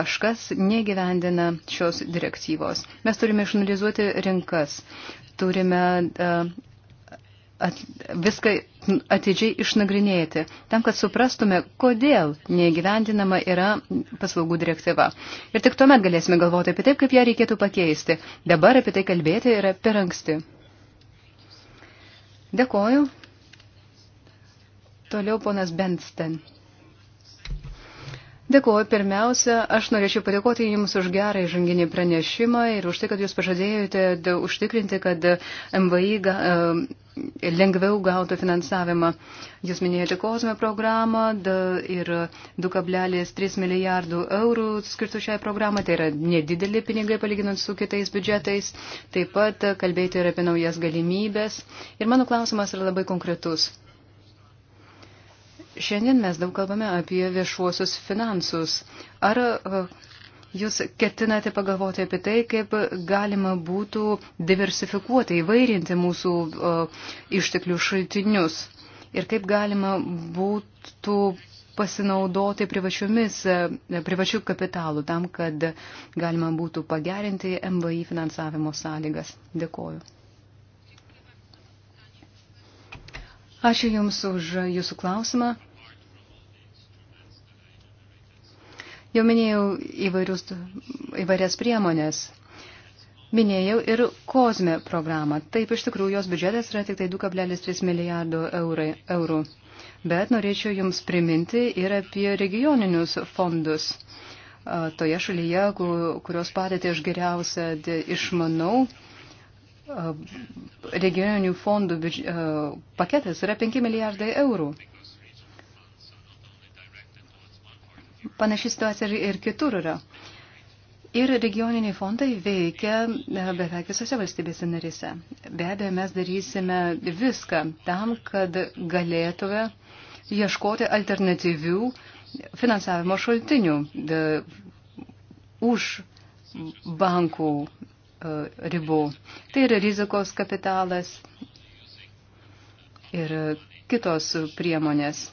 kažkas negyvendina šios direktyvos. Mes turime išanalizuoti rinkas, turime e, at, viską atidžiai išnagrinėti, tam, kad suprastume, kodėl neįgyvendinama yra paslaugų direktyva. Ir tik tuomet galėsime galvoti apie tai, kaip ją reikėtų pakeisti. Dabar apie tai kalbėti yra per anksti. Dėkoju. Toliau ponas Bensten. Dėkuoju. Pirmiausia, aš norėčiau padėkoti Jums už gerą įžanginį pranešimą ir už tai, kad Jūs pažadėjote užtikrinti, kad MVI ga, e, lengviau gautų finansavimą. Jūs minėjote Kozme programą da, ir 2,3 milijardų eurų skirtų šiai programą. Tai yra nedideli pinigai palyginant su kitais biudžetais. Taip pat kalbėti ir apie naujas galimybės. Ir mano klausimas yra labai konkretus. Šiandien mes daug kalbame apie viešuosius finansus. Ar e, jūs ketinate pagalvoti apie tai, kaip galima būtų diversifikuoti, įvairinti mūsų e, išteklių šaltinius ir kaip galima būtų pasinaudoti privačiomis, e, privačių kapitalų tam, kad galima būtų pagerinti MVI finansavimo sąlygas. Dėkoju. Ačiū Jums už Jūsų klausimą. Jau minėjau įvairius, įvairias priemonės. Minėjau ir kozme programą. Taip, iš tikrųjų, jos biudžetas yra tik tai 2,3 milijardo eurų. Bet norėčiau Jums priminti ir apie regioninius fondus. Toje šalyje, kurios padėtį aš geriausia išmanau, regioninių fondų paketas yra 5 milijardai eurų. panaši situacija ir, ir kitur yra. Ir regioniniai fondai veikia e, beveik visose valstybėse narise. Be abejo, mes darysime viską tam, kad galėtume ieškoti alternatyvių finansavimo šaltinių de, už bankų e, ribų. Tai yra rizikos kapitalas ir kitos priemonės.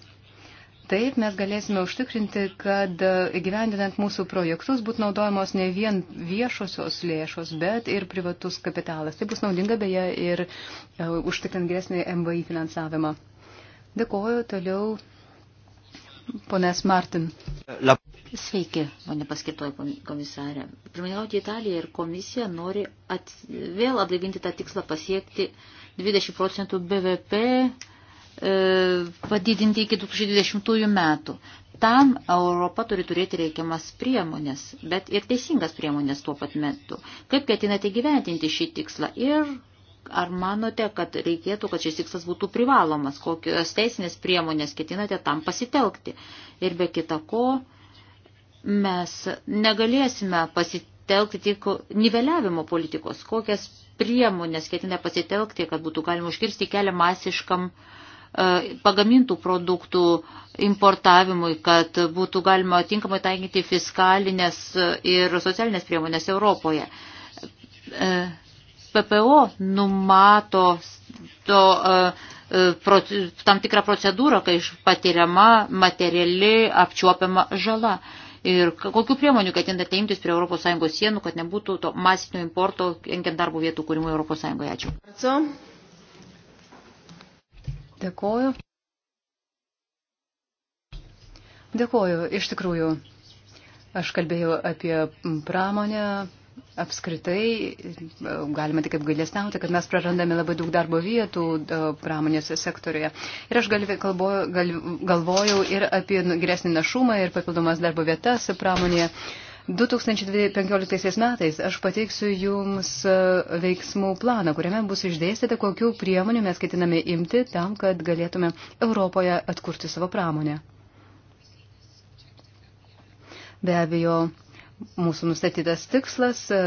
Taip mes galėsime užtikrinti, kad e, gyvendinant mūsų projektus būtų naudojamos ne vien viešosios lėšos, bet ir privatus kapitalas. Tai bus naudinga beje ir uh, užtikrint geresnį MVI finansavimą. Dėkuoju toliau. Ponas Martin. Sveiki, mane paskirtoji komisarė. Pirmininkauti Italija ir komisija nori at, vėl atgaivinti tą tikslą pasiekti 20 procentų BVP E, padidinti iki 2020 metų. Tam Europa turi turėti reikiamas priemonės, bet ir teisingas priemonės tuo pat metu. Kaip ketinate gyventinti šį tikslą ir ar manote, kad reikėtų, kad šis tikslas būtų privalomas, kokios teisinės priemonės ketinate tam pasitelkti. Ir be kita ko, mes negalėsime pasitelkti tik niveliavimo politikos, kokias priemonės ketinate pasitelkti, kad būtų galima užkirsti kelią masiškam uh, pagamintų produktų importavimui, kad būtų galima tinkamai taikinti fiskalinės ir socialinės priemonės Europoje. E, PPO numato to, e, e, tam tikrą procedūrą, kai patiriama materiali apčiuopiama žala. Ir kokiu priemoniu ketinate imtis prie ES sienų, kad nebūtų to masinio importo, enkiant darbo vietų kūrimui ES. Ačiū. Dėkoju. Dėkoju, iš tikrųjų. Aš kalbėjau apie pramonę apskritai. Galima tik apgailestauti, kad mes prarandame labai daug darbo vietų e, pramonės sektoriuje. Ir aš galvojau ir apie nu, geresnį našumą ir papildomas darbo vietas pramonėje. 2015 metais aš pateiksiu Jums e, veiksmų planą, kuriame bus išdėstyta, kokiu priemonių mes ketiname imti tam, kad galėtume Europoje atkurti savo pramonę. Be abejo, mūsų nustatytas tikslas, e,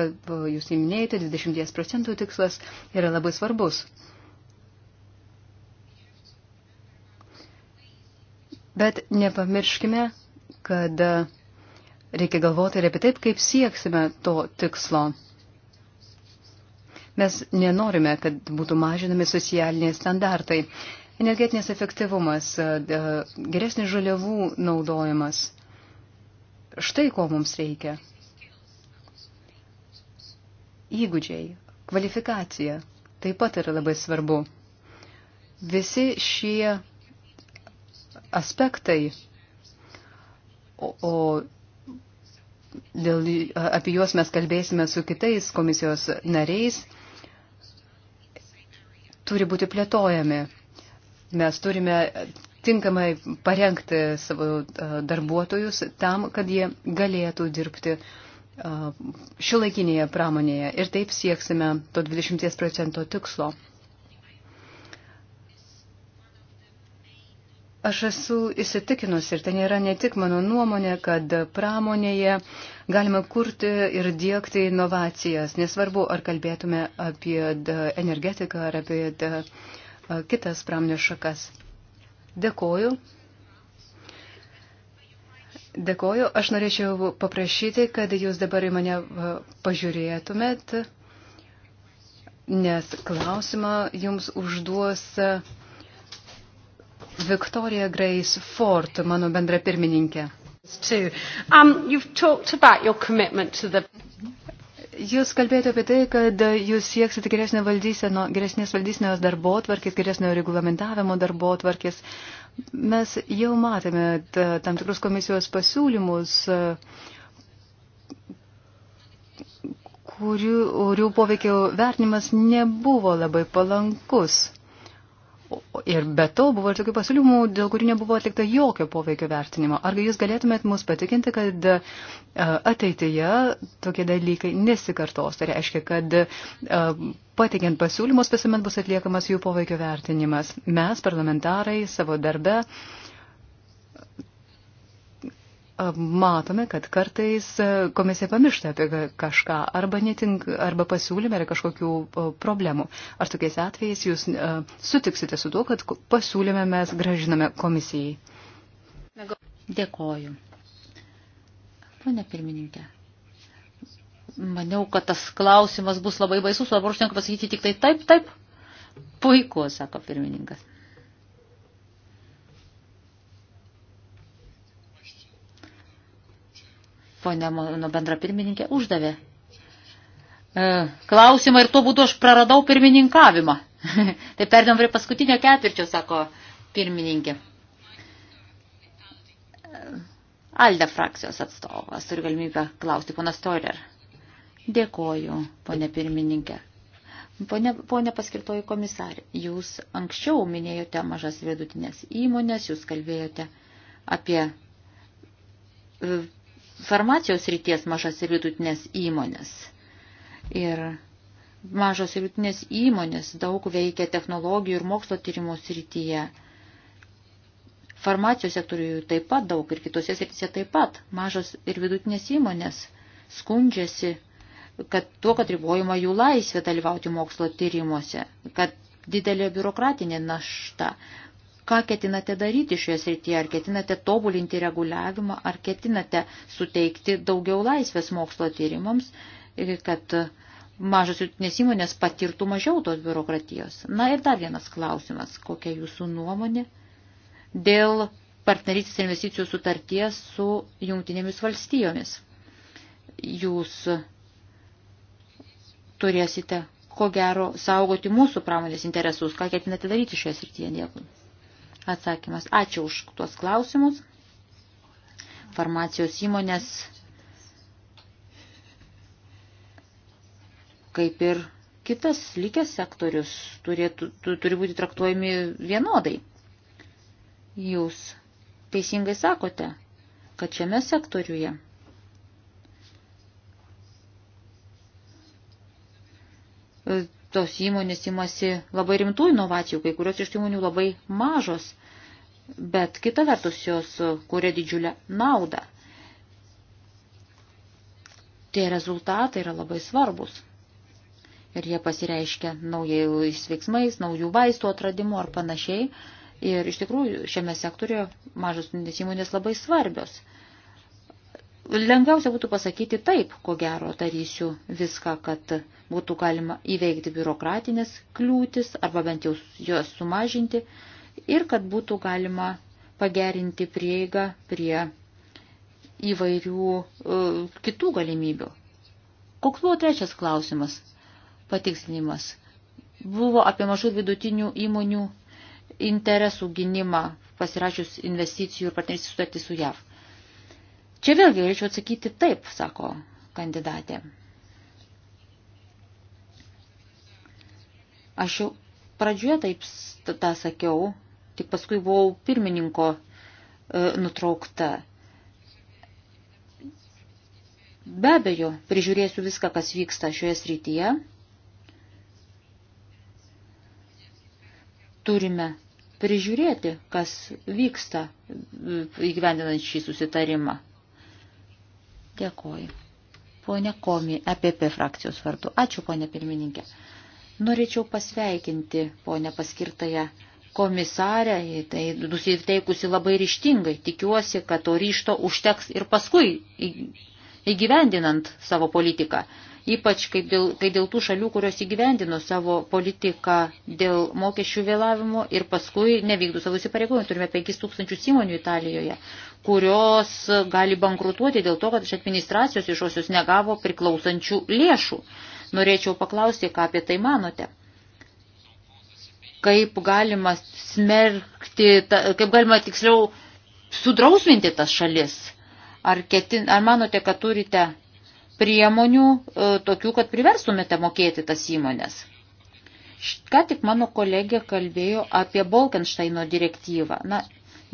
jūs įminėjote, 20 procentų tikslas yra labai svarbus. Bet nepamirškime, kad Reikia galvoti ir apie taip, kaip sieksime to tikslo. Mes nenorime, kad būtų mažinami socialiniai standartai. Energetinės efektyvumas, e, geresnis žaliavų naudojimas. Štai ko mums reikia. Įgūdžiai, kvalifikacija taip pat yra labai svarbu. Visi šie aspektai, o, o dėl, apie juos mes kalbėsime su kitais komisijos nariais, turi būti plėtojami. Mes turime tinkamai parengti savo darbuotojus tam, kad jie galėtų dirbti šilaikinėje pramonėje ir taip sieksime to 20 procento tikslo. Aš esu įsitikinus ir tai nėra ne tik mano nuomonė, kad pramonėje galima kurti ir dėkti inovacijas, nesvarbu, ar kalbėtume apie energetiką ar apie kitas pramonės šakas. Dėkoju. Dėkoju. Aš norėčiau paprašyti, kad jūs dabar į mane pažiūrėtumėt, nes klausimą jums užduos. Victoria Grace Ford, mano bendra pirmininkė. Um, the... Jūs kalbėjote apie tai, kad jūs sieksite geresnės valdysenos darbo tvarkės, geresnio reglamentavimo darbo tvarkės. Mes jau matėme tam tikrus komisijos pasiūlymus, kurių, kurių poveikio vertinimas nebuvo labai palankus. Ir be to buvo ir tokių pasiūlymų, dėl kurių nebuvo atlikta jokio poveikio vertinimo. Argi jūs galėtumėt mus patikinti, kad e, ateityje tokie dalykai nesikartos? Tai reiškia, kad e, patikiant pasiūlymus visuomet bus atliekamas jų poveikio vertinimas. Mes, parlamentarai, savo darbe. Uh, matome, kad kartais e, komisija pamiršta apie kažką arba, netink, arba pasiūlyme yra kažkokių e, problemų. Ar tokiais atvejais jūs e, sutiksite su tuo, kad pasiūlyme mes gražiname komisijai? Dėkoju. Pane pirmininkė. Maniau, kad tas klausimas bus labai baisus, dabar užtenka pasakyti tik tai taip, taip. Puiku, sako pirmininkas. ponė mano bendra pirmininkė, uždavė e, klausimą ir tuo būdu aš praradau pirmininkavimą. tai perdėm prie paskutinio ketvirčio, sako pirmininkė. Alde frakcijos atstovas turi galimybę klausti, ponas Toirer. Dėkoju, ponė pirmininkė. Pone, pone paskirtoji komisarė, jūs anksčiau minėjote mažas vidutinės įmonės, jūs kalbėjote apie e, farmacijos ryties mažas ir vidutinės įmonės. Ir mažos ir vidutinės įmonės daug veikia technologijų ir mokslo tyrimų srityje. Farmacijos sektoriuje taip pat daug ir kitose srityse taip pat mažos ir vidutinės įmonės skundžiasi, kad tuo, kad ribojama jų laisvė dalyvauti mokslo tyrimuose, kad didelė biurokratinė našta, Ką ketinate daryti šioje srityje? Ar ketinate tobulinti reguliavimą, ar ketinate suteikti daugiau laisvės mokslo tyrimams, kad mažos jūtinės įmonės patirtų mažiau tos biurokratijos? Na ir dar vienas klausimas. Kokia jūsų nuomonė dėl partnerystės investicijų sutarties su jungtinėmis valstijomis? Jūs turėsite ko gero saugoti mūsų pramonės interesus. Ką ketinate daryti šioje srityje? Dėkui. Atsakymas. Ačiū už tuos klausimus. Farmacijos įmonės, kaip ir kitas likęs sektorius, turėtų, turi būti traktuojami vienodai. Jūs teisingai sakote, kad šiame sektoriuje tos įmonės imasi labai rimtų inovacijų, kai kurios iš tų įmonių labai mažos bet kita vertus jos kuria didžiulę naudą. Tie rezultatai yra labai svarbus. Ir jie pasireiškia naujais veiksmais, naujų vaistų atradimu ar panašiai. Ir iš tikrųjų šiame sektoriuje mažos įmonės labai svarbios. Lengviausia būtų pasakyti taip, ko gero darysiu viską, kad būtų galima įveikti biurokratinės kliūtis arba bent jau juos sumažinti. Uh, ir kad būtų galima pagerinti prieigą prie įvairių e, kitų galimybių. Koks buvo trečias klausimas? Patikslinimas. Buvo apie mažų vidutinių įmonių interesų gynimą pasirašius investicijų ir partnerystės sutartį su JAV. Čia vėlgi galėčiau atsakyti taip, sako kandidatė. Aš jau pradžioje taip tą sakiau, tik paskui buvau pirmininko e, nutraukta. Be abejo, prižiūrėsiu viską, kas vyksta šioje srityje. Turime prižiūrėti, kas vyksta e, įgyvendinant šį susitarimą. Dėkoju. Pone Komi, EPP frakcijos vardu. Ačiū, ponė pirmininkė. Norėčiau pasveikinti ponę paskirtąją komisarė, tai nusiteikusi labai ryštingai. Tikiuosi, kad to ryšto užteks ir paskui įgyvendinant savo politiką. Ypač kai dėl, kai dėl tų šalių, kurios įgyvendino savo politiką dėl mokesčių vėlavimo ir paskui nevykdų savo įsipareigojimų. Turime 5000 įmonių Italijoje, kurios gali bankrutuoti dėl to, kad iš administracijos išosios negavo priklausančių lėšų. Norėčiau paklausti, ką apie tai manote kaip galima smerkti, kaip galima tiksliau sudrausminti tas šalis. Ar, ketin, ar manote, kad turite priemonių e, tokių, kad priverstumėte mokėti tas įmonės? Ką tik mano kolegė kalbėjo apie Bolkensteino direktyvą. Na,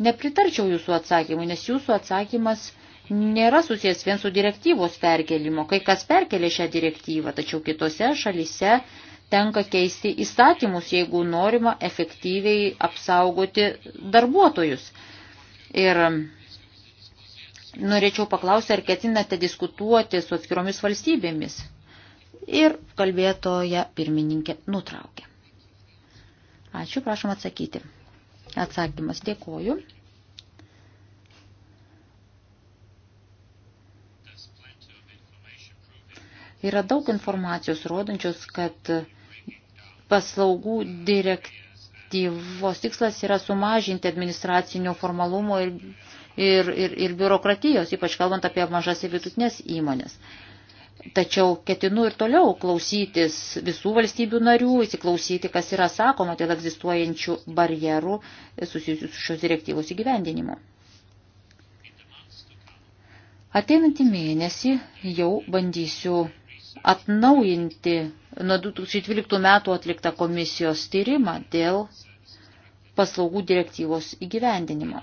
nepritarčiau jūsų atsakymui, nes jūsų atsakymas nėra susijęs vien su direktyvos perkelimo. Kai kas perkelė šią direktyvą, tačiau kitose šalise uh, tenka keisti įstatymus, jeigu norima efektyviai apsaugoti darbuotojus. Ir norėčiau paklausti, ar ketinate diskutuoti su atskiromis valstybėmis. Ir kalbėtoja pirmininkė nutraukė. Ačiū, prašom atsakyti. Atsakymas dėkoju. Yra daug informacijos rodančios, kad Paslaugų direktyvos tikslas yra sumažinti administracinio formalumo ir, ir, ir, ir biurokratijos, ypač kalbant apie mažas ir vidutinės įmonės. Tačiau ketinu ir toliau klausytis visų valstybių narių, įsiklausyti, kas yra sakoma dėl egzistuojančių barjerų susijusių su šios direktyvos įgyvendinimu. Ateinantį mėnesį jau bandysiu atnaujinti nuo 2012 metų atliktą komisijos tyrimą dėl paslaugų direktyvos įgyvendinimo.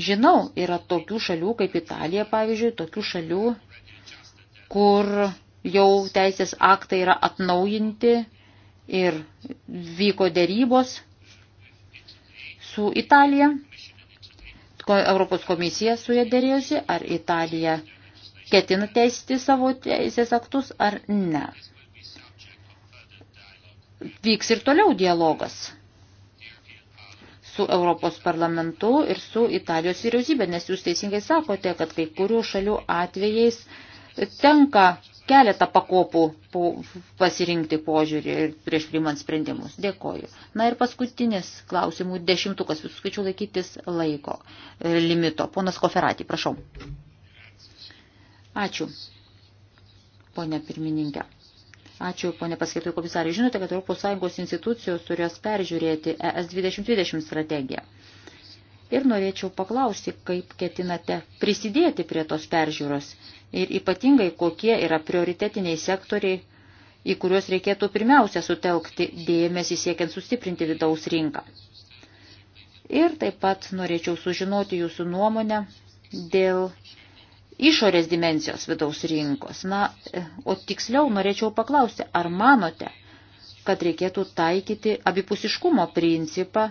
Žinau, yra tokių šalių kaip Italija, pavyzdžiui, tokių šalių, kur jau teisės aktai yra atnaujinti ir vyko dėrybos su Italija. Europos komisija su ja dėrėjosi, ar Italija ketina teisti savo teisės aktus ar ne vyks ir toliau dialogas su Europos parlamentu ir su Italijos vyriausybė, nes jūs teisingai sakote, kad kai kurių šalių atvejais tenka keletą pakopų pasirinkti požiūrį ir prieš priimant sprendimus. Dėkoju. Na ir paskutinis klausimų dešimtukas. Visų skaičių laikytis laiko limito. Ponas Koferatį, prašau. Ačiū, ponia pirmininkė. Ačiū, ponė paskirtojų komisarai. Žinote, kad ES institucijos turės peržiūrėti ES 2020 strategiją. Ir norėčiau paklausti, kaip ketinate prisidėti prie tos peržiūros ir ypatingai kokie yra prioritetiniai sektoriai, į kuriuos reikėtų pirmiausia sutelkti dėmesį siekiant sustiprinti vidaus rinką. Ir taip pat norėčiau sužinoti jūsų nuomonę dėl išorės dimensijos vidaus rinkos. Na, e, o tiksliau norėčiau paklausti, ar manote, kad reikėtų taikyti abipusiškumo principą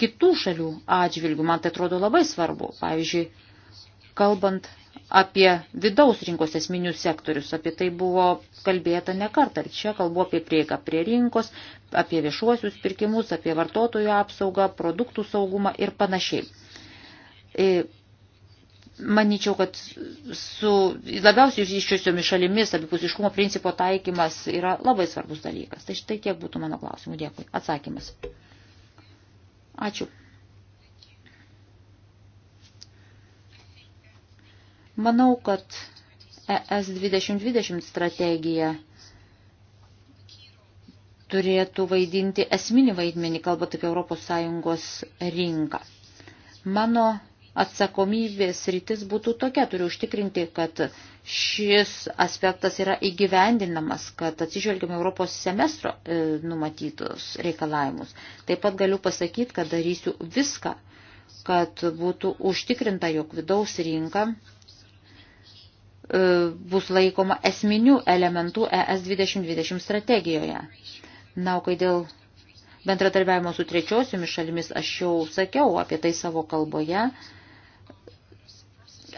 kitų šalių atžvilgių. Man tai atrodo labai svarbu. Pavyzdžiui, kalbant apie vidaus rinkos esminius sektorius, apie tai buvo kalbėta ne kartą. Ir čia kalbu apie prieigą prie rinkos, apie viešuosius pirkimus, apie vartotojų apsaugą, produktų saugumą ir panašiai. E, Maničiau, kad su labiausiai išvyščiusiomis šalimis abipusiškumo principo taikymas yra labai svarbus dalykas. Tai štai tiek būtų mano klausimų. Dėkui. Atsakymas. Ačiū. Manau, kad ES 2020 strategija turėtų vaidinti esminį vaidmenį, kalbant apie ES rinką. Mano atsakomybės rytis būtų tokia. Turiu užtikrinti, kad šis aspektas yra įgyvendinamas, kad atsižvelgiam Europos semestro e, numatytus reikalavimus. Taip pat galiu pasakyti, kad darysiu viską, kad būtų užtikrinta, jog vidaus rinka e, bus laikoma esminių elementų ES 2020 strategijoje. Na, o kai dėl bendradarbiavimo su trečiosiomis šalimis aš jau sakiau apie tai savo kalboje,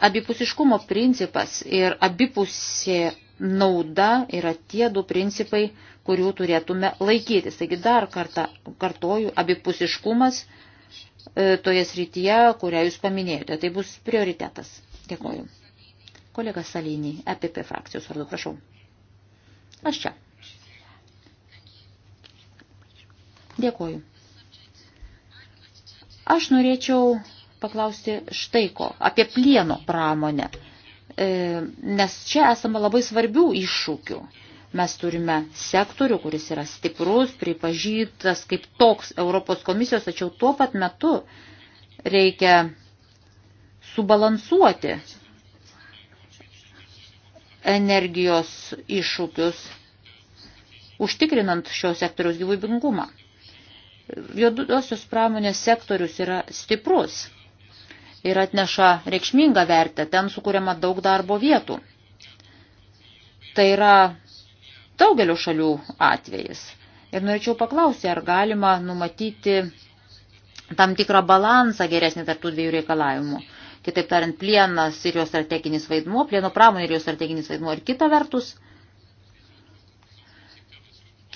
abipusiškumo principas ir abipusė nauda yra tie du principai, kurių turėtume laikytis. Taigi dar kartą kartoju, abipusiškumas e, toje srityje, kurią jūs paminėjote, tai bus prioritetas. Dėkoju. Kolega Salinį, EPP frakcijos vardu, prašau. Aš čia. Dėkoju. Aš norėčiau paklausti štai ko, apie plieno pramonę. E, nes čia esame labai svarbių iššūkių. Mes turime sektorių, kuris yra stiprus, pripažytas kaip toks Europos komisijos, tačiau tuo pat metu reikia subalansuoti energijos iššūkius, užtikrinant šio sektoriaus gyvybingumą. Juodosios pramonės sektorius yra stiprus ir atneša reikšmingą vertę, ten sukūriama daug darbo vietų. Tai yra daugelio šalių atvejis. Ir norėčiau paklausti, ar galima numatyti tam tikrą balansą geresnį tarp tų dviejų reikalavimų. Kitaip tariant, plienas ir jo strateginis vaidmuo, plieno pramonė ir jo strateginis vaidmuo ir kita vertus –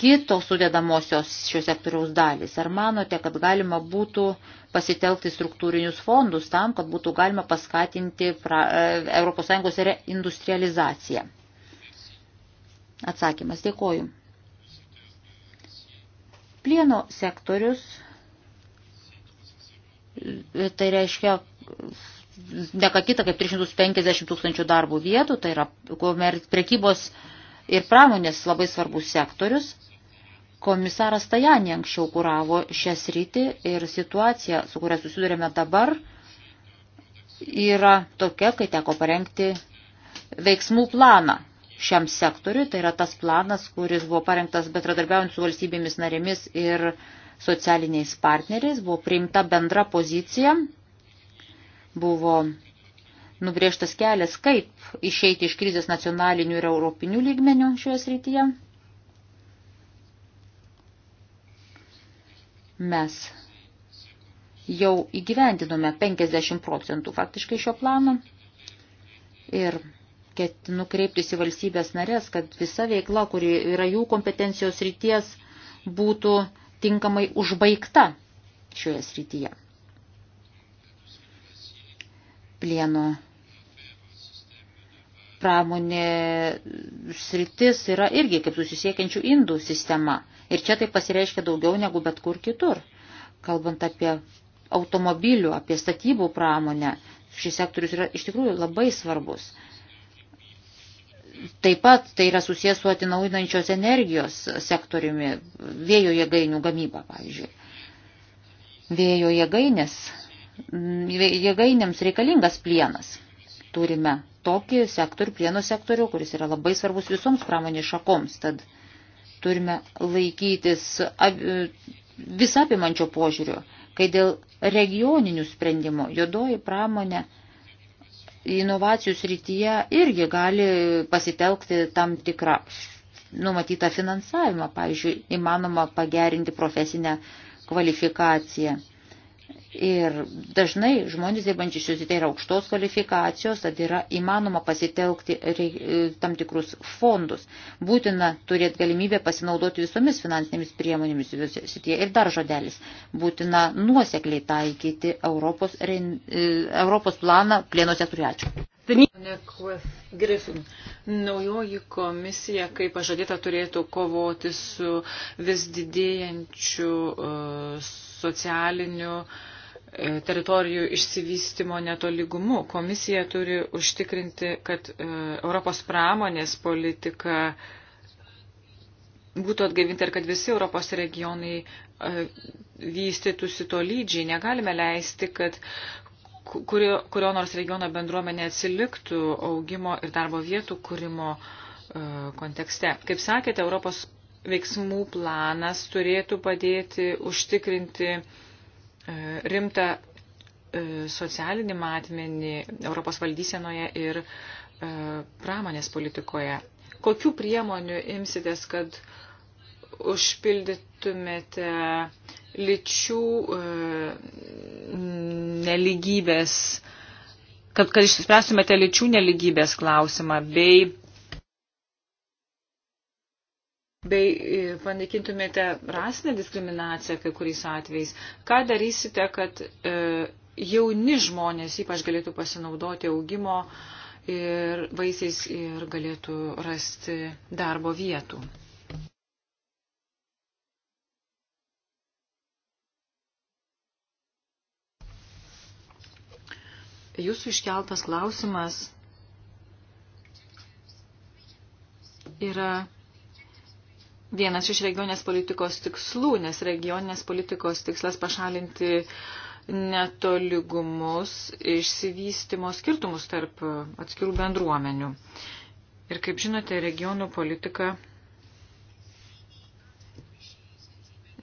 kitos sudėdamosios šios sektoriaus dalys? Ar manote, kad galima būtų pasitelkti struktūrinius fondus tam, kad būtų galima paskatinti ES reindustrializaciją? Atsakymas, dėkoju. Plieno sektorius, e, tai reiškia ne ką kita kaip 350 tūkstančių darbų vietų, tai yra prekybos ir pramonės labai svarbus sektorius. Komisaras Tajani anksčiau kuravo šią sritį ir situacija, su kuria susidurėme dabar, yra tokia, kai teko parengti veiksmų planą šiam sektoriui. Tai yra tas planas, kuris buvo parengtas betradarbiaujant su valstybėmis narėmis ir socialiniais partneriais. Buvo priimta bendra pozicija, buvo nubrėžtas kelias, kaip išeiti iš krizės nacionalinių ir europinių lygmenių šioje srityje. Mes jau įgyvendinome 50 procentų faktiškai šio plano ir ketinu kreiptis į valstybės narės, kad visa veikla, kuri yra jų kompetencijos ryties, būtų tinkamai užbaigta šioje srityje. Plieno pramonė sritis yra irgi kaip susisiekiančių indų sistema. Ir čia tai pasireiškia daugiau negu bet kur kitur. Kalbant apie automobilių, apie statybų pramonę, šis sektorius yra iš tikrųjų labai svarbus. Taip pat tai yra susijęs su atinaujinančios energijos sektoriumi, vėjo jėgainių gamyba, pavyzdžiui. Vėjo jėgainės, jėgainėms reikalingas plienas. Turime tokį sektorių, plieno sektorių, kuris yra labai svarbus visoms pramonės šakoms. Tad turime laikytis visapimančio požiūrio, kai dėl regioninių sprendimų juodoji pramonė inovacijų srityje irgi gali pasitelkti tam tikrą numatytą finansavimą, pavyzdžiui, įmanoma pagerinti profesinę kvalifikaciją. Ir dažnai žmonės dirbančius šiuose tai yra aukštos kvalifikacijos, tad yra įmanoma pasitelkti e, tam tikrus fondus. Būtina turėti galimybę pasinaudoti visomis finansinėmis priemonėmis šitie. Ir dar žodelis. Būtina nuosekliai taikyti Europos, rein, e, Europos planą plieno sektoriui. Ačiū. Griffin. Naujoji komisija, kaip pažadėta, turėtų kovoti su vis didėjančiu uh, socialiniu uh, E, teritorijų išsivystimo netoligumu. Komisija turi užtikrinti, kad e, Europos pramonės politika būtų atgaivinta ir kad visi Europos regionai e, vystytųsi tolydžiai. Negalime leisti, kad kurio, kurio nors regiono bendruomenė atsiliktų augimo ir darbo vietų kūrimo kontekste. Kaip sakėte, Europos veiksmų planas turėtų padėti užtikrinti uh, E, rimtą e, socialinį matmenį Europos valdysenoje ir e, pramonės politikoje. Kokių priemonių imsitės, kad užpildytumėte lyčių neligybės, kad, kad išspręstumėte lyčių neligybės klausimą bei bei e, panaikintumėte rasinę diskriminaciją kai kuriais atvejais. Ką darysite, kad e, jauni žmonės ypač galėtų pasinaudoti augimo ir vaisiais ir galėtų rasti darbo vietų? Jūsų iškeltas klausimas yra vienas iš regioninės politikos tikslų, nes regioninės politikos tikslas pašalinti netoligumus, išsivystimo skirtumus tarp atskirų bendruomenių. Ir kaip žinote, regionų politika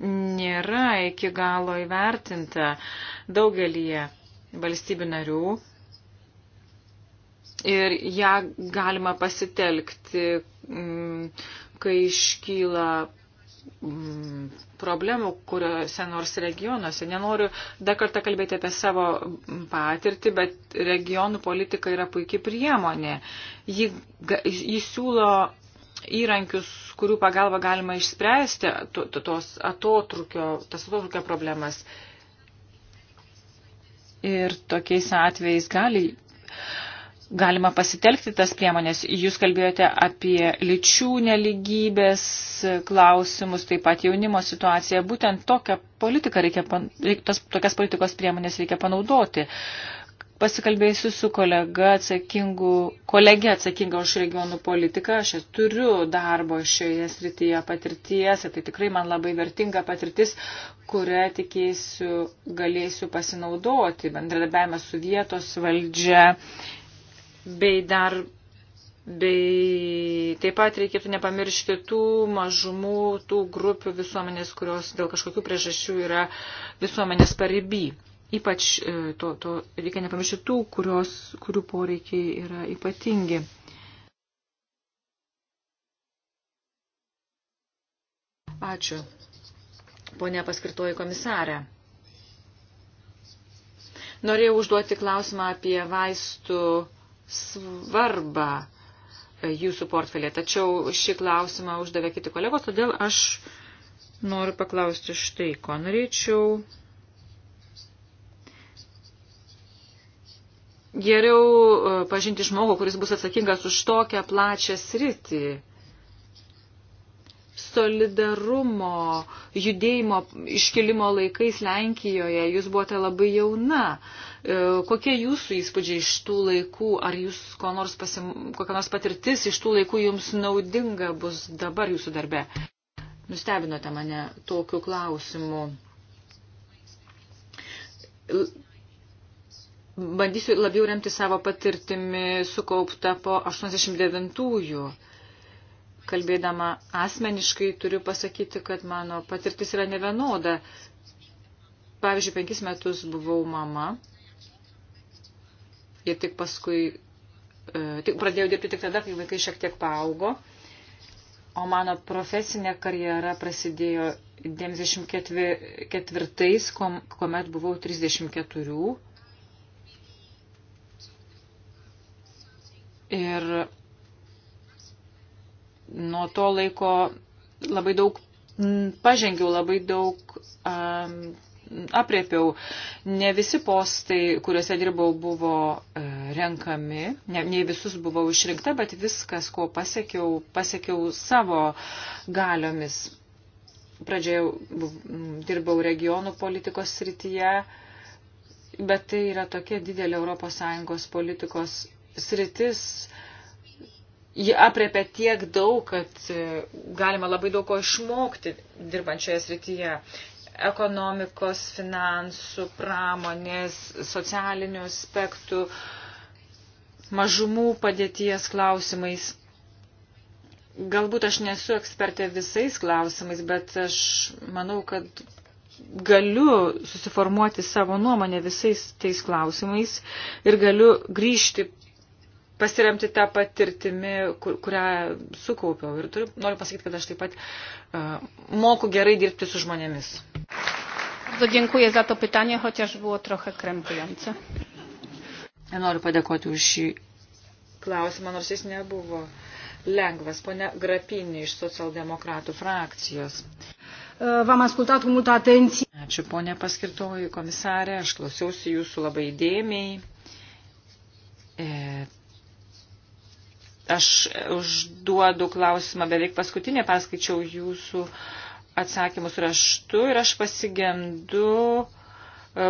nėra iki galo įvertinta daugelį valstybių narių ir ją galima pasitelkti mm, kai iškyla mm, problemų kuriuose nors regionuose. Nenoriu dar kartą kalbėti apie savo patirtį, bet regionų politika yra puikia priemonė. Ji, ji siūlo įrankius, kurių pagalba galima išspręsti tos atotrukio, tas atotrukio problemas. Ir tokiais atvejais gali galima pasitelkti tas priemonės. Jūs kalbėjote apie lyčių neligybės klausimus, taip pat jaunimo situaciją. Būtent tokią politiką reikia, tas, tokias politikos priemonės reikia panaudoti. Pasikalbėsiu su kolega atsakingu, kolegė atsakinga už regionų politiką. Aš turiu darbo šioje srityje patirties ir tai tikrai man labai vertinga patirtis, kurią tikėsiu galėsiu pasinaudoti bendradarbiavimą su vietos valdžia bei dar bei taip pat reikėtų nepamiršti tų mažumų, tų grupių visuomenės, kurios dėl kažkokių priežasčių yra visuomenės pariby. Ypač e, to, to reikia nepamiršti tų, kurios, kurių poreikiai yra ypatingi. Ačiū. Pone paskirtoji komisarė. Norėjau užduoti klausimą apie vaistų svarbą e, jūsų portfelė. Tačiau šį klausimą uždavė kiti kolegos, todėl aš noriu paklausti štai, ko norėčiau. Geriau e, pažinti žmogų, kuris bus atsakingas už tokią plačią sritį solidarumo judėjimo iškilimo laikais Lenkijoje. Jūs buvote labai jauna. E, kokie jūsų įspūdžiai iš tų laikų, ar jūs nors pasim, kokia nors patirtis iš tų laikų jums naudinga bus dabar jūsų darbe? Nustebinote mane tokiu klausimu. Bandysiu labiau remti savo patirtimi sukauptą po 89-ųjų kalbėdama asmeniškai turiu pasakyti, kad mano patirtis yra nevienoda. Pavyzdžiui, penkis metus buvau mama ir tik paskui, e, tik pradėjau dirbti tik tada, kai vaikai šiek tiek paaugo, o mano profesinė karjera prasidėjo 94, kuomet buvau 34. Ir nuo to laiko labai daug pažengiau, labai daug um, apriepiau. Ne visi postai, kuriuose dirbau, buvo uh, renkami, ne, ne visus buvau išrinkta, bet viskas, ko pasiekiau, pasiekiau savo galiomis. Pradžioje dirbau regionų politikos srityje, bet tai yra tokia didelė ES politikos sritis, uh, ji apriepia tiek daug, kad e, galima labai daug ko išmokti dirbančioje srityje ekonomikos, finansų, pramonės, socialinių aspektų, mažumų padėties klausimais. Galbūt aš nesu ekspertė visais klausimais, bet aš manau, kad galiu susiformuoti savo nuomonę visais tais klausimais ir galiu grįžti pasiremti tą patirtimį, kur, kurią sukaupiau. Ir turiu, noriu pasakyti, kad aš taip pat uh, moku gerai dirbti su žmonėmis. Bardzo dziękuję za to pytanie, chociaż było trochę krępujące. Noriu padėkoti už šį klausimą, nors jis nebuvo lengvas. Pone Grapinė iš socialdemokratų frakcijos. E, vam ascultat cu multă atenție. Ačiū, ponė paskirtoji komisarė, aš klausiausi jūsų labai dėmiai. E, Aš užduodu klausimą, beveik paskutinį perskaičiau jūsų atsakymus raštu ir aš pasigendu e,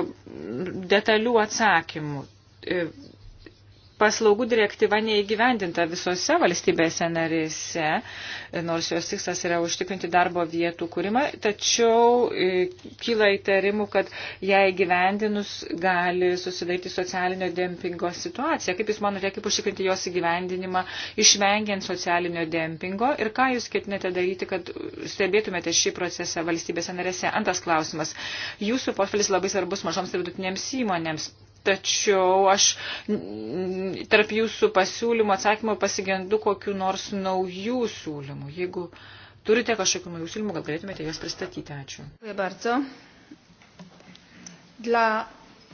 detalių atsakymų e, paslaugų direktyva neįgyvendinta visose valstybėse narėse, nors jos tikslas yra užtikrinti darbo vietų kūrimą, tačiau e, kyla įtarimų, kad ją įgyvendinus gali susidaryti socialinio dempingo situacija. Kaip Jūs manote, kaip užtikrinti jos įgyvendinimą, išvengiant socialinio dempingo ir ką Jūs ketinate daryti, kad stebėtumėte šį procesą valstybėse narėse? Antras klausimas. Jūsų portfelis labai svarbus mažoms ir vidutinėms įmonėms tačiau aš tarp jūsų pasiūlymų atsakymų pasigendu kokiu nors naujų siūlymų. Jeigu turite kažkokių naujų siūlymų, gal galėtumėte juos pristatyti. Ačiū. Dla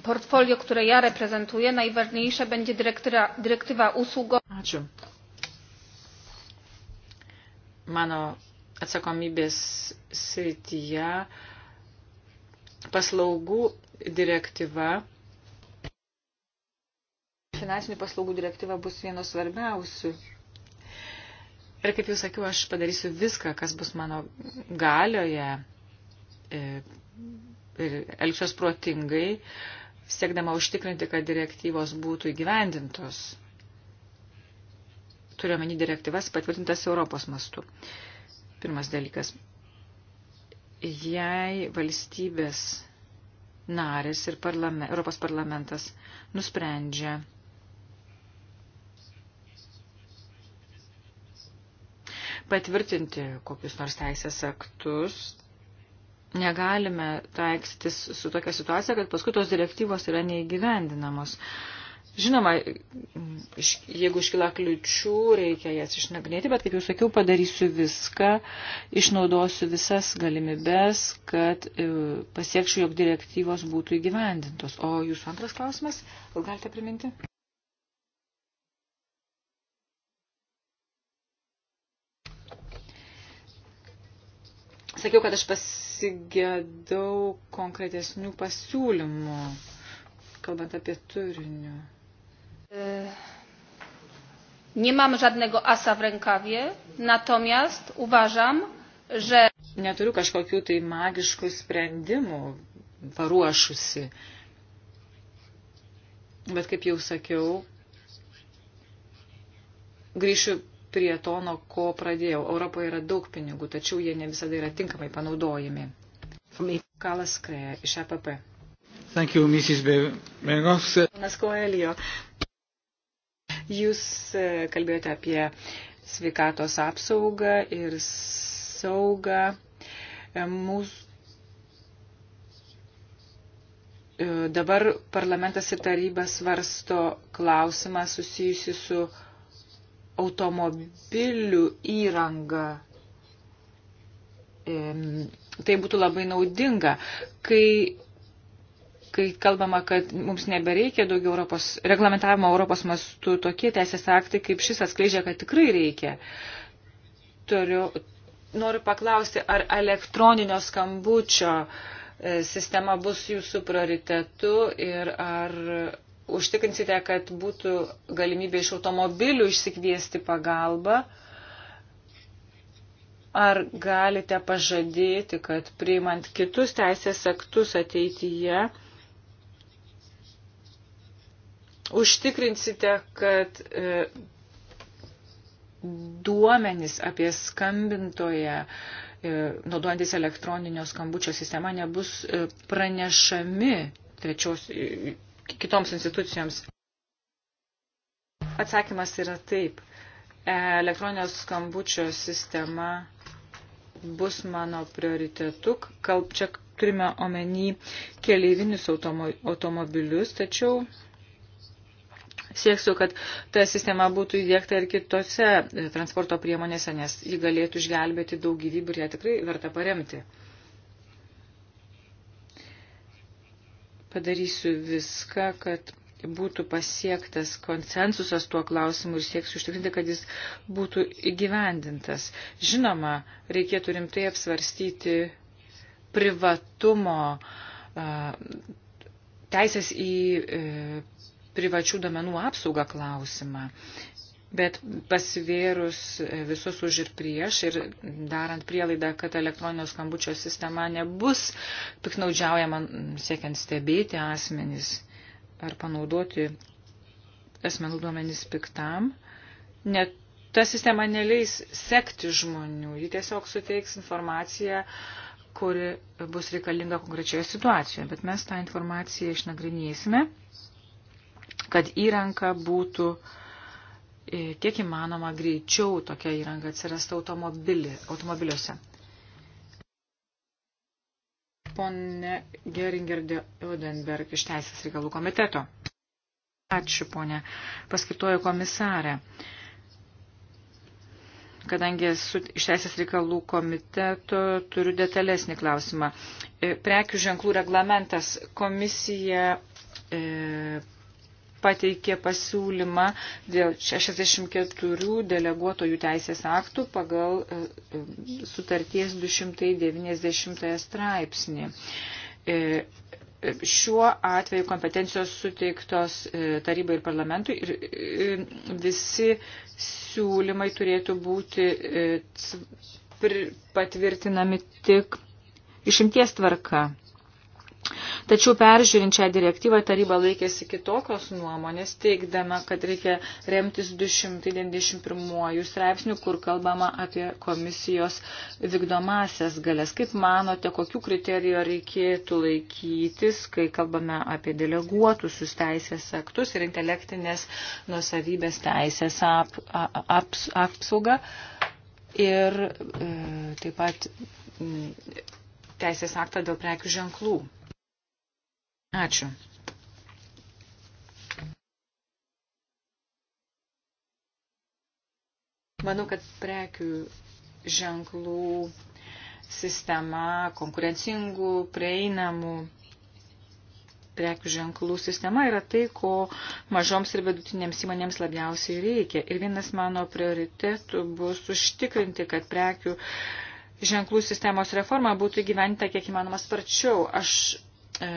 portfolio, które ja reprezentuję, najważniejsza będzie dyrektywa, dyrektywa usługowa. Ačiū. Mano atsakomybės srityje paslaugų direktyva finansinių paslaugų direktyva bus vienos svarbiausių. Ir kaip jau sakiau, aš padarysiu viską, kas bus mano galioje e, ir elgsiuos protingai, siekdama užtikrinti, kad direktyvos būtų įgyvendintos. Turiuomenį direktyvas patvirtintas Europos mastu. Pirmas dalykas. Jei valstybės narės ir parlame, Europos parlamentas nusprendžia patvirtinti kokius nors teisės aktus. Negalime taikstytis su tokia situacija, kad paskui tos direktyvos yra neįgyvendinamos. Žinoma, jeigu iškila kliučių, reikia jas išnagrinėti, bet, kaip jau sakiau, padarysiu viską, išnaudosiu visas galimybės, kad e, pasiekšiu, jog direktyvos būtų įgyvendintos. O jūsų antras klausimas, gal galite priminti? sakiau, kad aš pasigėdau konkretesnių pasiūlymų, kalbant apie turinių. E, nie mam żadnego asa w rękawie, natomiast uważam, że. Neturiu kažkokių tai magiškų sprendimų paruošusi. Bet kaip jau sakiau, grįšiu prie to, nuo ko pradėjau. Europoje yra daug pinigų, tačiau jie ne visada yra tinkamai panaudojami. Kalas Kreja iš EPP. Thank you, Mrs. Bergos. Panas Koelio, jūs e, kalbėjote apie sveikatos apsaugą ir saugą. E, Mūsų e, dabar parlamentas ir taryba svarsto klausimą susijusi su automobilių įrangą. Tai būtų labai naudinga, kai, kai kalbama, kad mums nebereikia daugiau Europos, reglamentavimo Europos mastu, tokie teisės aktai kaip šis atskleidžia, kad tikrai reikia. Turiu, noriu paklausti, ar elektroninio skambučio e, sistema bus jūsų prioritetu ir ar užtikrinsite, kad būtų galimybė iš automobilių išsikviesti pagalbą? Ar galite pažadėti, kad priimant kitus teisės aktus ateityje užtikrinsite, kad e, duomenys apie skambintoje, e, naudojantis elektroninio skambučio sistema, nebus e, pranešami trečios kitoms institucijoms? Atsakymas yra taip. E, elektroninio skambučio sistema bus mano prioritetu. Kalb, čia turime omeny keleivinius automo, automobilius, tačiau sieksiu, kad ta sistema būtų įdėkta ir kitose e, transporto priemonėse, nes ji galėtų išgelbėti daug gyvybių ir ją tikrai verta paremti. Padarysiu viską, kad būtų pasiektas konsensusas tuo klausimu ir sieksiu užtikrinti, kad jis būtų įgyvendintas. Žinoma, reikėtų rimtai apsvarstyti privatumo, teisės į e, privačių domenų apsaugą klausimą. Bet pasvėrus visus už ir prieš ir darant prielaidą, kad elektroninio skambučio sistema nebus piknaudžiaujama siekiant stebėti asmenys ar panaudoti asmenų duomenys piktam, net ta sistema neleis sekti žmonių, ji tiesiog suteiks informaciją, kuri bus reikalinga konkrečioje situacijoje. Bet mes tą informaciją išnagrinėsime, kad įranka būtų uh, E, kiek įmanoma greičiau tokia įranga atsirastų automobiliuose. Pone Geringer de Udenberg iš Teisės reikalų komiteto. Ačiū, ponė, paskirtojo komisarė. Kadangi esu iš Teisės reikalų komiteto, turiu detalesnį klausimą. E, prekių ženklų reglamentas komisija e, pateikė pasiūlymą dėl 64 deleguotojų teisės aktų pagal e, e, sutarties 290 straipsnį. E, šiuo atveju kompetencijos suteiktos tarybai ir parlamentui ir visi siūlymai turėtų būti patvirtinami tik išimties tvarka. Tačiau peržiūrint šią direktyvą taryba laikėsi kitokios nuomonės, teikdama, kad reikia remtis 291 straipsnių, kur kalbama apie komisijos vykdomasias galės. Kaip manote, kokiu kriteriju reikėtų laikytis, kai kalbame apie deleguotusius teisės aktus ir intelektinės nusavybės teisės ap, aps, apsaugą? ir e, taip pat m, teisės aktą dėl prekių ženklų. Ačiū. Manau, kad prekių ženklų sistema, konkurencingų, prieinamų prekių ženklų sistema yra tai, ko mažoms ir vidutinėms įmonėms labiausiai reikia. Ir vienas mano prioritetų bus užtikrinti, kad prekių ženklų sistemos reforma būtų gyventa kiek įmanoma sparčiau. Aš E,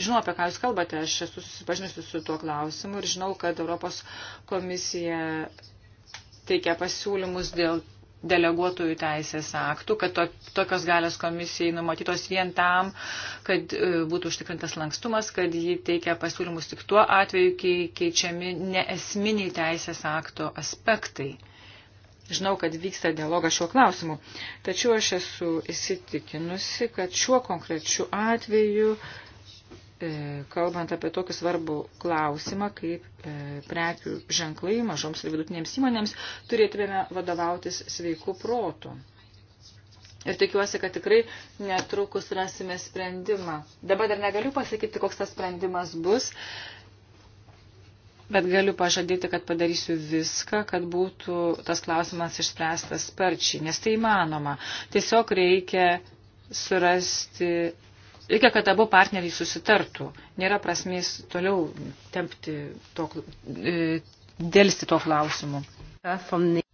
žinau, apie ką Jūs kalbate, aš esu susipažinusi su tuo klausimu ir žinau, kad Europos komisija teikia pasiūlymus dėl deleguotojų teisės aktų, kad to, tokios galės komisijai numatytos vien tam, kad e, būtų užtikrintas lankstumas, kad ji teikia pasiūlymus tik tuo atveju, kai keičiami neesminiai teisės akto aspektai. Žinau, kad vyksta dialogas šiuo klausimu. Tačiau aš esu įsitikinusi, kad šiuo konkrečiu atveju, e, kalbant apie tokį svarbų klausimą, kaip e, prekių ženklai mažoms ir vidutinėms įmonėms, turėtume vadovautis sveiku protu. Ir tikiuosi, kad tikrai netrukus rasime sprendimą. Dabar dar negaliu pasakyti, koks tas sprendimas bus, Bet galiu pažadėti, kad padarysiu viską, kad būtų tas klausimas išspręstas sparčiai, nes tai įmanoma. Tiesiog reikia surasti, reikia, kad abu partneriai susitartų. Nėra prasmės toliau tempti to, e, dėlsti to klausimu.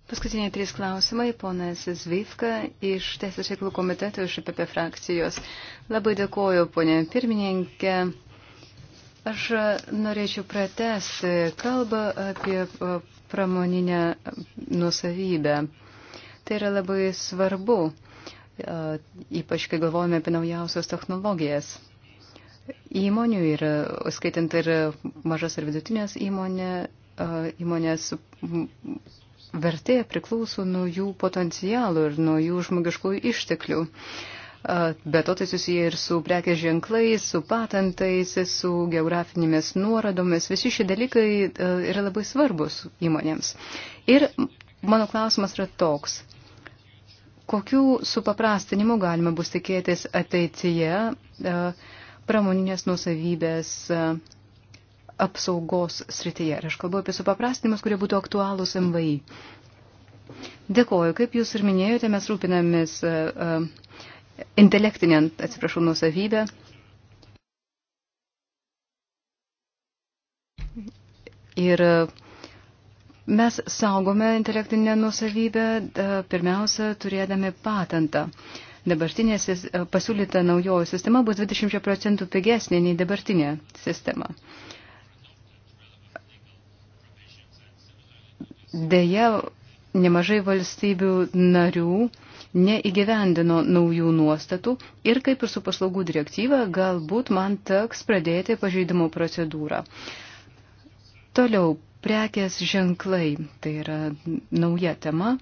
Paskutiniai trys klausimai, ponas Zvivka iš Teisės reikalų komiteto iš APP frakcijos. Labai dėkoju, ponė pirmininkė. Aš norėčiau pratesti kalbą apie e, pramoninę nusavybę. Tai yra labai svarbu, e, ypač kai galvojame apie naujausias technologijas. Įmonių ir, skaitant ir mažas ir vidutinės įmonė, e, įmonės vertė priklauso nuo jų potencialų ir nuo jų žmogiškųjų išteklių. Be to tai susiję ir su prekės ženklais, su patentais, su geografinėmis nuorodomis. Visi šie dalykai yra labai svarbus įmonėms. Ir mano klausimas yra toks. Kokių supaprastinimų galima bus tikėtis ateityje pramoninės nusavybės apsaugos srityje? Ir aš kalbu apie supaprastinimus, kurie būtų aktualūs MVI. Dėkoju, kaip jūs ir minėjote, mes rūpinamės uh, intelektinę, atsiprašau, nusavybę. Ir e, mes saugome intelektinę nusavybę e, pirmiausia turėdami patentą. Dabartinė e, pasiūlyta naujoji sistema bus 20 procentų pigesnė nei dabartinė sistema. Deja, nemažai valstybių narių uh, neįgyvendino naujų nuostatų ir kaip ir su paslaugų direktyva galbūt man teks pradėti pažeidimo procedūrą. Toliau, prekės ženklai, tai yra nauja tema.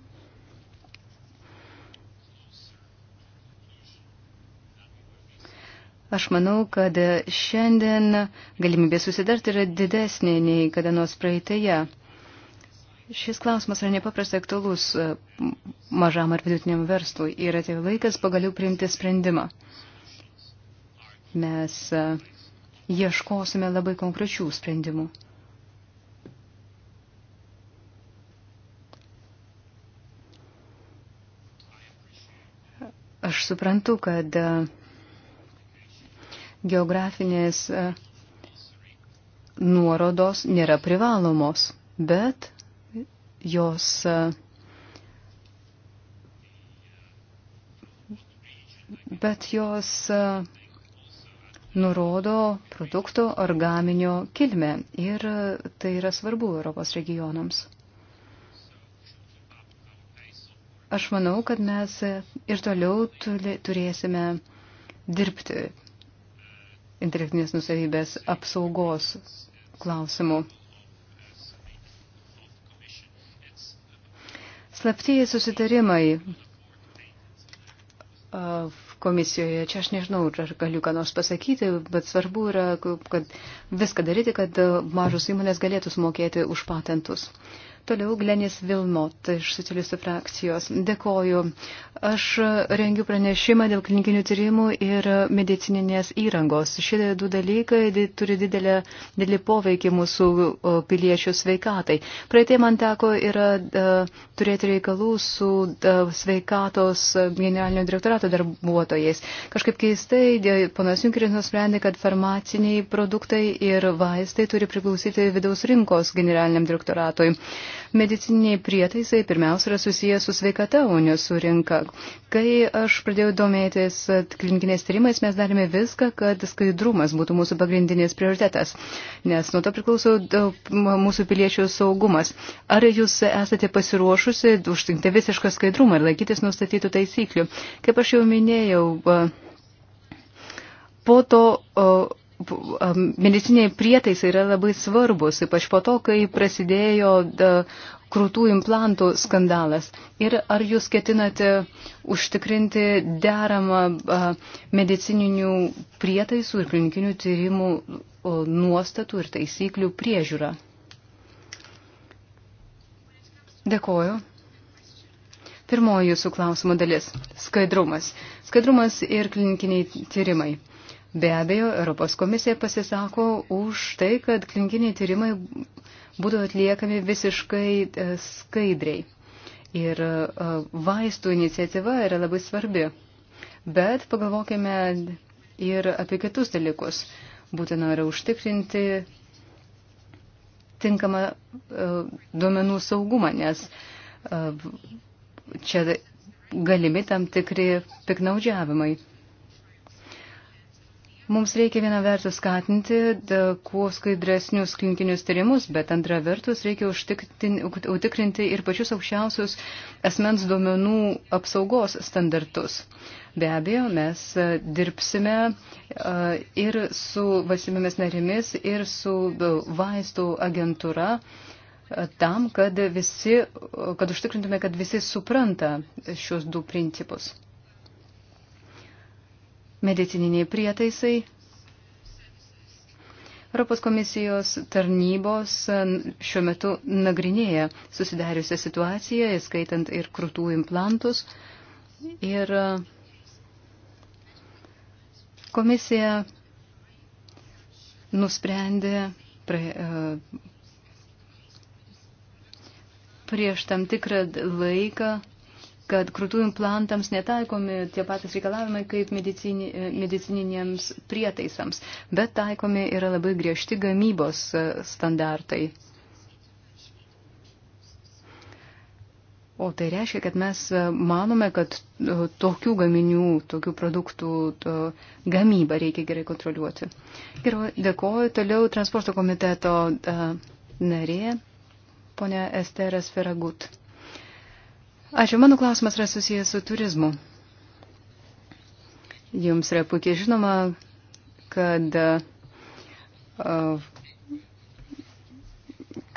Aš manau, kad šiandien galimybė susidarti yra didesnė nei kada nors praeitėje. Šis klausimas yra nepaprastai aktualus e, mažam ar vidutiniam verslui ir tai atėjo laikas pagaliau priimti sprendimą. Mes e, ieškosime labai konkrečių sprendimų. Aš suprantu, kad e, geografinės nuorodos nėra privalomos, bet jos e, bet jos e, nurodo produkto ar gaminio kilmę ir tai yra svarbu Europos regionams. Aš manau, kad mes ir toliau turėsime dirbti intelektinės nusavybės apsaugos klausimu. slaptieji susitarimai komisijoje. Čia aš nežinau, ar galiu ką nors pasakyti, bet svarbu yra, kad viską daryti, kad mažos įmonės galėtų sumokėti už patentus. Uh, Toliau Glenis Vilmot iš socialistų frakcijos. Dėkoju. Aš rengiu pranešimą dėl klinikinių tyrimų ir medicininės įrangos. Šie du dalykai turi didelę, didelį poveikį mūsų piliečių sveikatai. Praeitai man teko yra e, turėti reikalų su e, sveikatos generalinio direktorato darbuotojais. Kažkaip keistai, ponas Junkeris nusprendė, kad farmaciniai produktai ir vaistai turi priklausyti vidaus rinkos generaliniam direktoratui. Mediciniai prietaisai pirmiausia yra susijęs su sveikata, o ne su rinka. Kai aš pradėjau domėtis klinikiniais tyrimais, mes darėme viską, kad skaidrumas būtų mūsų pagrindinis prioritetas, nes nuo to priklauso mūsų piliečių saugumas. Ar jūs esate pasiruošusi užtinkti visišką skaidrumą ir laikytis nustatytų taisyklių? Kaip aš jau minėjau, po to mediciniai prietaisai yra labai svarbus, ypač po to, kai prasidėjo krūtų implantų skandalas. Ir ar jūs ketinate užtikrinti deramą medicininių prietaisų ir klinikinių tyrimų nuostatų ir taisyklių priežiūrą? Dėkoju. Pirmoji jūsų klausimo dalis - skaidrumas. Skaidrumas ir klinikiniai tyrimai. Be abejo, Europos komisija pasisako už tai, kad klinikiniai tyrimai būtų atliekami visiškai e, skaidriai. Ir e, vaistų iniciatyva yra labai svarbi. Bet pagalvokime ir apie kitus dalykus. Būtina yra užtikrinti tinkamą e, duomenų saugumą, nes čia galimi tam tikri piknaudžiavimai. Mums reikia viena vertus skatinti da, kuo skaidresnius klinikinius tyrimus, bet antra vertus reikia užtikrinti ir pačius aukščiausius asmens duomenų apsaugos standartus. Be abejo, mes dirbsime ir su valstybėmis narimis, ir su vaistų agentūra tam, kad, visi, kad užtikrintume, kad visi supranta šios du principus medicininiai prietaisai. Europos komisijos tarnybos šiuo metu nagrinėja susidariusią situaciją, įskaitant ir krūtų implantus. Ir e, komisija nusprendė prie, prieš tam tikrą laiką kad krūtų implantams netaikomi tie patys reikalavimai kaip medicini, medicininiams prietaisams, bet taikomi yra labai griežti gamybos e, standartai. O tai reiškia, kad mes e, manome, kad e, tokių gaminių, tokių produktų to, gamybą reikia gerai kontroliuoti. Ir dėkoju toliau transporto komiteto narė, ponia Esteras Feragut. Ačiū, mano klausimas yra susijęs su turizmu. Jums yra puikiai žinoma, kad,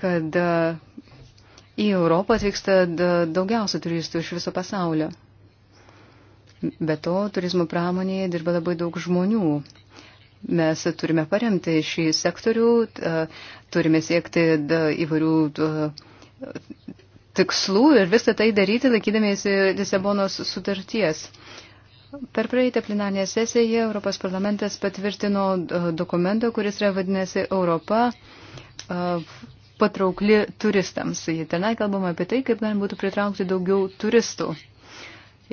kad į Europą atvyksta daugiausia turistų iš viso pasaulio. Be to, turizmo pramonėje dirba labai daug žmonių. Mes turime paremti šį sektorių, turime siekti įvairių tikslų ir visą tai daryti laikydamėsi Lisabonos sutarties. Per praeitą plenarnę sesiją Europos parlamentas patvirtino e, dokumentą, kuris yra vadinasi Europa e, patraukli turistams. Tenai kalbama apie tai, kaip galima būtų pritraukti daugiau turistų.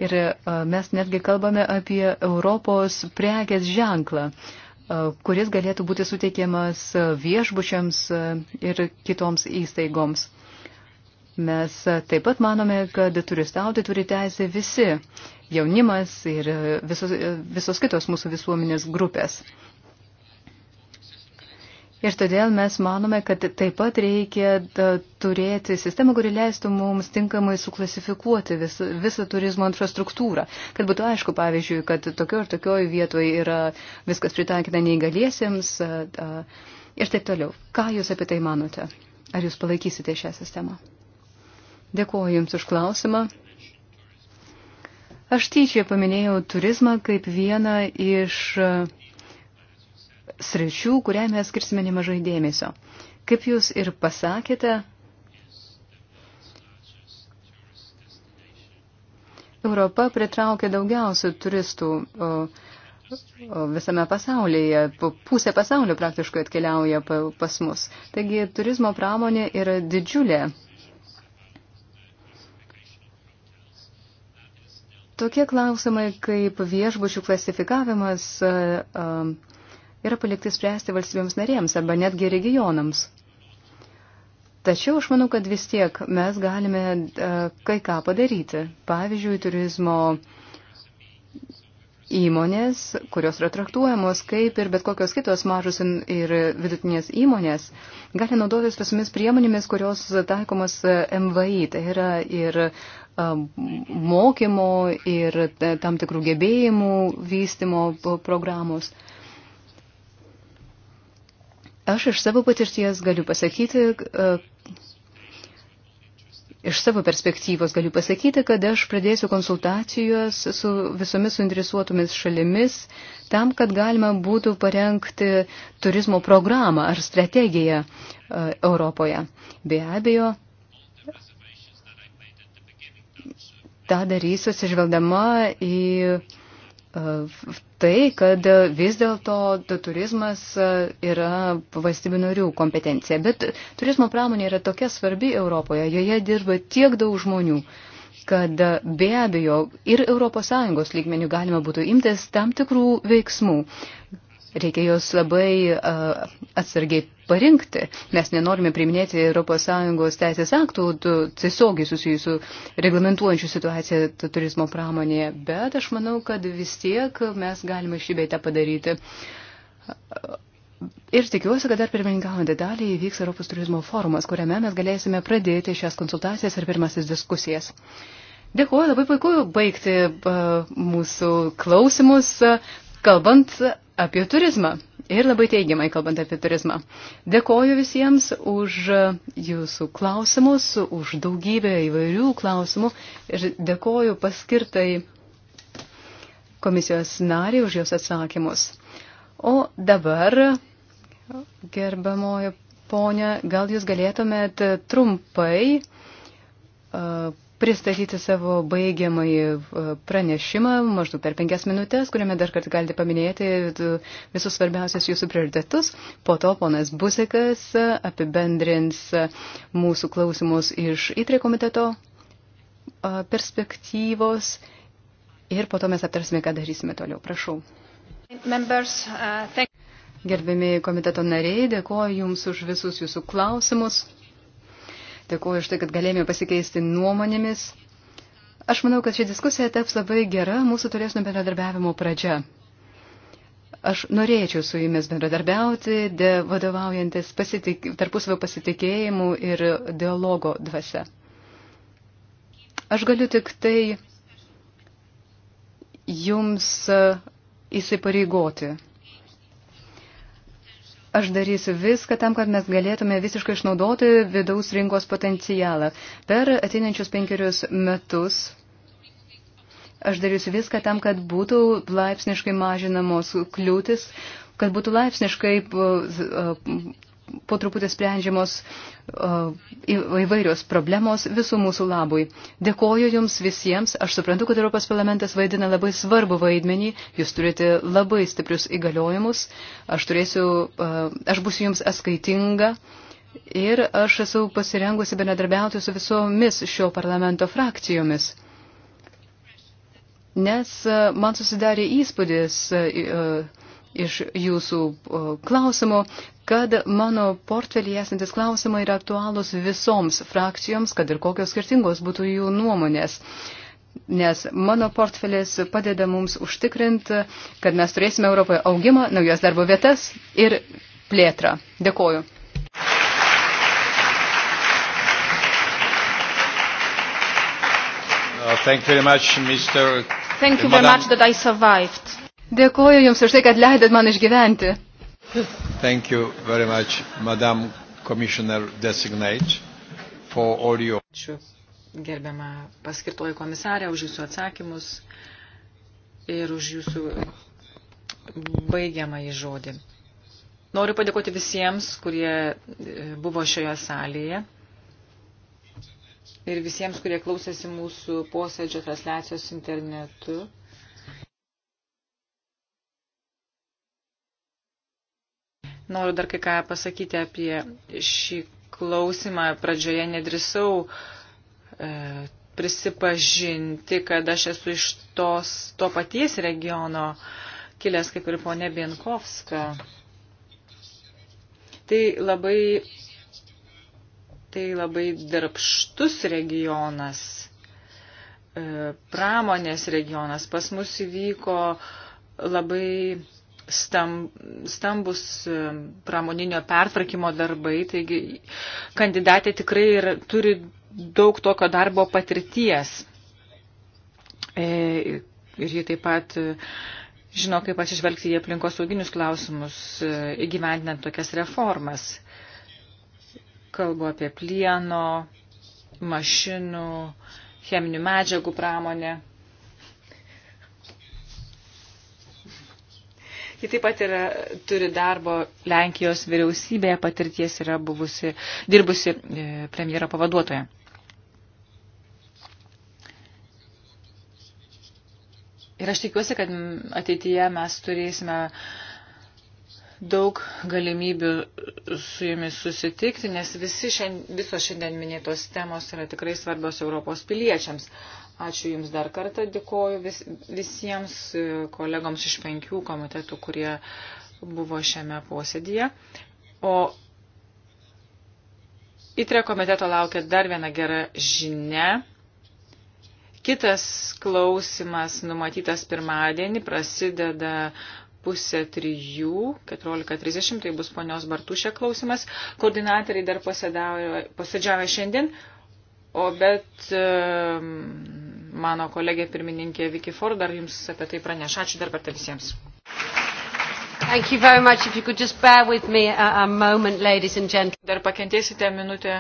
Ir e, mes netgi kalbame apie Europos prekės ženklą kuris galėtų būti suteikiamas viešbučiams ir kitoms įstaigoms. Mes taip pat manome, kad turistauti turi teisę visi - jaunimas ir visos, visos kitos mūsų visuomenės grupės. Ir todėl mes manome, kad taip pat reikia turėti sistemą, kuri leistų mums tinkamai suklasifikuoti vis, visą turizmo infrastruktūrą. Kad būtų aišku, pavyzdžiui, kad tokio ir tokioje vietoje yra viskas pritaikyta neįgaliesiems ir taip toliau. Ką Jūs apie tai manote? Ar Jūs palaikysite šią sistemą? Dėkuoju Jums už klausimą. Aš tyčia paminėjau turizmą kaip vieną iš e, sričių, kurią mes skirsime nemažai dėmesio. Kaip Jūs ir pasakėte, Europa pritraukia daugiausia turistų visame pasaulyje. Pusė pasaulio praktiškai atkeliauja pas mus. Taigi turizmo pramonė yra didžiulė. Tokie klausimai kaip viešbučių klasifikavimas e, e, yra palikti spręsti valstybėms narėms arba netgi regionams. Tačiau aš manau, kad vis tiek mes galime e, kai ką padaryti. Pavyzdžiui, turizmo įmonės, kurios yra traktuojamos kaip ir bet kokios kitos mažos ir vidutinės įmonės, gali naudotis visomis priemonėmis, kurios taikomos MVI. Tai yra ir mokymo ir tam tikrų gebėjimų vystimo programos. Aš iš savo patirties galiu pasakyti, iš savo perspektyvos galiu pasakyti, kad aš pradėsiu konsultacijos su visomis suinteresuotomis šalimis tam, kad galima būtų parengti turizmo programą ar strategiją Europoje. Be abejo, tą darys atsižvelgdama į e, tai, kad vis dėlto turizmas e, yra valstybių narių kompetencija. Bet turizmo pramonė yra tokia svarbi Europoje, joje dirba tiek daug žmonių, kad be abejo ir ES lygmenių galima būtų imtis tam tikrų veiksmų, Reikia jos labai uh, atsargiai parinkti. Mes nenorime priminėti ES teisės aktų tiesiogiai susijusių reglamentuojančių situaciją turizmo pramonėje, bet aš manau, kad vis tiek mes galime šį beitą padaryti. Ir tikiuosi, kad dar pirmininkaujant dalį įvyks Europos turizmo forumas, kuriame mes galėsime pradėti šias konsultacijas ir pirmasis diskusijas. Dėkuoju, labai puiku baigti uh, mūsų klausimus kalbant apie turizmą. Ir labai teigiamai kalbant apie turizmą. Dėkoju visiems už jūsų klausimus, už daugybę įvairių klausimų ir dėkoju paskirtai komisijos nariai už jos atsakymus. O dabar, gerbamojo ponia, gal jūs galėtumėt trumpai uh, pristatyti savo baigiamąjį e, pranešimą maždaug per penkias minutės, kuriame dar kartą galite paminėti e, visus svarbiausias jūsų prioritetus. Po to ponas Busikas apibendrins mūsų klausimus iš įtrė komiteto e, perspektyvos ir po to mes aptarsime, ką darysime toliau. Prašau. Members, uh, Gerbėmi komiteto nariai, dėkuoju Jums už visus Jūsų klausimus. Dėkuoju iš tai, kad galėjome pasikeisti nuomonėmis. Aš manau, kad ši diskusija taps labai gera mūsų tolesnio bendradarbiavimo pradžia. Aš norėčiau su jumis bendradarbiauti, vadovaujantis pasitik, tarpusavio pasitikėjimu ir dialogo dvasia. Aš galiu tik tai jums e, įsipareigoti. Aš darysiu viską tam, kad mes galėtume visiškai išnaudoti vidaus rinkos potencialą. Per ateinančius penkerius metus aš darysiu viską tam, kad būtų laipsniškai mažinamos kliūtis, kad būtų laipsniškai po truputį sprendžiamos įvairios problemos visų mūsų labui. Dėkoju Jums visiems. Aš suprantu, kad Europos parlamentas vaidina labai svarbu vaidmenį. Jūs turite labai stiprius įgaliojimus. Aš, turėsiu, aš būsiu Jums atskaitinga. Ir aš esu pasirengusi bendradarbiauti su visomis šio parlamento frakcijomis. Nes man susidarė įspūdis. Uh, iš jūsų klausimų, kad mano portfelį esantis klausimai yra aktualūs visoms frakcijoms, kad ir kokios skirtingos būtų jų nuomonės. Nes mano portfelis padeda mums užtikrinti, kad mes turėsime Europoje augimą, naujas darbo vietas ir plėtrą. Dėkoju. Thank you very much, Mr. Thank you very much that I survived. Dėkoju Jums už tai, kad leidot man išgyventi. Thank you very much, Madam Commissioner Designate, for all your... Ačiū, gerbiama paskirtoji komisarė, už Jūsų atsakymus ir už Jūsų baigiamą į žodį. Noriu padėkoti visiems, kurie e, buvo šioje salėje ir visiems, kurie klausėsi mūsų posėdžio transliacijos internetu. Noriu dar kai ką pasakyti apie šį klausimą. Pradžioje nedrisau e, prisipažinti, kad aš esu iš tos, to paties regiono kilęs kaip ir ponė Bienkovska. Tai labai, tai labai darbštus regionas, e, pramonės regionas. Pas mus įvyko labai stambus pramoninio pertvarkymo darbai, taigi kandidatė tikrai ir turi daug tokio darbo patirties. E, ir ji taip pat e, žino, kaip pasižvelgti į aplinkos sauginius klausimus, e, įgyvendinant tokias reformas. Kalbu apie plieno, mašinų, cheminių medžiagų pramonę. Ji taip pat yra, turi darbo Lenkijos vyriausybėje, patirties yra buvusi, dirbusi e, premjero pavaduotoje. Ir aš tikiuosi, kad ateityje mes turėsime daug galimybių su jumis susitikti, nes visi šiandien, visos šiandien minėtos temos yra tikrai svarbios Europos piliečiams. Ačiū Jums dar kartą, dėkoju vis, visiems e, kolegoms iš penkių komitetų, kurie buvo šiame posėdėje. O įtre komiteto laukia dar viena gera žinia. Kitas klausimas numatytas pirmadienį prasideda pusę trijų, 14.30, tai bus ponios Bartušė klausimas. Koordinatoriai dar posėdžiavo šiandien, o bet. Um, Mano kolegė pirmininkė Vicky Ford dar jums apie tai praneš. Ačiū dar kartą visiems. Thank you very much. If you could just bear with me a, a moment, ladies and gentlemen. Dar pakentėsite minutę,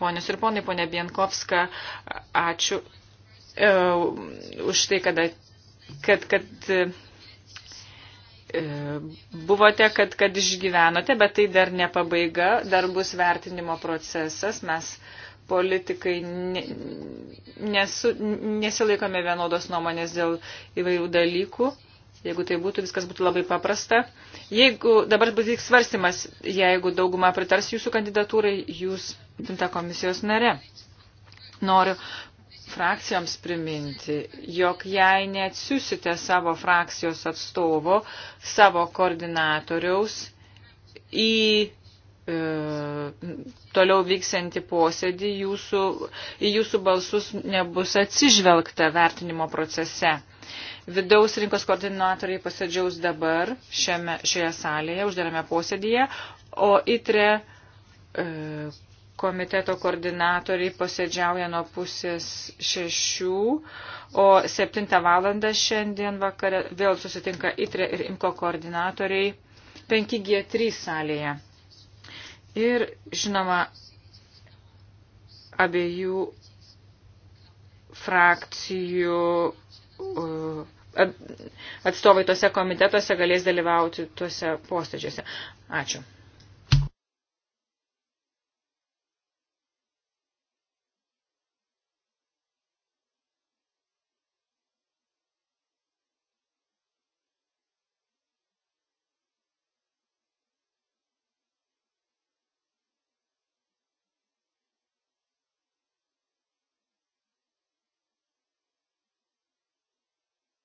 ponios ir ponai, ponė Bienkovska, ačiū uh, už tai, kada, kad, kad uh, buvote, kad, kad išgyvenote, bet tai dar ne pabaiga, dar bus vertinimo procesas. Mes uh, politikai nesu, nesilaikome vienodos nuomonės dėl įvairių dalykų. Jeigu tai būtų, viskas būtų labai paprasta. Jeigu dabar bus vyks svarstymas, jeigu dauguma pritars jūsų kandidatūrai, jūs tinta komisijos nare. Noriu frakcijoms priminti, jog jei neatsiusite savo frakcijos atstovo, savo koordinatoriaus į E, toliau vyksianti posėdį jūsų, į jūsų balsus nebus atsižvelgta vertinimo procese. Vidaus rinkos koordinatoriai posėdžiaus dabar šiame, šioje salėje, uždarame posėdyje, o ITRE e, komiteto koordinatoriai posėdžiauja nuo pusės šešių, o septintą valandą šiandien vakare vėl susitinka ITRE ir IMKO koordinatoriai 5G3 salėje. Ir, žinoma, abiejų frakcijų uh, atstovai tose komitetuose galės dalyvauti tuose posėdžiuose. Ačiū.